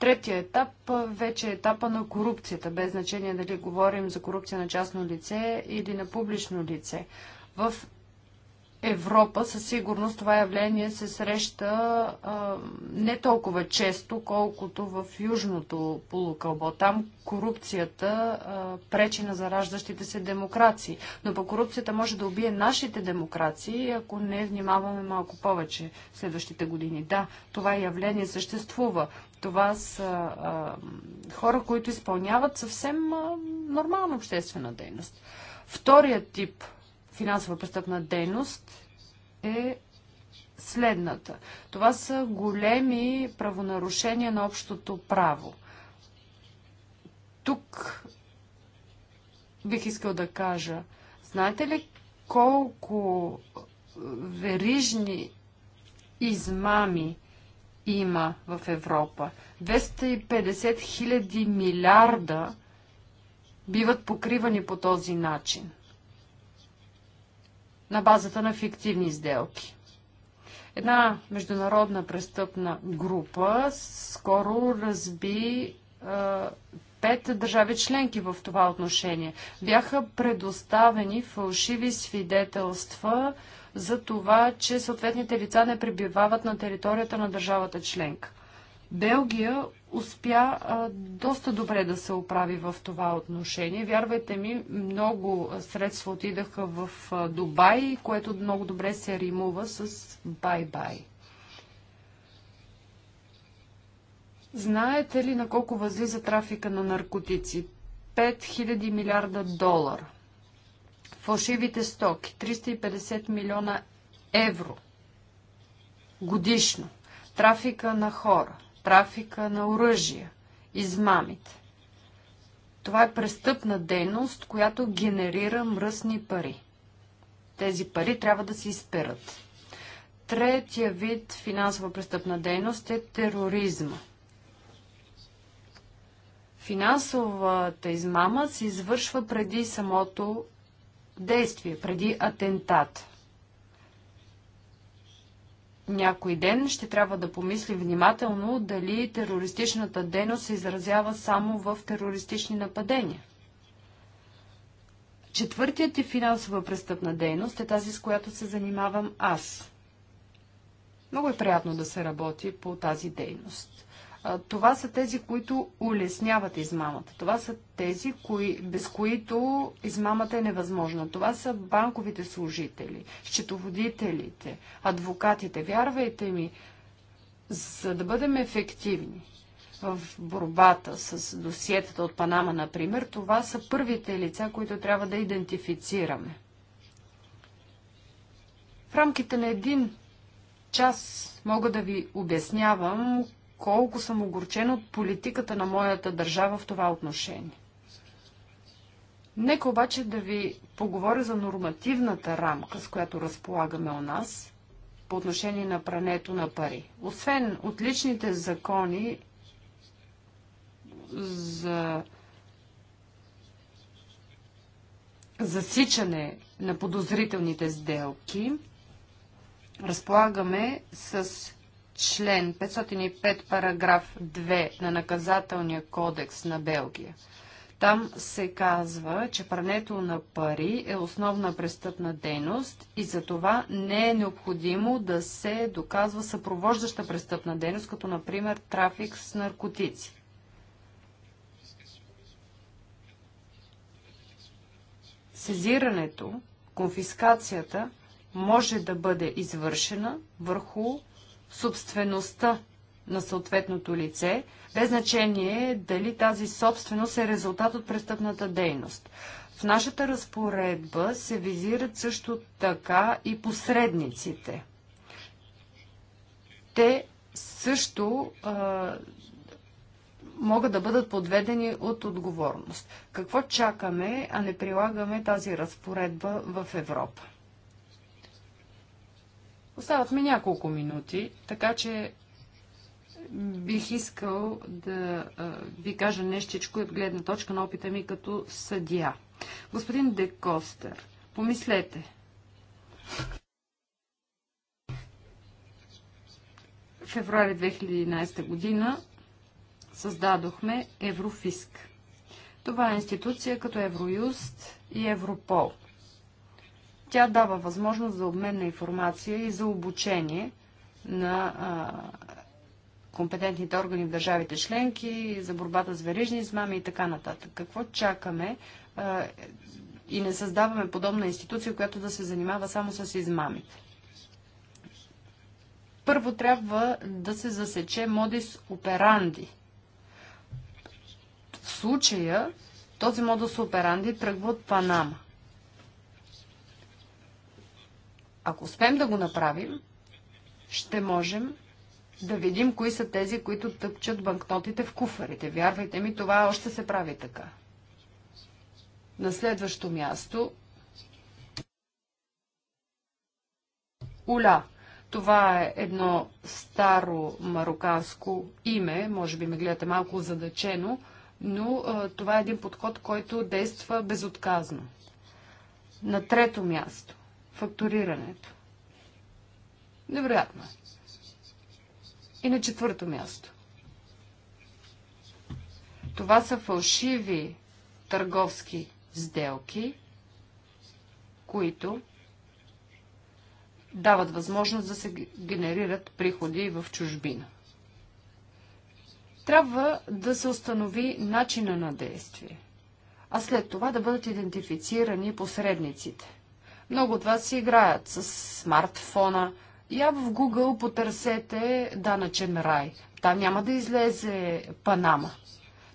Третия етап вече е етапа на корупцията, без значение дали говорим за корупция на частно лице или на публично лице. В Европа със сигурност това явление се среща а, не толкова често, колкото в Южното полукълбо. Там корупцията а, пречи на зараждащите се демокрации. Но по корупцията може да убие нашите демокрации, ако не внимаваме малко повече следващите години. Да, това явление съществува. Това са а, хора, които изпълняват съвсем а, нормална обществена дейност. Вторият тип финансова престъпна дейност е следната. Това са големи правонарушения на общото право. Тук бих искал да кажа, знаете ли колко верижни измами има в Европа? 250 хиляди милиарда биват покривани по този начин на базата на фиктивни сделки. Една международна престъпна група скоро разби пет държави членки в това отношение. Бяха предоставени фалшиви свидетелства за това, че съответните лица не пребивават на територията на държавата членка. Белгия успя а, доста добре да се оправи в това отношение. Вярвайте ми, много средства отидаха в а, Дубай, което много добре се римува с бай-бай. Знаете ли на колко възлиза трафика на наркотици? 5000 милиарда долара. Фалшивите стоки 350 милиона евро годишно. Трафика на хора трафика на оръжия, измамите. Това е престъпна дейност, която генерира мръсни пари. Тези пари трябва да се изперат. Третия вид финансова престъпна дейност е тероризма. Финансовата измама се извършва преди самото действие, преди атентат някой ден ще трябва да помисли внимателно дали терористичната дейност се изразява само в терористични нападения. Четвъртият и финансова престъпна дейност е тази, с която се занимавам аз. Много е приятно да се работи по тази дейност това са тези, които улесняват измамата. Това са тези, кои, без които измамата е невъзможна. Това са банковите служители, счетоводителите, адвокатите. Вярвайте ми, за да бъдем ефективни в борбата с досиетата от Панама, например, това са първите лица, които трябва да идентифицираме. В рамките на един час мога да ви обяснявам колко съм огорчена от политиката на моята държава в това отношение. Нека обаче да ви поговоря за нормативната рамка, с която разполагаме у нас по отношение на прането на пари. Освен отличните закони за засичане на подозрителните сделки, разполагаме с член 505 параграф 2 на наказателния кодекс на Белгия. Там се казва, че прането на пари е основна престъпна дейност и за това не е необходимо да се доказва съпровождаща престъпна дейност, като например трафик с наркотици. Сезирането, конфискацията може да бъде извършена върху собствеността на съответното лице, без значение дали тази собственост е резултат от престъпната дейност. В нашата разпоредба се визират също така и посредниците. Те също а, могат да бъдат подведени от отговорност. Какво чакаме, а не прилагаме тази разпоредба в Европа? Остават ми няколко минути, така че бих искал да ви кажа нещичко от гледна точка на опита ми като съдия. Господин Декостер, помислете. февруари 2011 година създадохме Еврофиск. Това е институция като Евроюст и Европол – тя дава възможност за обмен на информация и за обучение на компетентните органи в държавите членки, за борбата с верижни измами и така нататък. Какво чакаме и не създаваме подобна институция, която да се занимава само с измамите? Първо трябва да се засече модис операнди. В случая този модус операнди тръгва от Панама – Ако успеем да го направим, ще можем да видим кои са тези, които тъпчат банкнотите в куфарите. Вярвайте ми, това още се прави така. На следващо място Уля. Това е едно старо мароканско име, може би ме гледате малко задачено, но а, това е един подход, който действа безотказно. На трето място фактурирането. Невероятно. Е. И на четвърто място. Това са фалшиви търговски сделки, които дават възможност да се генерират приходи в чужбина. Трябва да се установи начина на действие, а след това да бъдат идентифицирани посредниците – много от вас си играят с смартфона. Я в Google потърсете данъчен рай. Там няма да излезе Панама.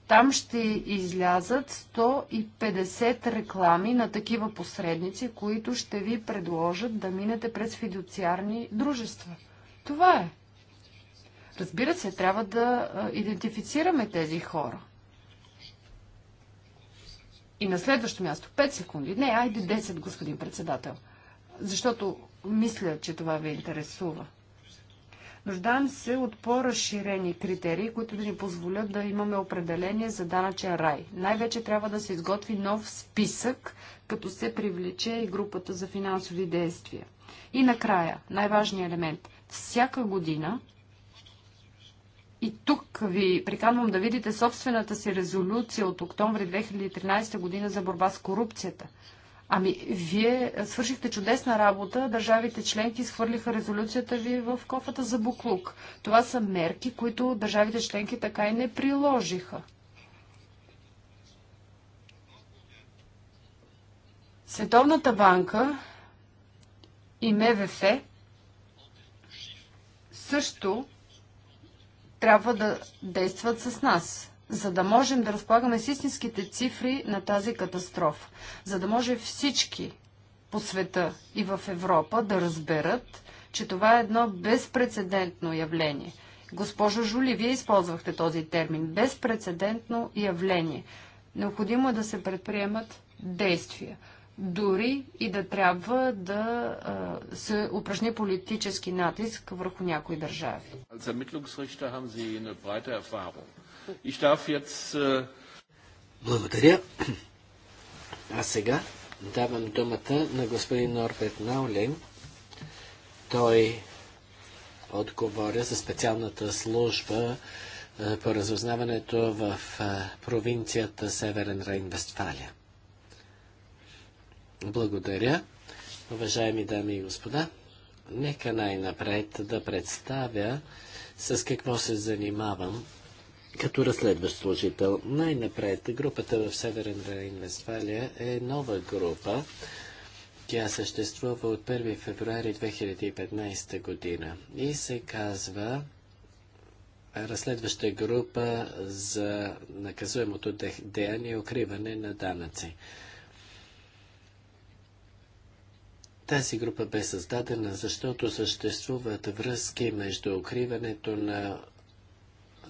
Там ще излязат 150 реклами на такива посредници, които ще ви предложат да минете през фидуциарни дружества. Това е. Разбира се, трябва да идентифицираме тези хора. И на следващо място, 5 секунди. Не, айде 10, господин председател. Защото мисля, че това ви интересува. Нуждаем се от по-разширени критерии, които да ни позволят да имаме определение за данъчен рай. Най-вече трябва да се изготви нов списък, като се привлече и групата за финансови действия. И накрая, най-важният елемент. Всяка година и тук ви приканвам да видите собствената си резолюция от октомври 2013 година за борба с корупцията. Ами, вие свършихте чудесна работа, държавите членки изхвърлиха резолюцията ви в кофата за буклук. Това са мерки, които държавите членки така и не приложиха. Световната банка и МВФ също трябва да действат с нас, за да можем да разполагаме с истинските цифри на тази катастрофа, за да може всички по света и в Европа да разберат, че това е едно безпредседентно явление. Госпожо Жули, вие използвахте този термин безпредседентно явление. Необходимо е да се предприемат действия дори и да трябва да се упражни политически натиск върху някои държави. Äh, Благодаря. А сега давам думата на господин Норбет Наулин. Той отговоря за специалната служба е, по разузнаването в е, провинцията Северен Рейн-Вестфалия. Благодаря. Уважаеми дами и господа, нека най-напред да представя с какво се занимавам като разследващ служител. Най-напред групата в Северен Рейн-Вестфалия е нова група. Тя съществува от 1 февруари 2015 година и се казва разследваща група за наказуемото деяние укриване на данъци. Тази група бе създадена, защото съществуват връзки между укриването на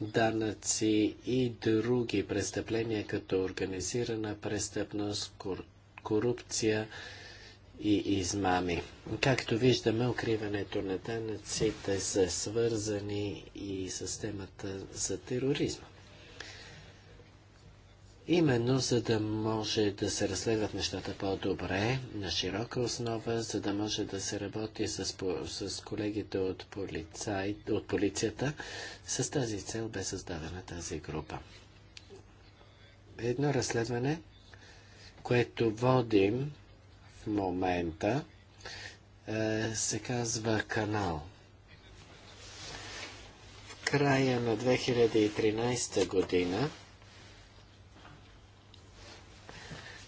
данъци и други престъпления, като организирана престъпност, кор корупция и измами. Както виждаме, укриването на данъците са свързани и с темата за тероризма. Именно за да може да се разследват нещата по-добре, на широка основа, за да може да се работи с, с колегите от, полицай, от полицията, с тази цел бе създадена тази група. Едно разследване, което водим в момента, е, се казва канал. В края на 2013 година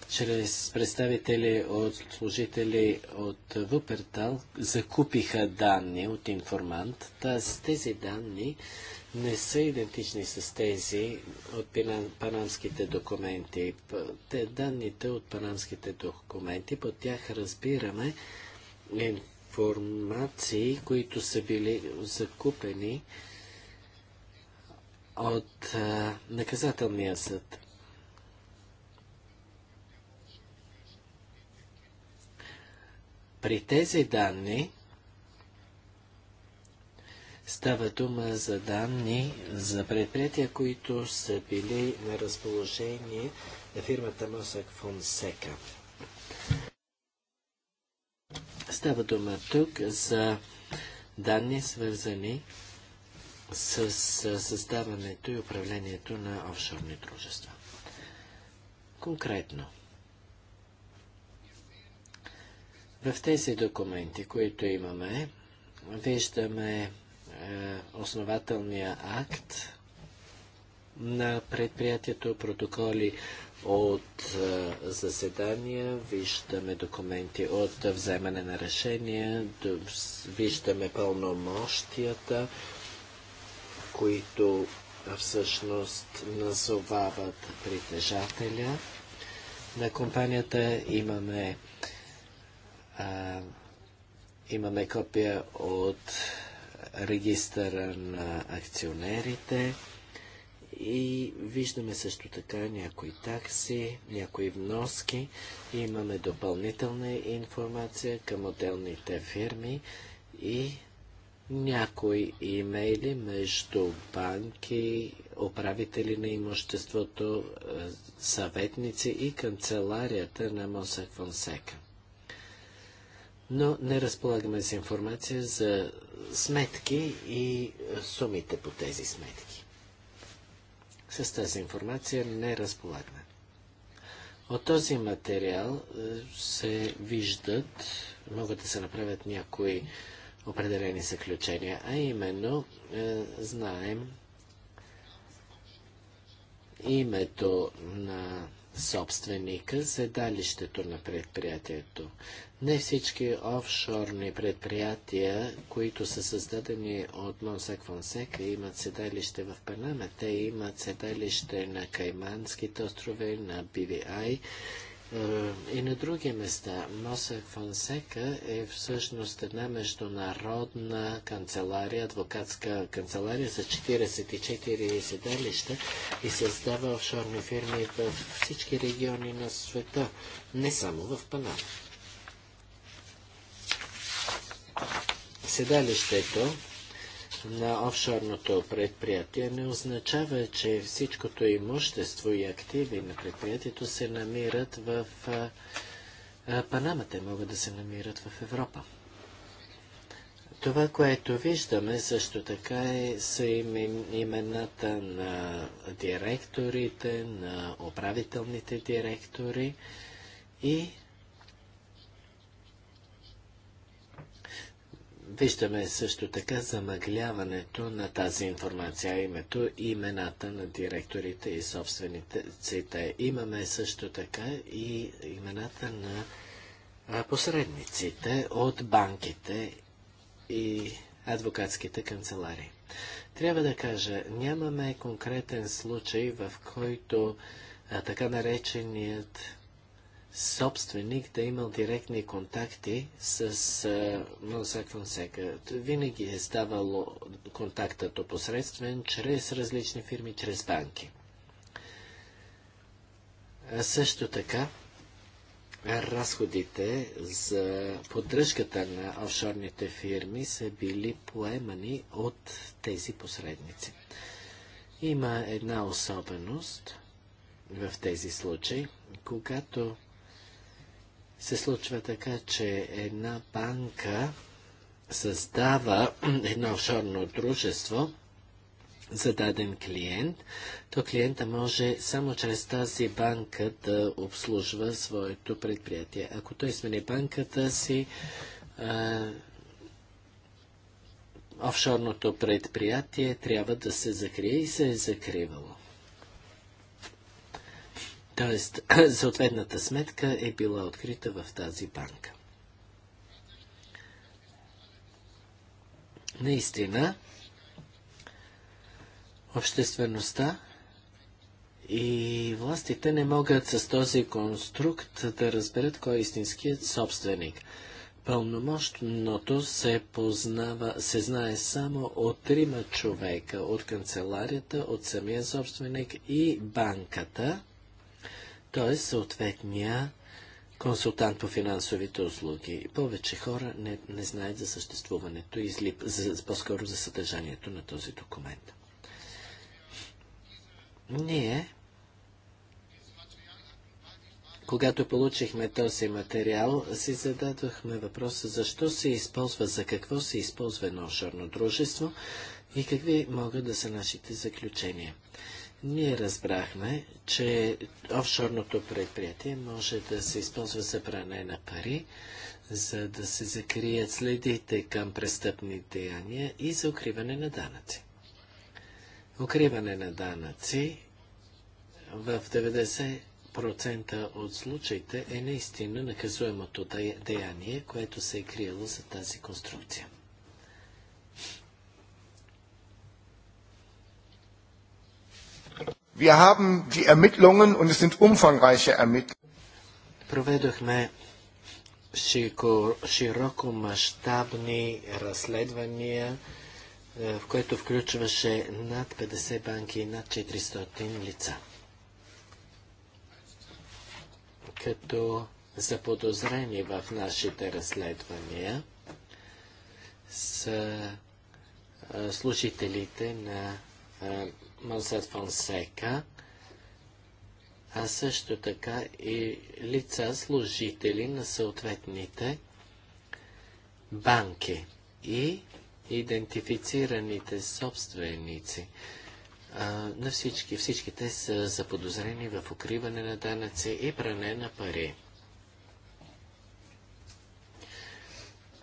чрез представители от служители от Вупертал закупиха данни от информант. Таз, тези данни не са идентични с тези от панамските документи. Те данните от панамските документи, по тях разбираме информации, които са били закупени от а, наказателния съд. При тези данни става дума за данни за предприятия, които са били на разположение на фирмата Мосък Фонсека. Става дума тук за данни, свързани с създаването и управлението на офшорни дружества. Конкретно, В тези документи, които имаме, виждаме е, основателния акт на предприятието, протоколи от е, заседания, виждаме документи от вземане на решения, виждаме пълномощията, които всъщност назовават притежателя на компанията. Имаме имаме копия от регистъра на акционерите и виждаме също така някои такси, някои вноски. Имаме допълнителна информация към отделните фирми и някои имейли между банки, управители на имуществото, съветници и канцеларията на Мосак Фонсека но не разполагаме с информация за сметки и сумите по тези сметки. С тази информация не разполагаме. От този материал е, се виждат, могат да се направят някои определени заключения, а именно е, знаем името на собственика, седалището на предприятието. Не всички офшорни предприятия, които са създадени от Монсек Фонсека, имат седалище в Панама. Те имат седалище на Кайманските острови, на BVI е, и на други места. Мосек Фонсека е всъщност една международна канцелария, адвокатска канцелария за 44 седалища и създава офшорни фирми в всички региони на света, не само в Панама. Седалището на офшорното предприятие не означава, че всичкото имущество и активи на предприятието се намират в Панама. Те могат да се намират в Европа. Това, което виждаме също така е, са им, имената на директорите, на управителните директори и Виждаме също така замъгляването на тази информация, името и имената на директорите и собствениците. Имаме също така и имената на посредниците от банките и адвокатските канцеларии. Трябва да кажа, нямаме конкретен случай, в който а, така нареченият собственик да е имал директни контакти с Монсак Фонсека. Винаги е ставало контактът опосредствен чрез различни фирми, чрез банки. А също така, разходите за поддръжката на офшорните фирми са били поемани от тези посредници. Има една особеност в тези случаи, когато се случва така, че една банка създава [CLEARS THROAT] едно офшорно дружество за даден клиент, то клиента може само чрез тази банка да обслужва своето предприятие. Ако той смени банката си, а, офшорното предприятие трябва да се закрие и се е закривало. Тоест, [CLEARS THROAT] съответната сметка е била открита в тази банка. Наистина, обществеността и властите не могат с този конструкт да разберат кой е истинският собственик. Пълномощното се познава, се знае само от трима човека, от канцеларията, от самия собственик и банката, т.е. съответния консултант по финансовите услуги. Повече хора не, не знаят за съществуването и по-скоро за съдържанието на този документ. Ние, когато получихме този материал, си зададохме въпроса защо се използва, за какво се използва едно офшорно дружество и какви могат да са нашите заключения. Ние разбрахме, че офшорното предприятие може да се използва за пране на пари, за да се закрият следите към престъпни деяния и за укриване на данъци. Укриване на данъци в 90% от случаите е наистина наказуемото деяние, което се е криело за тази конструкция. Wir haben die Ermittlungen und es sind umfangreiche Ermittlungen. Проведохме широко мащабни разследвания, е, в което включваше над 50 банки и над 400 лица. Като заподозрени в нашите разследвания са е, служителите на е, Мозет Фонсека, а също така и лица, служители на съответните банки и идентифицираните собственици. А, на всички, всички те са заподозрени в укриване на данъци и пране на пари.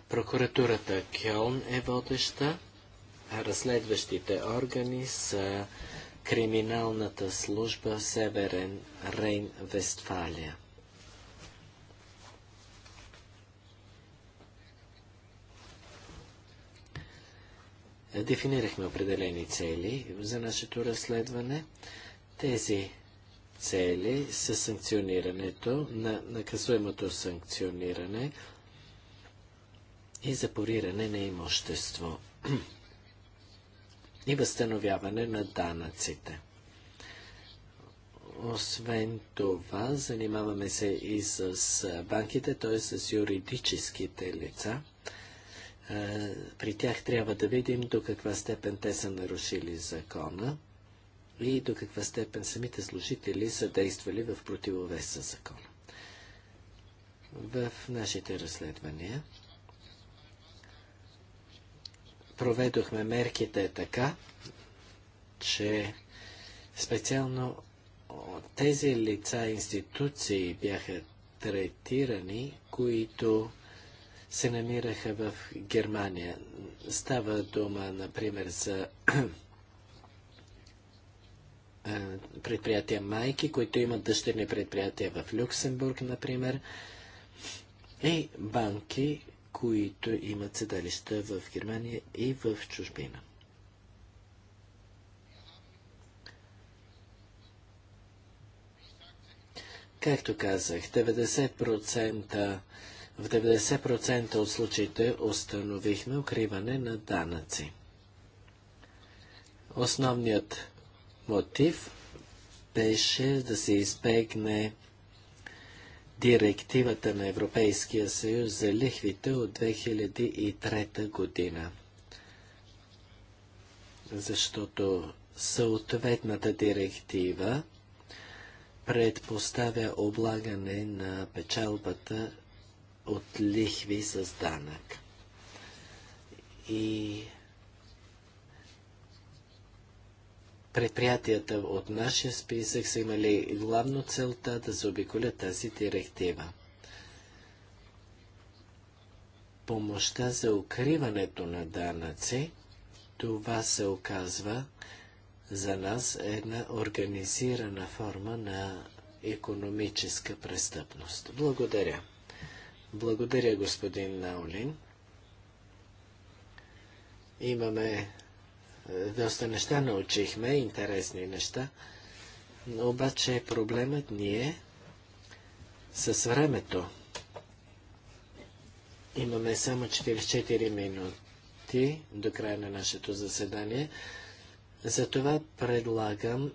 Прокуратурата Кьолн е водеща, а разследващите органи са криминалната служба в Северен Рейн-Вестфалия. Дефинирахме определени цели за нашето разследване. Тези цели са санкционирането, на наказуемото санкциониране и запориране на имущество и възстановяване на данъците. Освен това, занимаваме се и с банките, т.е. с юридическите лица. При тях трябва да видим до каква степен те са нарушили закона и до каква степен самите служители са действали в противовес с закона. В нашите разследвания проведохме мерките така, че специално тези лица, институции бяха третирани, които се намираха в Германия. Става дума, например, за [CLEARS THROAT] предприятия майки, които имат дъщерни предприятия в Люксембург, например, и банки, които имат седалища в Германия и в чужбина. Както казах, 90%, в 90% от случаите установихме укриване на данъци. Основният мотив беше да се избегне директивата на Европейския съюз за лихвите от 2003 година. Защото съответната директива предпоставя облагане на печалбата от лихви с данък. И предприятията от нашия списък са имали главно целта да заобиколят тази директива. Помощта за укриването на данъци, това се оказва за нас една организирана форма на економическа престъпност. Благодаря. Благодаря, господин Наулин. Имаме е, доста неща научихме, интересни неща. Обаче проблемът ни е с времето. Имаме само 44 минути до края на нашето заседание. Затова предлагам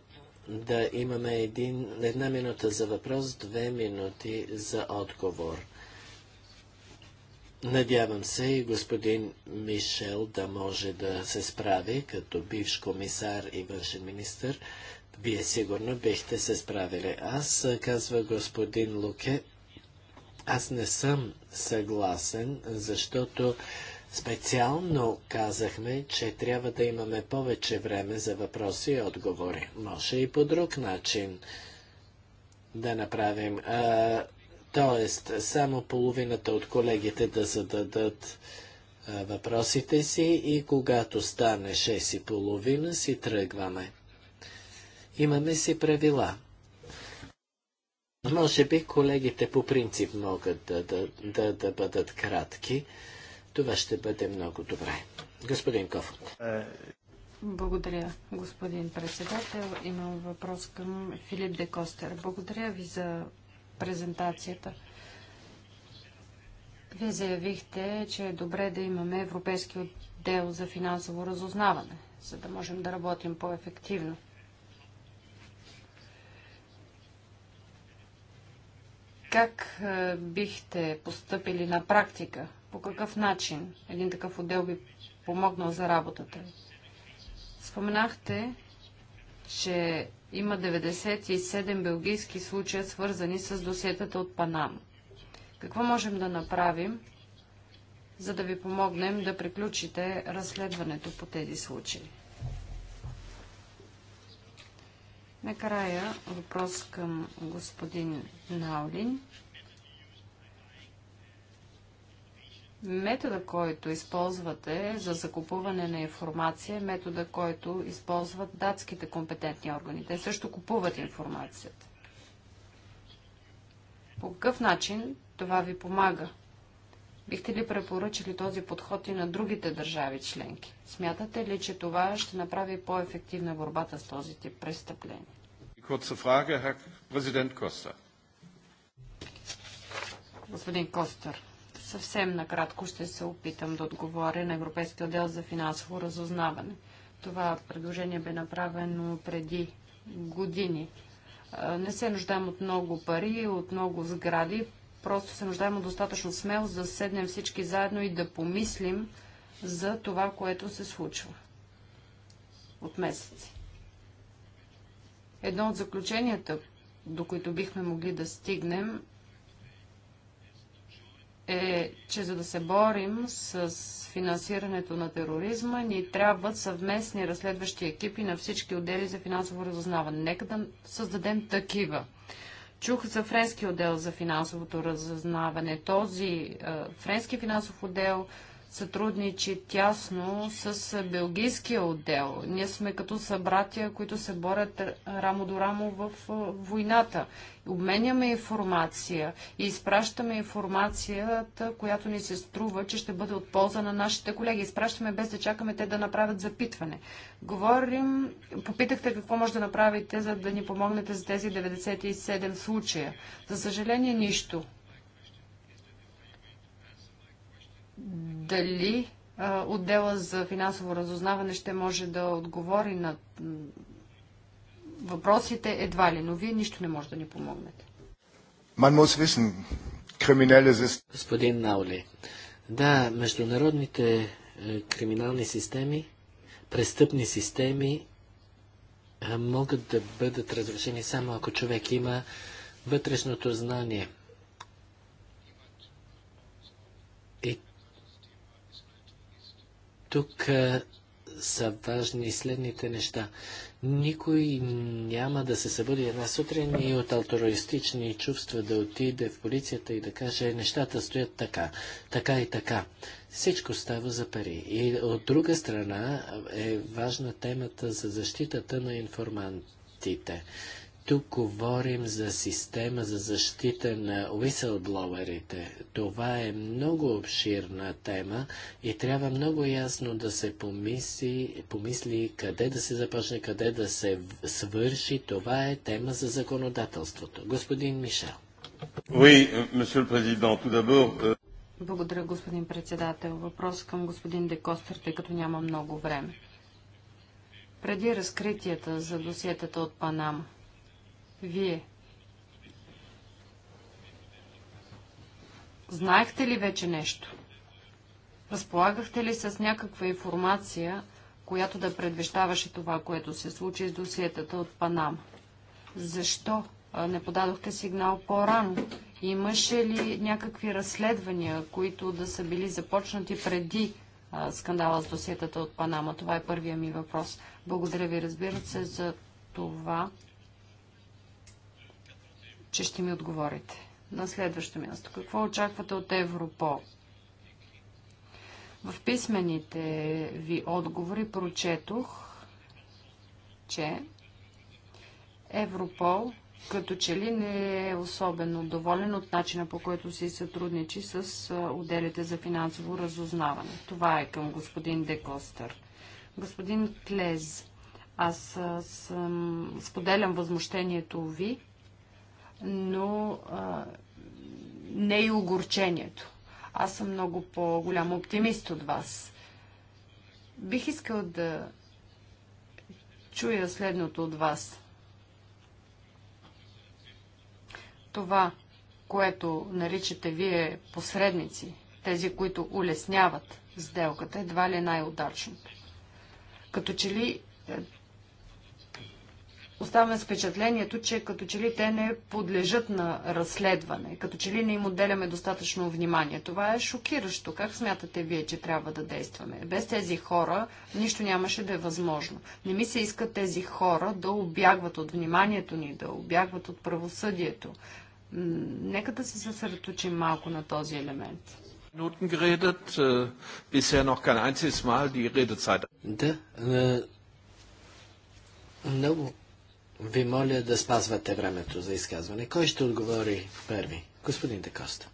да имаме един, една минута за въпрос, две минути за отговор. Надявам се и господин Мишел да може да се справи като бивш комисар и външен министр. Вие сигурно бихте се справили. Аз, казва господин Луке, аз не съм съгласен, защото специално казахме, че трябва да имаме повече време за въпроси и отговори. Може и по друг начин да направим. А, Тоест, само половината от колегите да зададат а, въпросите си и когато стане 6 и половина си тръгваме. Имаме си правила. Може би колегите по принцип могат да, да, да, да бъдат кратки. Това ще бъде много добре. Господин Кофот. Благодаря, господин председател. Имам въпрос към Филип Декостер. Благодаря ви за презентацията. Вие заявихте, че е добре да имаме европейски отдел за финансово разузнаване, за да можем да работим по-ефективно. Как е, бихте постъпили на практика? По какъв начин един такъв отдел би помогнал за работата? Споменахте, че има 97 белгийски случая, свързани с досетата от Панам. Какво можем да направим, за да ви помогнем да приключите разследването по тези случаи? Накрая въпрос към господин Наулин. Метода, който използвате за закупуване на информация, е метода, който използват датските компетентни органи. Те също купуват информацията. По какъв начин това ви помага? Бихте ли препоръчали този подход и на другите държави членки? Смятате ли, че това ще направи по-ефективна борбата с този тип престъпления? Господин Костър. Съвсем накратко ще се опитам да отговоря на Европейския отдел за финансово разузнаване. Това предложение бе направено преди години. Не се нуждаем от много пари, от много сгради, просто се нуждаем от достатъчно смелост да седнем всички заедно и да помислим за това, което се случва от месеци. Едно от заключенията, до които бихме могли да стигнем, е, че за да се борим с финансирането на тероризма, ни трябват съвместни разследващи екипи на всички отдели за финансово разузнаване. Нека да създадем такива. Чух за френски отдел за финансовото разузнаване. Този е, френски финансов отдел сътрудничи тясно с белгийския отдел. Ние сме като събратия, които се борят рамо до рамо в войната. Обменяме информация и изпращаме информацията, която ни се струва, че ще бъде от полза на нашите колеги. Изпращаме без да чакаме те да направят запитване. Говорим, попитахте какво може да направите, за да ни помогнете за тези 97 случая. За съжаление, нищо дали отдела за финансово разузнаване ще може да отговори на въпросите едва ли, но вие нищо не може да ни помогнете. Господин Наули, да, международните е, криминални системи, престъпни системи е, могат да бъдат разрешени само ако човек има вътрешното знание – Тук са важни следните неща. Никой няма да се събуди една сутрин и от алтруистични чувства да отиде в полицията и да каже «Е, нещата стоят така, така и така. Всичко става за пари. И от друга страна е важна темата за защитата на информантите. Тук говорим за система за защита на уисълблоуерите. Това е много обширна тема и трябва много ясно да се помисли, помисли къде да се започне, къде да се свърши. Това е тема за законодателството. Господин Мишел. Oui, monsieur le président, tout d'abord... Euh, Благодаря, господин председател. Въпрос към господин Декостър, тъй като няма много време. Преди разкритията за досиетата от Панама, вие знаехте ли вече нещо? Разполагахте ли с някаква информация, която да предвещаваше това, което се случи с досиетата от Панама? Защо не подадохте сигнал по-рано? Имаше ли някакви разследвания, които да са били започнати преди скандала с досиетата от Панама? Това е първия ми въпрос. Благодаря ви, разбира се, за това, че ще ми отговорите. На следващо място. Какво очаквате от Европол? В писмените ви отговори прочетох, че Европол като че ли не е особено доволен от начина по който си сътрудничи с отделите за финансово разузнаване. Това е към господин Декостър. Господин Клез, аз съм, споделям възмущението ви но а, не и огорчението. Аз съм много по-голям оптимист от вас. Бих искал да чуя следното от вас. Това, което наричате вие посредници, тези, които улесняват сделката, едва ли е най-удачното. Като че ли е, оставаме с впечатлението, че като че ли те не подлежат на разследване, като че ли не им отделяме достатъчно внимание. Това е шокиращо. Как смятате вие, че трябва да действаме? Без тези хора нищо нямаше да е възможно. Не ми се иска тези хора да обягват от вниманието ни, да обягват от правосъдието. Нека да се съсредоточим малко на този елемент. Äh, да, э, много ви моля да спазвате времето за изказване. Кой ще отговори първи? Господин Декоста.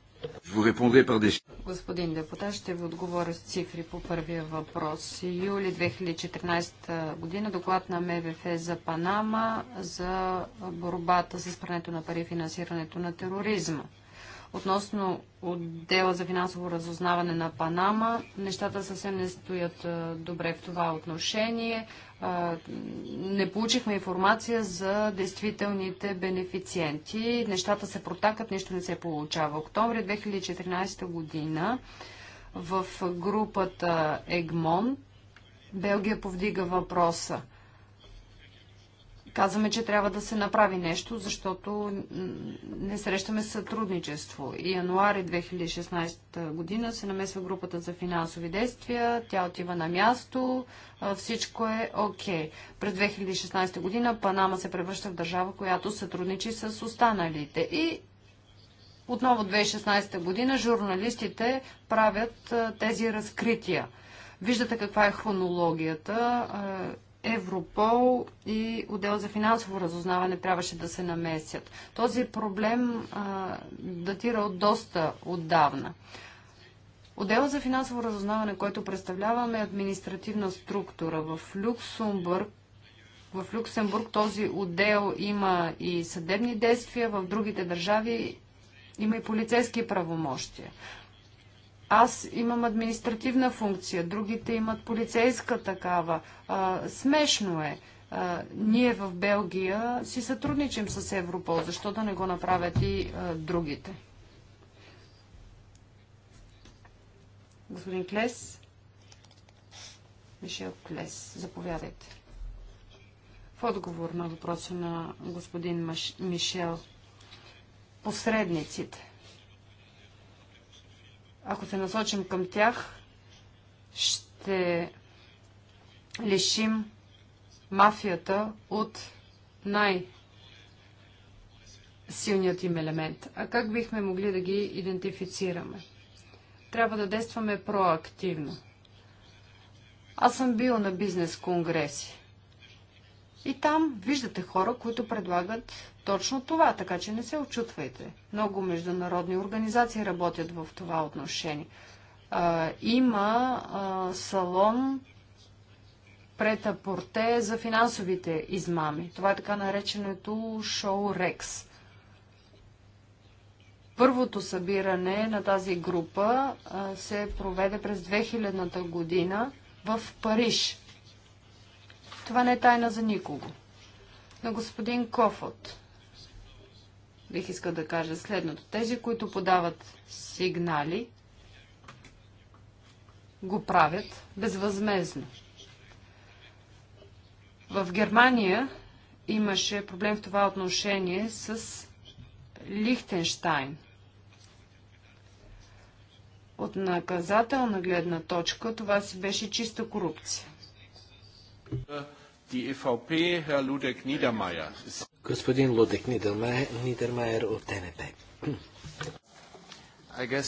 Господин депутат, ще ви отговоря с цифри по първия въпрос. Юли 2014 година доклад на МВФ за Панама за борбата с прането на пари и финансирането на тероризма. Относно отдела за финансово разузнаване на Панама, нещата съвсем не стоят добре в това отношение. Не получихме информация за действителните бенефициенти. Нещата се протакат, нищо не се получава. Октомври 2014 година в групата ЕГМОН Белгия повдига въпроса – Казваме, че трябва да се направи нещо, защото не срещаме сътрудничество. И януари 2016 година се намесва групата за финансови действия, тя отива на място, всичко е окей. Okay. През 2016 година Панама се превръща в държава, която сътрудничи с останалите. И отново 2016 година журналистите правят тези разкрития. Виждате каква е хронологията Европол и отдел за финансово разузнаване трябваше да се намесят. Този проблем а, датира от доста отдавна. Отдел за финансово разузнаване, който представляваме, е административна структура. В Люксембург в Люксембург този отдел има и съдебни действия, в другите държави има и полицейски правомощия. Аз имам административна функция, другите имат полицейска такава. А, смешно е. А, ние в Белгия си сътрудничим с Европол, защо да не го направят и а, другите? Господин Клес? Мишел Клес, заповядайте. В отговор на въпроса на господин Мишел, посредниците ако се насочим към тях, ще лишим мафията от най- силният им елемент. А как бихме могли да ги идентифицираме? Трябва да действаме проактивно. Аз съм бил на бизнес конгреси. И там виждате хора, които предлагат точно това, така че не се очутвайте. Много международни организации работят в това отношение. А, има а, салон пред апорте за финансовите измами. Това е така нареченото шоу Рекс. Първото събиране на тази група а, се проведе през 2000-та година в Париж. Това не е тайна за никого. На господин Кофот бих искал да кажа следното. Тези, които подават сигнали, го правят безвъзмезно. В Германия имаше проблем в това отношение с Лихтенштайн. От наказателна гледна точка това си беше чиста корупция. Die EVP, Herr Ludek Господин Лудек Нидермайер, от ТНП. Uh,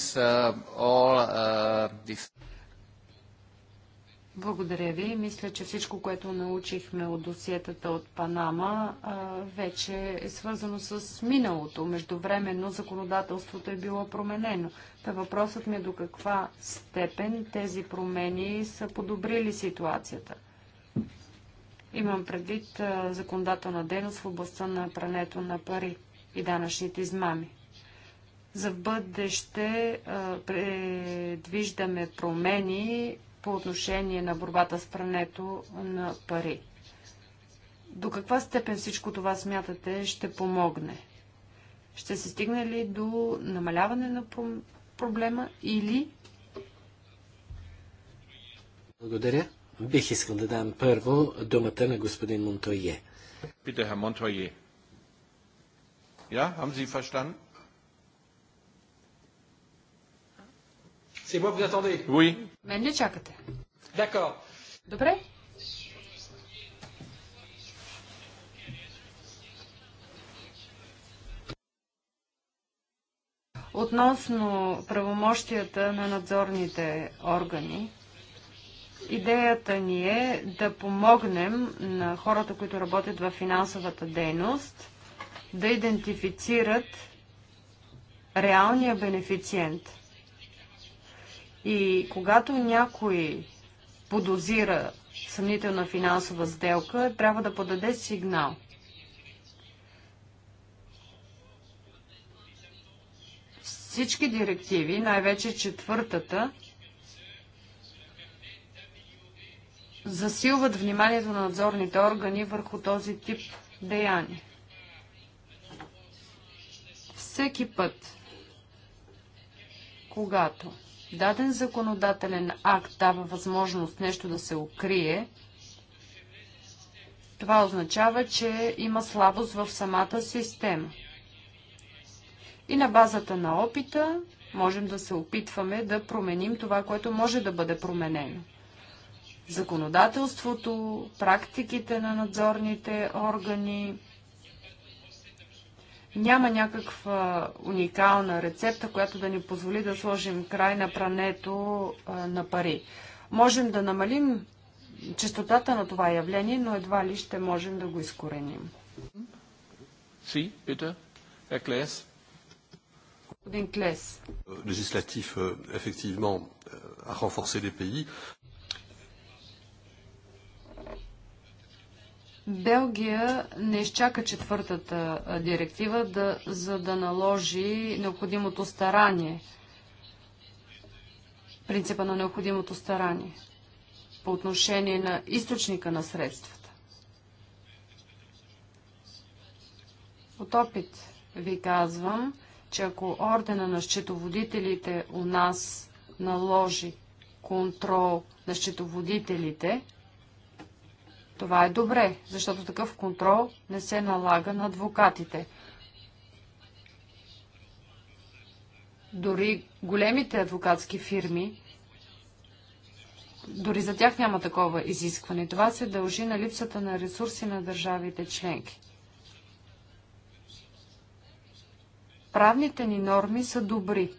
uh, Благодаря ви. Мисля, че всичко, което научихме от досиетата от Панама, вече е свързано с миналото. Междувременно законодателството е било променено. Та въпросът ми е до каква степен тези промени са подобрили ситуацията. Имам предвид законодателна дейност в областта на прането на пари и данъчните измами. За бъдеще предвиждаме промени по отношение на борбата с прането на пари. До каква степен всичко това смятате ще помогне? Ще се стигне ли до намаляване на проблема или. Благодаря. Бих искал да дам първо думата на господин Монтойе. Bitte, Herr Монтойе. Ja, хам си фаштан? Си moi, vous Уи. Мен ли чакате? D'accord. Добре. Относно правомощията на надзорните органи, Идеята ни е да помогнем на хората, които работят в финансовата дейност, да идентифицират реалния бенефициент. И когато някой подозира съмнителна финансова сделка, трябва да подаде сигнал. Всички директиви, най-вече четвъртата, засилват вниманието на надзорните органи върху този тип деяния. Всеки път, когато даден законодателен акт дава възможност нещо да се укрие, това означава, че има слабост в самата система. И на базата на опита можем да се опитваме да променим това, което може да бъде променено законодателството, практиките на надзорните органи. Няма някаква уникална рецепта, която да ни позволи да сложим край на прането на пари. Можем да намалим частотата на това явление, но едва ли ще можем да го изкореним. Си, пита, Еклес. Господин Клес. Législatif, euh, effectivement, à euh, renforcer les pays. Белгия не изчака четвъртата директива, да, за да наложи необходимото старание, принципа на необходимото старание по отношение на източника на средствата. От опит ви казвам, че ако ордена на счетоводителите у нас наложи контрол на счетоводителите – това е добре, защото такъв контрол не се налага на адвокатите. Дори големите адвокатски фирми, дори за тях няма такова изискване. Това се дължи на липсата на ресурси на държавите членки. Правните ни норми са добри,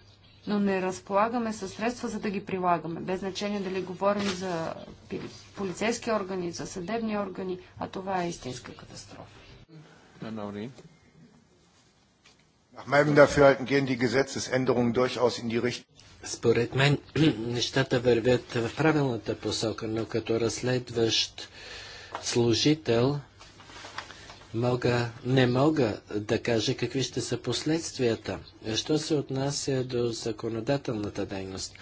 но не разполагаме със средства, за да ги прилагаме. Без значение дали говорим за полицейски органи, за съдебни органи, а това е истинска катастрофа. Според мен [CLEARS THROAT] нещата вървят в правилната посока, но като разследващ служител мога, не мога да кажа какви ще са последствията. Що се отнася до законодателната дейност?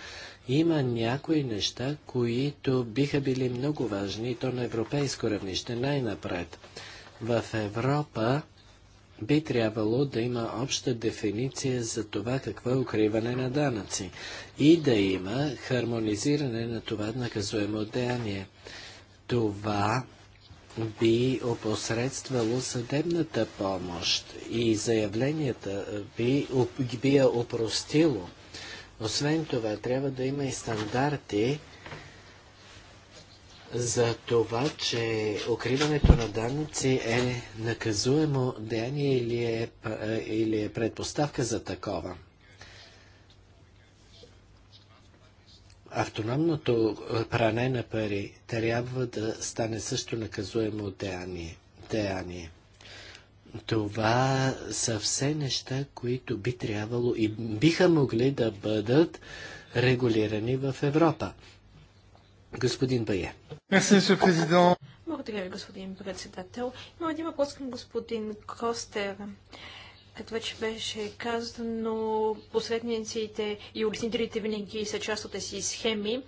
Има някои неща, които биха били много важни, и то на европейско равнище, най-напред. В Европа би трябвало да има обща дефиниция за това какво е укриване на данъци и да има хармонизиране на това наказуемо деяние. Това би опосредствало съдебната помощ и заявленията би, би я опростило. Освен това, трябва да има и стандарти за това, че укриването на данници е наказуемо деяние или е, или е предпоставка за такова. автономното пране на пари трябва да стане също наказуемо деяние. деяние. Това са все неща, които би трябвало и биха могли да бъдат регулирани в Европа. Господин Бае. Благодаря ви, господин председател. Има един въпрос към господин Костер. Като вече беше казано, посредниците и улеснителите винаги са част от тези схеми,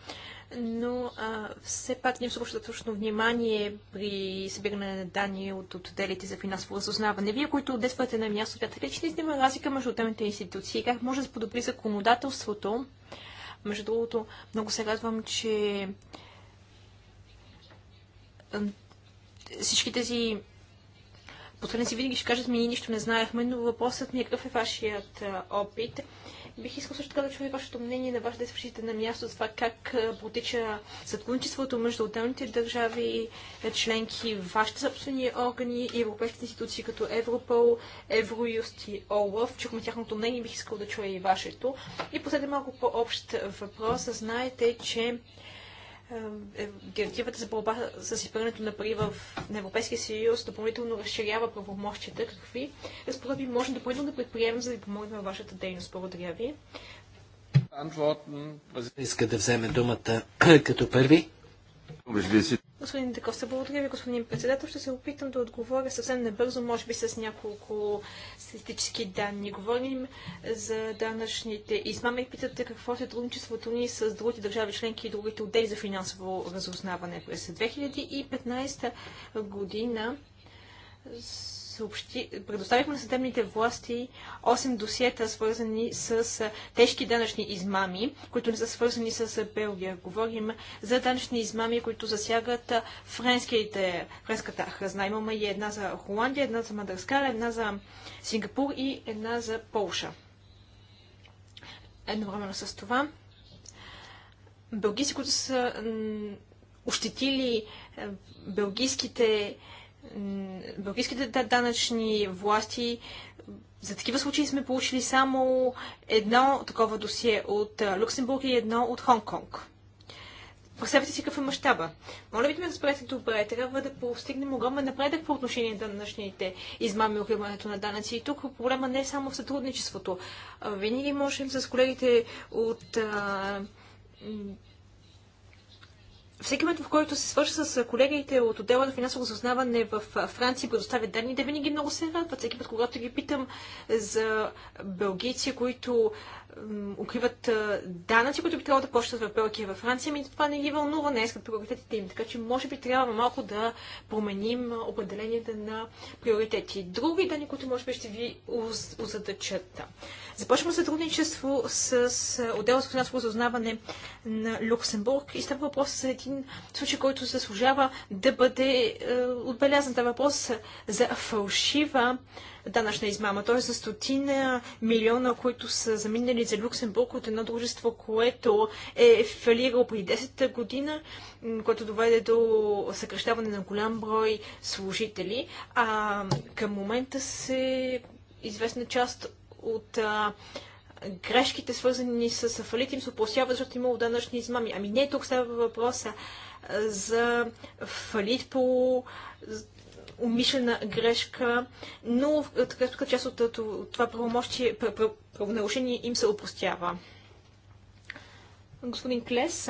но а, все пак не се точно внимание при събиране на данни от отделите за финансово разузнаване. Вие, които действате на място, смятате ли, не има разлика между отделните институции? Как може да се подобри законодателството? Между другото, много се радвам, че всички тези си винаги ще кажат, ми ние нищо не знаехме, но въпросът ми е какъв е вашият опит. Бих искал също така да чуя вашето мнение на вашите свършите на място за това как протича сътрудничеството между отделните държави, е, членки, вашите собствени органи и европейските институции като Европол, Евроюст и ОЛАФ. Чухме тяхното мнение, бих искал да чуя и вашето. И последен малко по-общ въпрос. Знаете, че е, директивата за борба с изпирането на пари в на Европейския съюз допълнително разширява правомощите. Какви разпоредби можем допълнително да предприемем, за да ви помогнем във вашата дейност? Благодаря ви. Иска да вземе думата като първи. Господин Деков, се благодаря ви, господин председател. Ще се опитам да отговоря съвсем набързо, може би с няколко статистически данни. Говорим за данъчните измами. Питате какво е сътрудничеството ни с другите държави членки и другите отдели за финансово разузнаване. През 2015 година съобщи, предоставихме на съдебните власти 8 досиета, свързани с тежки данъчни измами, които не са свързани с Белгия. Говорим за данъчни измами, които засягат френските, френската хазна. Имаме и една за Холандия, една за Мадагаскар, една за Сингапур и една за Полша. Едновременно с това, белгийци, които са ощетили белгийските българските данъчни власти за такива случаи сме получили само едно такова досие от Люксембург и едно от Хонг-Конг. Представете си какъв е мащаба. Моля ви да ме разберете добре. Трябва да постигнем огромен напредък по отношение на данъчните измами и укриването на данъци. И тук проблема не е само в сътрудничеството. Винаги можем с колегите от всеки момент, в който се свърши с колегите от отдела на финансово разузнаване в Франция, предоставят данни, да винаги много се радват. Всеки път, когато ги питам за белгийци, които укриват данъци, които би трябвало да почват в Белгия и във Франция, ми това не ги вълнува, не искат приоритетите им. Така че може би трябва малко да променим определенията на приоритети. Други данни, които може би ще ви озадачат. Започваме сътрудничество с отдел за финансово разузнаване на Люксембург и става въпрос за един случай, който заслужава да бъде отбелязан. Това въпрос за фалшива данъчна измама. Тоест за стотина милиона, които са заминали за Люксембург от едно дружество, което е фалирало преди 10-та година, което доведе до съкръщаване на голям брой служители. А към момента се известна част от а, грешките, свързани с фалит, им се оплосяват, защото имало данъчни измами. Ами не, тук става въпроса за фалит по умишлена грешка, но така част от това правомощие, правонарушение им се опростява. Господин Клес,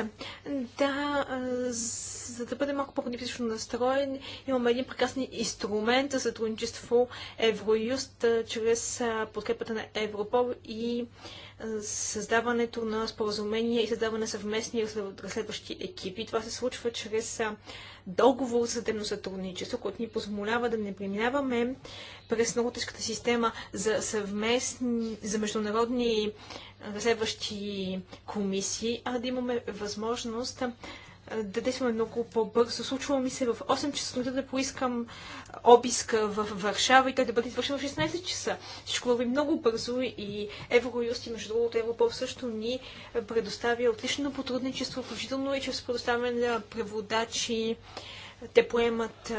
да, за да бъде малко по-оптимистично настроен, имаме един прекрасен инструмент за сътрудничество Евроюст чрез подкрепата на Европол и създаването на споразумения и създаване на съвместни разследващи екипи. Това се случва чрез договор за съдебно сътрудничество, който ни позволява да не преминаваме през тежката система за съвместни, за международни разследващи комисии, а да имаме възможност да действаме много по-бързо. Случва ми се в 8 часа сутринта да поискам обиска в Варшава и той да бъде извършен в 16 часа. Всичко върви много бързо и Евроюст и между другото Европол също ни предоставя отлично потрудничество, включително и чрез предоставяне на преводачи. Те поемат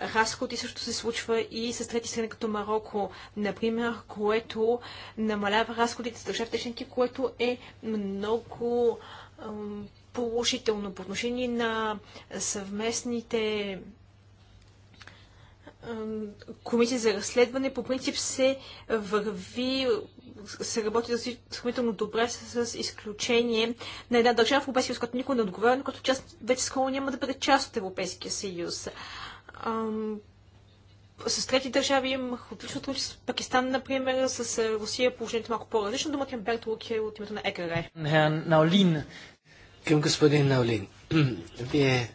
разходи разход и също се случва и с трети страни като Марокко, например, което намалява разходите с държавите членки, което е много ам, положително. По отношение на съвместните комисии за разследване, по принцип се върви, се работи сравнително добре с, изключение на една държава в Европейския съюз, която никой не отговаря, но като част, вече скоро няма да бъде част от Европейския съюз. с трети държави имах отлично с Пакистан, например, с Русия положението е малко по-различно. Думата е Берт Луки от името на ЕКР. Към господин Наулин, [CLEARS THROAT] вие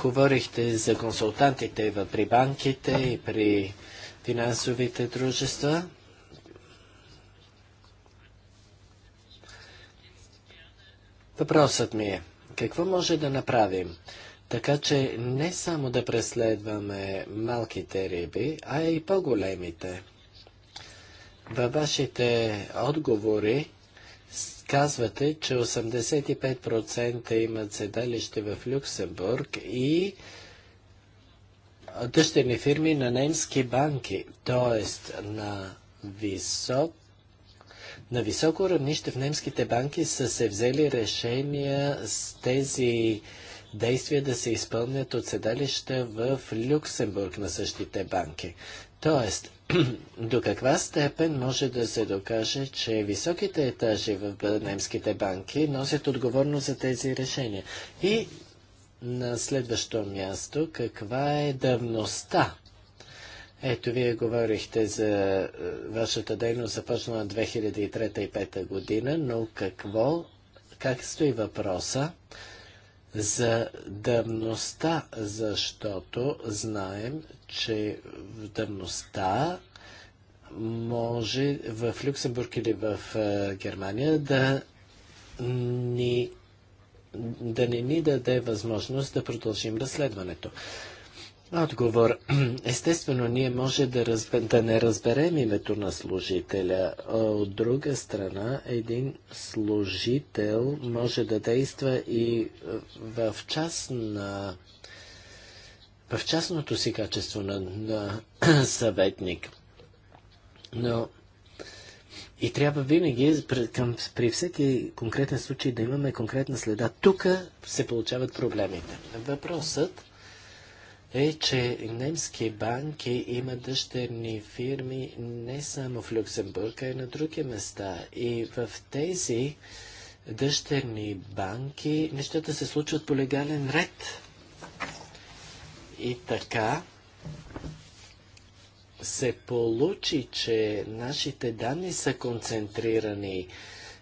говорихте за консултантите при банките и при финансовите дружества. Въпросът ми е, какво може да направим, така че не само да преследваме малките риби, а и по-големите? Във вашите отговори казвате, че 85% имат седалище в Люксембург и дъщерни фирми на немски банки, т.е. на висок на високо равнище в немските банки са се взели решения с тези действия да се изпълнят от седалища в Люксембург на същите банки. Тоест, [CLEARS THROAT] до каква степен може да се докаже, че високите етажи в немските банки носят отговорност за тези решения? И на следващо място, каква е давността? Ето, вие говорихте за е, вашата дейност започнала 2003-2005 година, но какво, как стои въпроса за дъвността, защото знаем, че в дъвността може в Люксембург или в Германия да ни да не ни даде възможност да продължим разследването отговор. [CLEARS THROAT] Естествено, ние може да, разб... да не разберем името на служителя. От друга страна, един служител може да действа и е, в частна в частното си качество на, на [CLEARS THROAT] съветник. Но и трябва винаги при всеки конкретен случай да имаме конкретна следа. Тук се получават проблемите. Въпросът е, че немски банки имат дъщерни фирми не само в Люксембург, а и на други места. И в тези дъщерни банки нещата се случват по легален ред. И така се получи, че нашите данни са концентрирани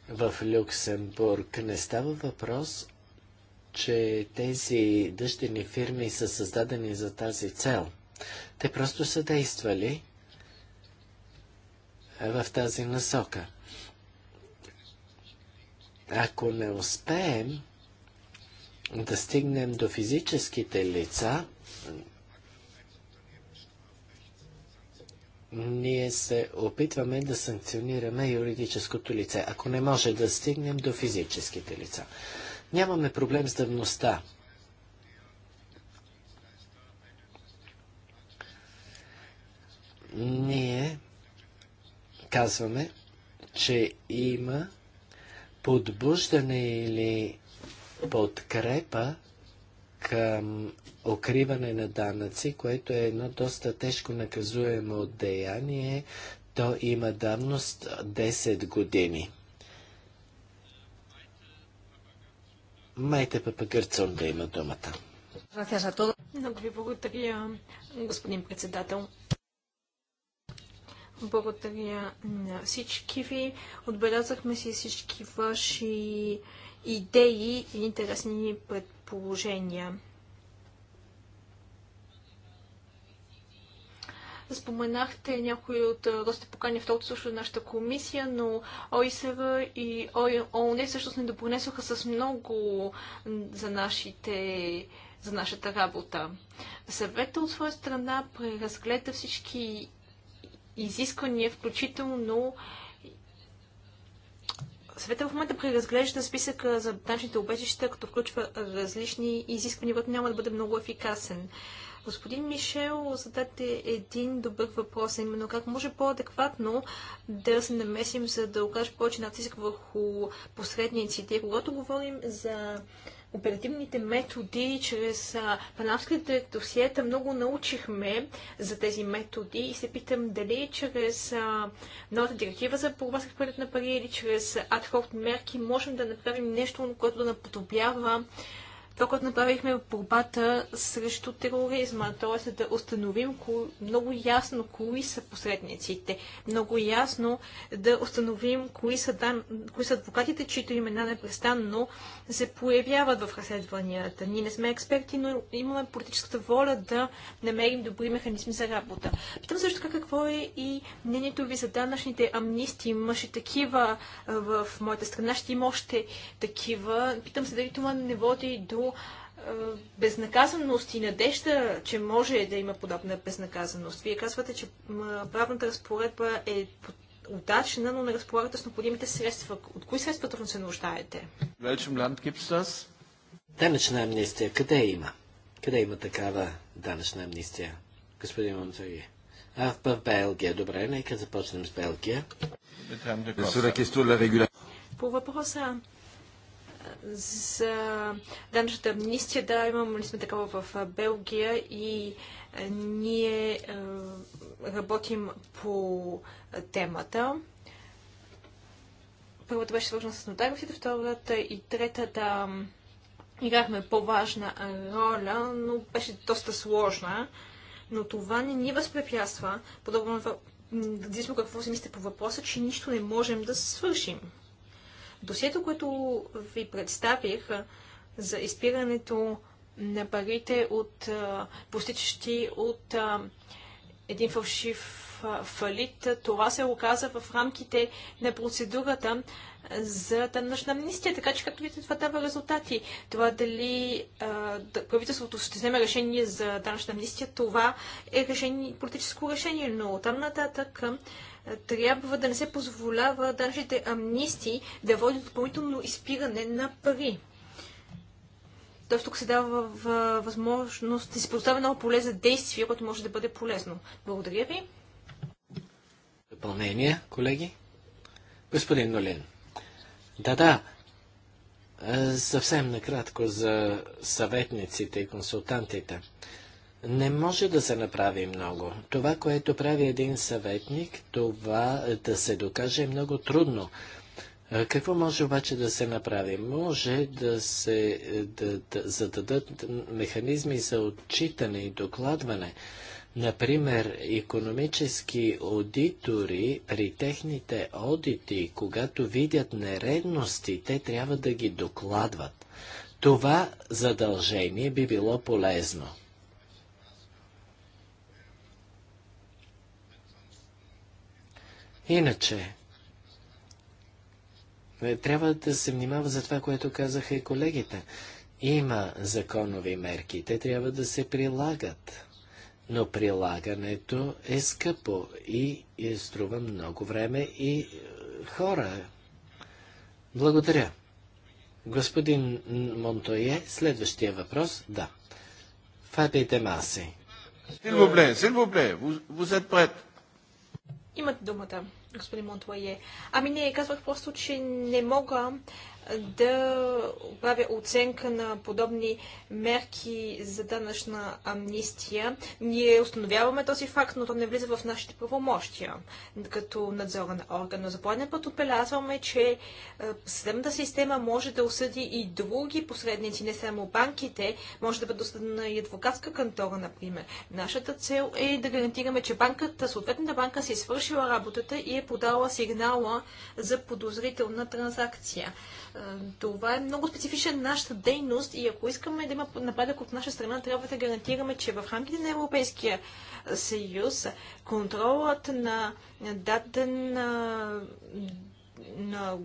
в Люксембург. Не става въпрос че тези дъщерни фирми са създадени за тази цел. Те просто са действали в тази насока. Ако не успеем да стигнем до физическите лица, ние се опитваме да санкционираме юридическото лице, ако не може да стигнем до физическите лица. Нямаме проблем с давността. Ние казваме, че има подбуждане или подкрепа към укриване на данъци, което е едно доста тежко наказуемо деяние. То има давност 10 години. Майте Папагърцон да има думата. Много ви благодаря, господин председател. Благодаря на всички ви. Отбелязахме си всички ваши идеи и интересни предположения. Споменахте някои от доста покани второто също от нашата комисия, но ОИСР и ООН всъщност не допринесоха с много за нашите за нашата работа. Съвета от своя страна преразгледа всички изисквания, включително Съвета в момента преразглежда списъка за данчните обежища, като включва различни изисквания, което няма да бъде много ефикасен. Господин Мишел зададе един добър въпрос, именно как може по-адекватно да се намесим, за да окажем повече натиск върху посредниците. Когато говорим за оперативните методи, чрез панавските досиета много научихме за тези методи и се питам дали чрез новата директива за борба с на пари или чрез адхок мерки можем да направим нещо, което да наподобява това, което направихме в е борбата срещу тероризма, т.е. да установим много ясно кои са посредниците, много ясно да установим кои са, дан... кои са адвокатите, чието имена непрестанно се появяват в разследванията. Ние не сме експерти, но имаме политическата воля да намерим добри механизми за работа. Питам също така какво е и мнението ви за данъчните амнисти. Имаше такива в моята страна, ще има още такива. Питам се дали това не води до до е, безнаказаност и надежда, че може да има подобна безнаказаност. Вие казвате, че правната разпоредба е удачна, но не разполагате с необходимите средства. От кои средства трудно се нуждаете? Данъчна амнистия. Къде има? Къде има такава данъчна амнистия? Господин Монтаги. А в Белгия. Добре, нека започнем с Белгия. По въпроса за данъчната амнистия. Да, имаме ли сме такава в Белгия и ние работим по темата. Първата беше свързана с нотариусите, втората и третата играхме по-важна роля, но беше доста сложна. Но това не ни възпрепятства, подобно на какво си мислите по въпроса, че нищо не можем да свършим. Досието, което ви представих за изпирането на парите от постичащи от един фалшив фалит. Това се оказа в рамките на процедурата за данъчна амнистия, така че както видите това дава резултати. Това дали а, правителството ще вземе решение за данъчна амнистия, това е решение, политическо решение, но там нататък трябва да не се позволява данъчните амнистии да водят допълнително изпиране на пари. Тоест тук се дава възможност да се поставя много поле за действие, което може да бъде полезно. Благодаря ви. Допълнение, колеги? Господин Нолин. Да, да. Е, съвсем накратко за съветниците и консултантите не може да се направи много. Това, което прави един съветник, това е, да се докаже е много трудно. Какво може обаче да се направи? Може да се е, да, да зададат механизми за отчитане и докладване. Например, економически аудитори при техните одити, когато видят нередности, те трябва да ги докладват. Това задължение би било полезно. Иначе, е, трябва да се внимава за това, което казаха и колегите. Има законови мерки, те трябва да се прилагат. Но прилагането е скъпо и, струва много време и е, хора. Благодаря. Господин Монтое, следващия въпрос, да. Фабите Маси. Силвобле, Силвобле, вузет пред. Имате думата господин Монтлае. Ами не, казвах просто, че не мога да правя оценка на подобни мерки за данъчна амнистия. Ние установяваме този факт, но то не влиза в нашите правомощия като надзорен орган. Но за пореден път отбелязваме, че е, съдебната система може да осъди и други посредници, не само банките, може да бъде осъдена и адвокатска кантора, например. Нашата цел е да гарантираме, че банката, съответната банка си е свършила работата и е подала сигнала за подозрителна транзакция. Това е много специфична нашата дейност и ако искаме да има нападък от наша страна, трябва да гарантираме, че в рамките на Европейския съюз контролът на даден на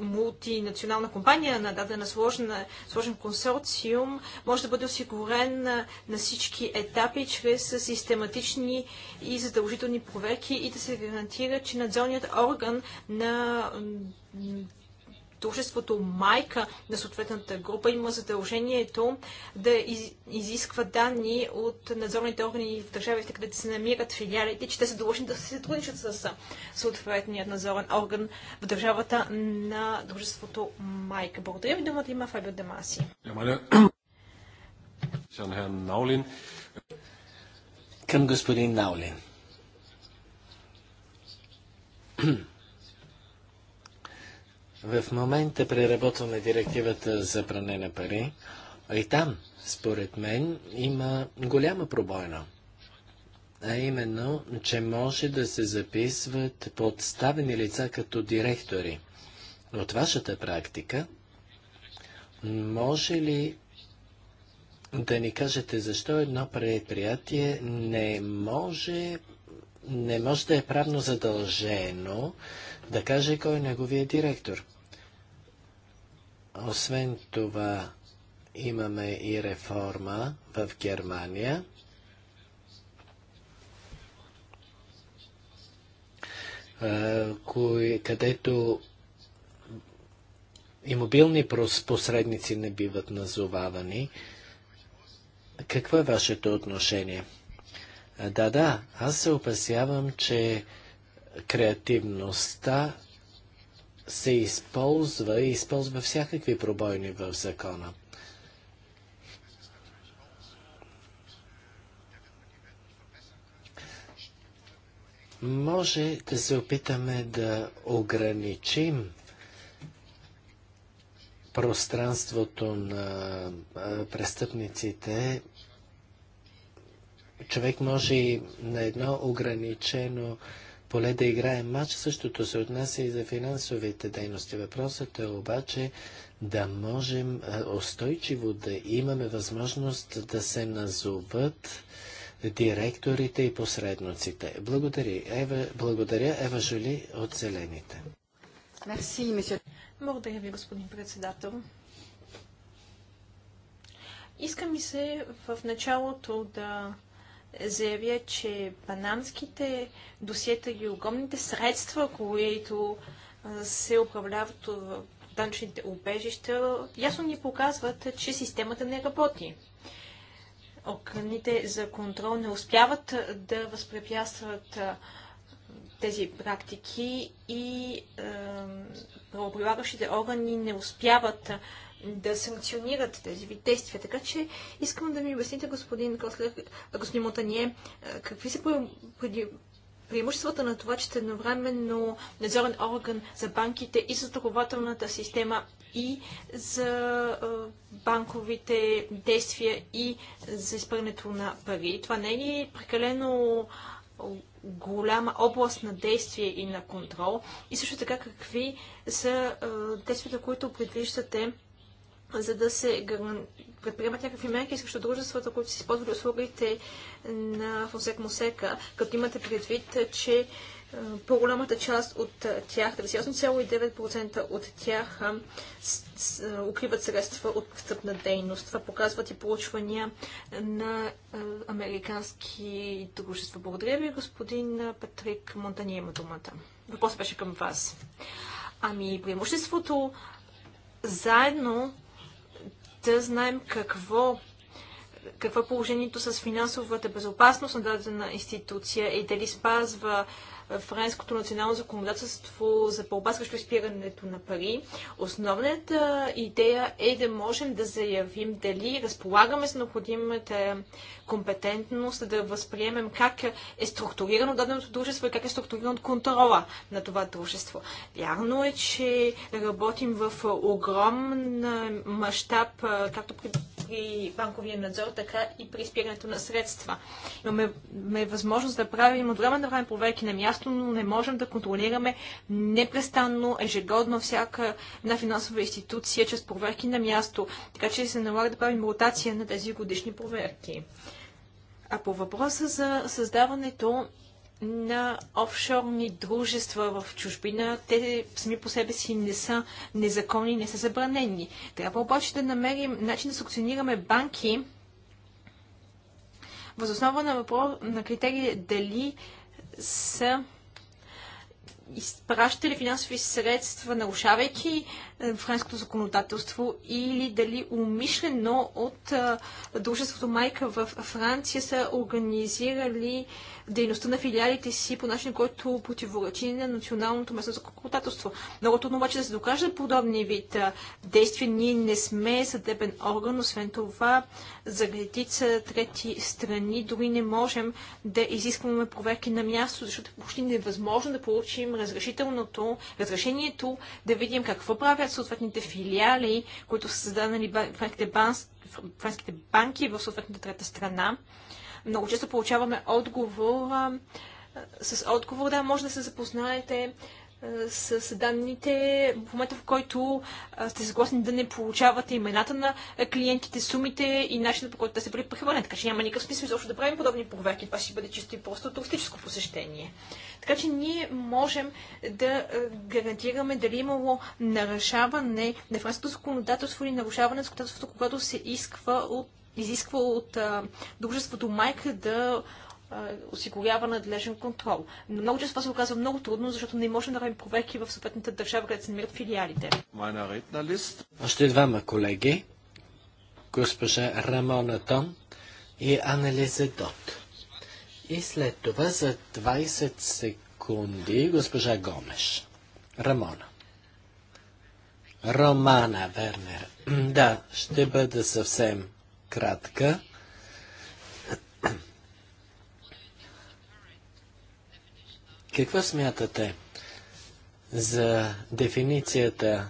мултинационална компания на дадена сложна, сложен консорциум може да бъде осигурен на, на всички етапи чрез систематични и задължителни проверки и да се гарантира, че надзорният орган на дружеството майка на съответната група има задължението да изисква данни от надзорните органи в държавите, където се намират филиалите, че те са длъжни да се сътрудничат с съответният надзорен орган в държавата на дружеството майка. Благодаря ви, думата има Фабио Демаси. Към господин Наулин. В момента преработваме директивата за пране на пари. И там, според мен, има голяма пробойна. А именно, че може да се записват подставени лица като директори. От вашата практика, може ли да ни кажете защо едно предприятие не може не може да е правно задължено да каже кой е неговия директор. Освен това, имаме и реформа в Германия. където и мобилни посредници не биват назовавани. Какво е вашето отношение? Да, да, аз се опасявам, че креативността се използва и използва всякакви пробойни в закона. Може да се опитаме да ограничим пространството на престъпниците човек може и на едно ограничено поле да играе матч. Същото се отнася и за финансовите дейности. Въпросът е обаче да можем устойчиво да имаме възможност да се назоват директорите и посредниците. Благодаря, Ева, благодаря, Ева Жули от Зелените. Благодаря ви, господин председател. Иска ми се в началото да заявя, че панамските досиета и огромните средства, които се управляват в данчните убежища, ясно ни показват, че системата не работи. Органите за контрол не успяват да възпрепятстват тези практики и е, правоприлагащите органи не успяват да санкционират тези ви действия. Така че искам да ми обясните, господин Кослер, господин Мотание, какви са преимуществата на това, че сте едновременно надзорен орган за банките и за страхователната система и за банковите действия и за изпърнето на пари. Това не е ли прекалено голяма област на действие и на контрол? И също така какви са действията, които предвиждате за да се предприемат някакви мерки срещу дружествата, които си използвали услугите на Фонсек Мусека, като имате предвид, че е, по-голямата част от тях, 38,9% от тях е, е, укриват средства от престъпна дейност. Това показват и проучвания на американски дружества. Благодаря ви, господин Патрик Монтани, има думата. Въпросът беше към вас. Ами, преимуществото заедно да знаем какво какво е положението с финансовата безопасност на дадена институция и дали спазва френското национално законодателство за борба срещу изпирането на пари. Основната идея е да можем да заявим дали разполагаме с необходимата компетентност, да възприемем как е структурирано даденото дружество и как е структуриран контрола на това дружество. Вярно е, че работим в огромен мащаб, както при при банковия надзор, така и при спирането на средства. Имаме възможност да правим от време на време проверки на място, но не можем да контролираме непрестанно, ежегодно всяка една финансова институция чрез проверки на място, така че се налага да правим ротация на тези годишни проверки. А по въпроса за създаването на офшорни дружества в чужбина, те сами по себе си не са незаконни, не са забранени. Трябва обаче да намерим начин да санкционираме банки, възоснова на, въпрос, на критерии дали са изпращали финансови средства, нарушавайки френското законодателство или дали умишлено от е, дружеството Майка в Франция са организирали дейността на филиалите си по начин, който противоречи на националното местно законодателство. Много трудно обаче да се докажат подобни вид е, действия. Ние не сме съдебен орган, освен това за редица трети страни дори не можем да изискваме проверки на място, защото е почти невъзможно да получим разрешителното, разрешението да видим какво правят пред съответните филиали, които са създадени френските, френските банки в съответната трета страна. Много често получаваме отговор с отговор, да, може да се запознаете с данните в момента, в който сте съгласни да не получавате имената на клиентите, сумите и начина по който те са били Така че няма никакъв смисъл изобщо да правим подобни проверки. Това ще бъде чисто и просто туристическо посещение. Така че ние можем да гарантираме дали е имало нарушаване на френското законодателство или нарушаване на законодателството, когато се изисква от, изисква от дружеството майка да осигурява надлежен контрол. Но много често това се оказва много трудно, защото не можем да правим проверки в съответната държава, където се намират филиалите. Още двама колеги. Госпожа Рамона Тон и Анелиза Дот. И след това за 20 секунди госпожа Гомеш. Рамона. Романа Вернер. [CLEARS THROAT] Да, ще бъда съвсем кратка. Какво смятате за дефиницията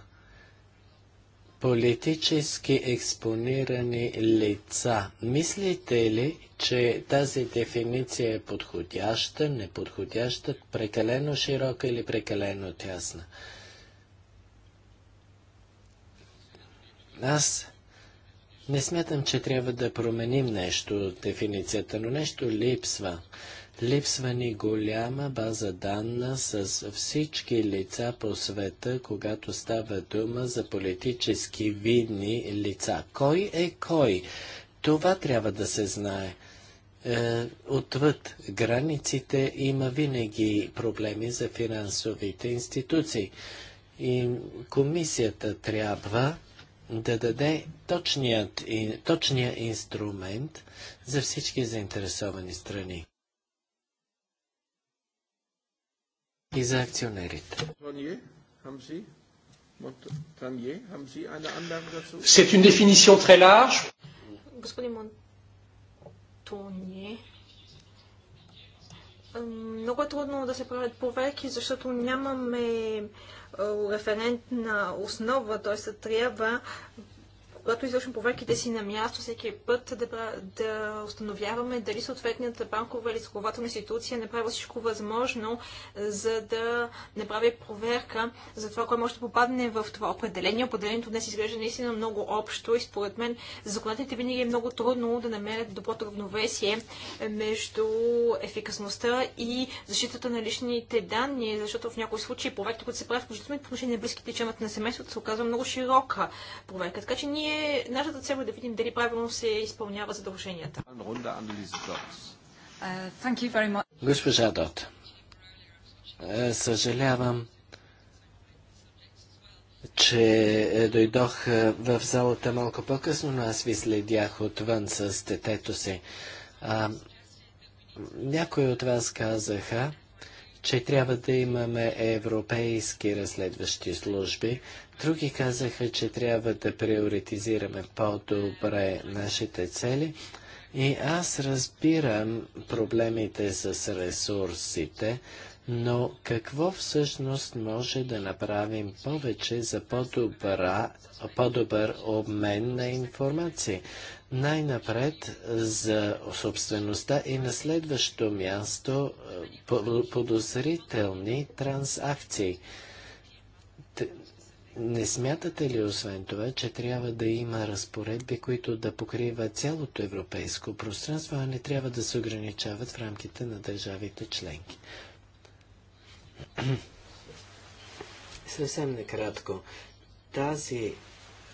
политически експонирани лица? Мислите ли, че тази дефиниция е подходяща, неподходяща, прекалено широка или прекалено тясна? Аз не смятам, че трябва да променим нещо от дефиницията, но нещо липсва. Липсва ни голяма база данна с всички лица по света, когато става дума за политически видни лица. Кой е кой? Това трябва да се знае. Е, отвъд границите има винаги проблеми за финансовите институции. И комисията трябва да даде точният, точния инструмент за всички заинтересовани страни. и за акционерите. C'est une définition très large. Господин Монтоние, много е трудно да се правят проверки, защото нямаме референтна основа, т.е. трябва когато извършваме проверките си на място, всеки път да, да установяваме дали съответната банкова или законодателна институция направи всичко възможно, за да направи проверка за това, кое може да попадне в това определение. Определението днес изглежда наистина много общо и според мен законодателите винаги е много трудно да намерят доброто равновесие между ефикасността и защитата на личните данни, защото в някои случаи проверките, които се правят включително и по отношение на близките членове на семейството, се оказва много широка проверка. Така че ние ние, нашата цел е да видим дали правилно се изпълнява задълженията. Uh, Госпожа Дот, е, съжалявам, че е, дойдох е, в залата малко по-късно, но аз ви следях отвън с детето си. някои от вас казаха, че трябва да имаме европейски разследващи служби. Други казаха, че трябва да приоритизираме по-добре нашите цели. И аз разбирам проблемите с ресурсите, но какво всъщност може да направим повече за по-добър по обмен на информация? най-напред за собствеността и на следващо място е, подозрителни трансакции. Не смятате ли, освен това, че трябва да има разпоредби, които да покриват цялото европейско пространство, а не трябва да се ограничават в рамките на държавите членки? Съвсем накратко. Тази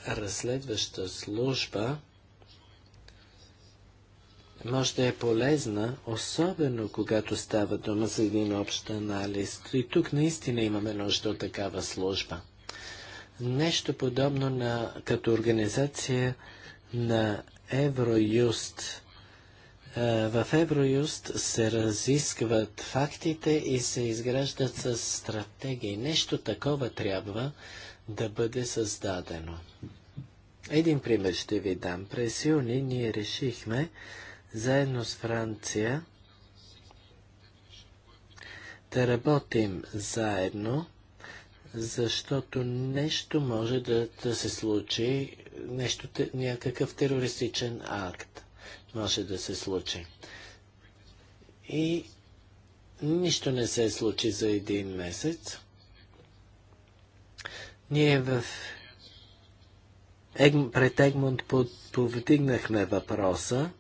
разследваща служба може да е полезна, особено когато става дума за един общ анализ. И тук наистина имаме нужда от такава служба. Нещо подобно на, като организация на Евроюст. Е, в Евроюст се разискват фактите и се изграждат с стратегии. Нещо такова трябва да бъде създадено. Един пример ще ви дам. През юни ние решихме заедно с Франция да работим заедно, защото нещо може да, да се случи, нещо, някакъв терористичен акт може да се случи. И нищо не се случи за един месец. Ние в Егм, пред Егмунд повдигнахме въпроса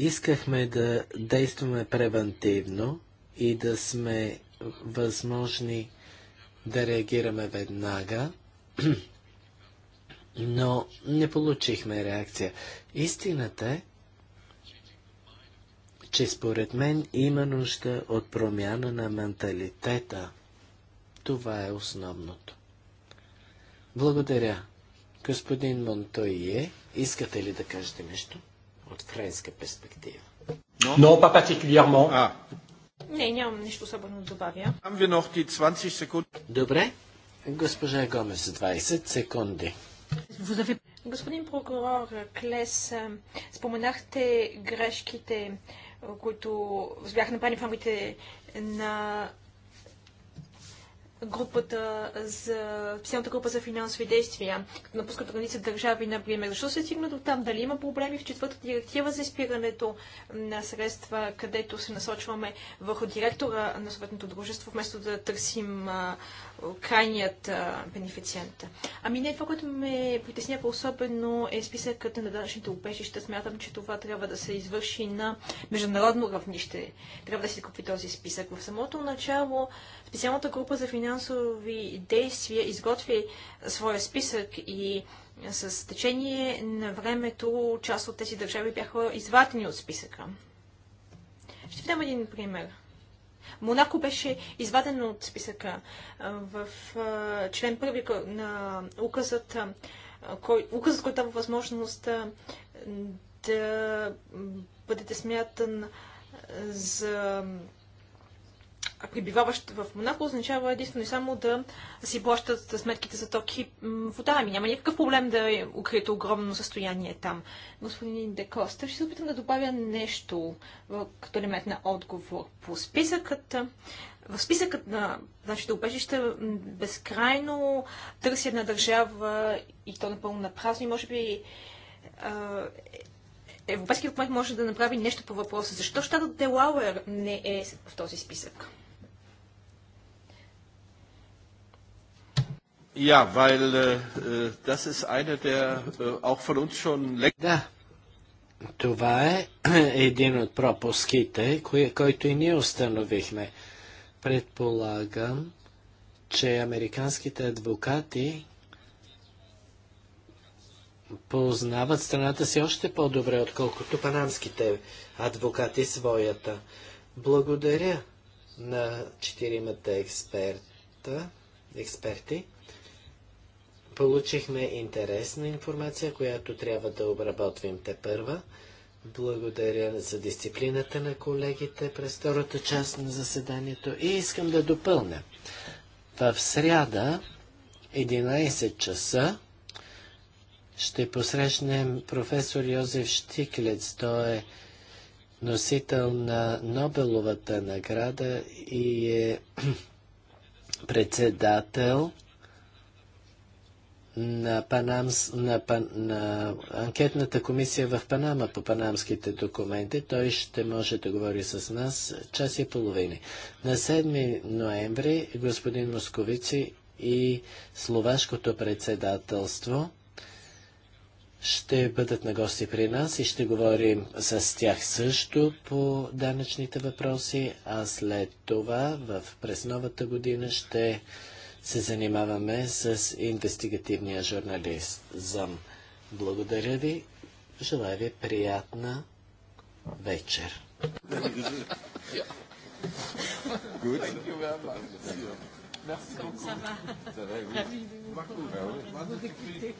Искахме да действаме превентивно и да сме възможни да реагираме веднага, [CLEARS THROAT] но не получихме реакция. Истината е, че според мен има нужда от промяна на менталитета. Това е основното. Благодаря. Господин Монтойе, искате ли да кажете нещо? от френска перспектива. Но, Но папа тикулярно. Не, нямам нищо особено да добавя. Ам ви 20 секунди. Добре. Госпожа Гомес, 20 секунди. Господин прокурор Клес, споменахте грешките, които бяха направени в рамките на групата за специалната група за финансови действия, като напускат граница държави, например. Защо се стигна до там? Дали има проблеми в четвъртата директива за изпирането на средства, където се насочваме върху директора на съветното дружество, вместо да търсим а, крайният бенефициент. Ами не, това, което ме притеснява особено е списъкът на данъчните убежища. Смятам, че това трябва да се извърши на международно равнище. Трябва да се купи този списък. В самото начало специалната група за финансови действия изготви своя списък и с течение на времето част от тези държави бяха извадени от списъка. Ще ви дам един пример. Монако беше извадено от списъка в член първи на указът, кой, указът, който дава възможност да бъдете смятан за а е прибиваващ в Монако означава единствено и само да си плащат сметките за токи вода. Ами няма никакъв проблем да е укриете огромно състояние там. Господин Декоста, ще се опитам да добавя нещо като елемент на отговор. По списъкът в списъкът на нашите убежища безкрайно търси една държава и то напълно на празно и може би Европейският документ може да направи нещо по въпроса. Защо щатът Делауер не е в този списък? Ja, weil äh, äh, das ist eine der äh, auch von uns schon Да, това е [CLEARS THROAT] един от пропуските, кои, който и ние установихме. Предполагам, че американските адвокати познават страната си още по-добре, отколкото панамските адвокати своята. Благодаря на четиримата експерта, експерти. Получихме интересна информация, която трябва да обработвим те първа. Благодаря за дисциплината на колегите през втората част на заседанието и искам да допълня. В сряда, 11 часа, ще посрещнем професор Йозеф Штиклец. Той е носител на Нобеловата награда и е [CLEARS THROAT] председател на, Панамс, на, пан, на анкетната комисия в Панама по панамските документи. Той ще може да говори с нас час и половина. На 7 ноември господин Московици и словашкото председателство ще бъдат на гости при нас и ще говорим с тях също по данъчните въпроси, а след това в през новата година ще се занимаваме с инвестигативния журналист. Зам. Благодаря ви. Желая ви приятна вечер. Merci beaucoup. Ça va. Ça va, oui. oui.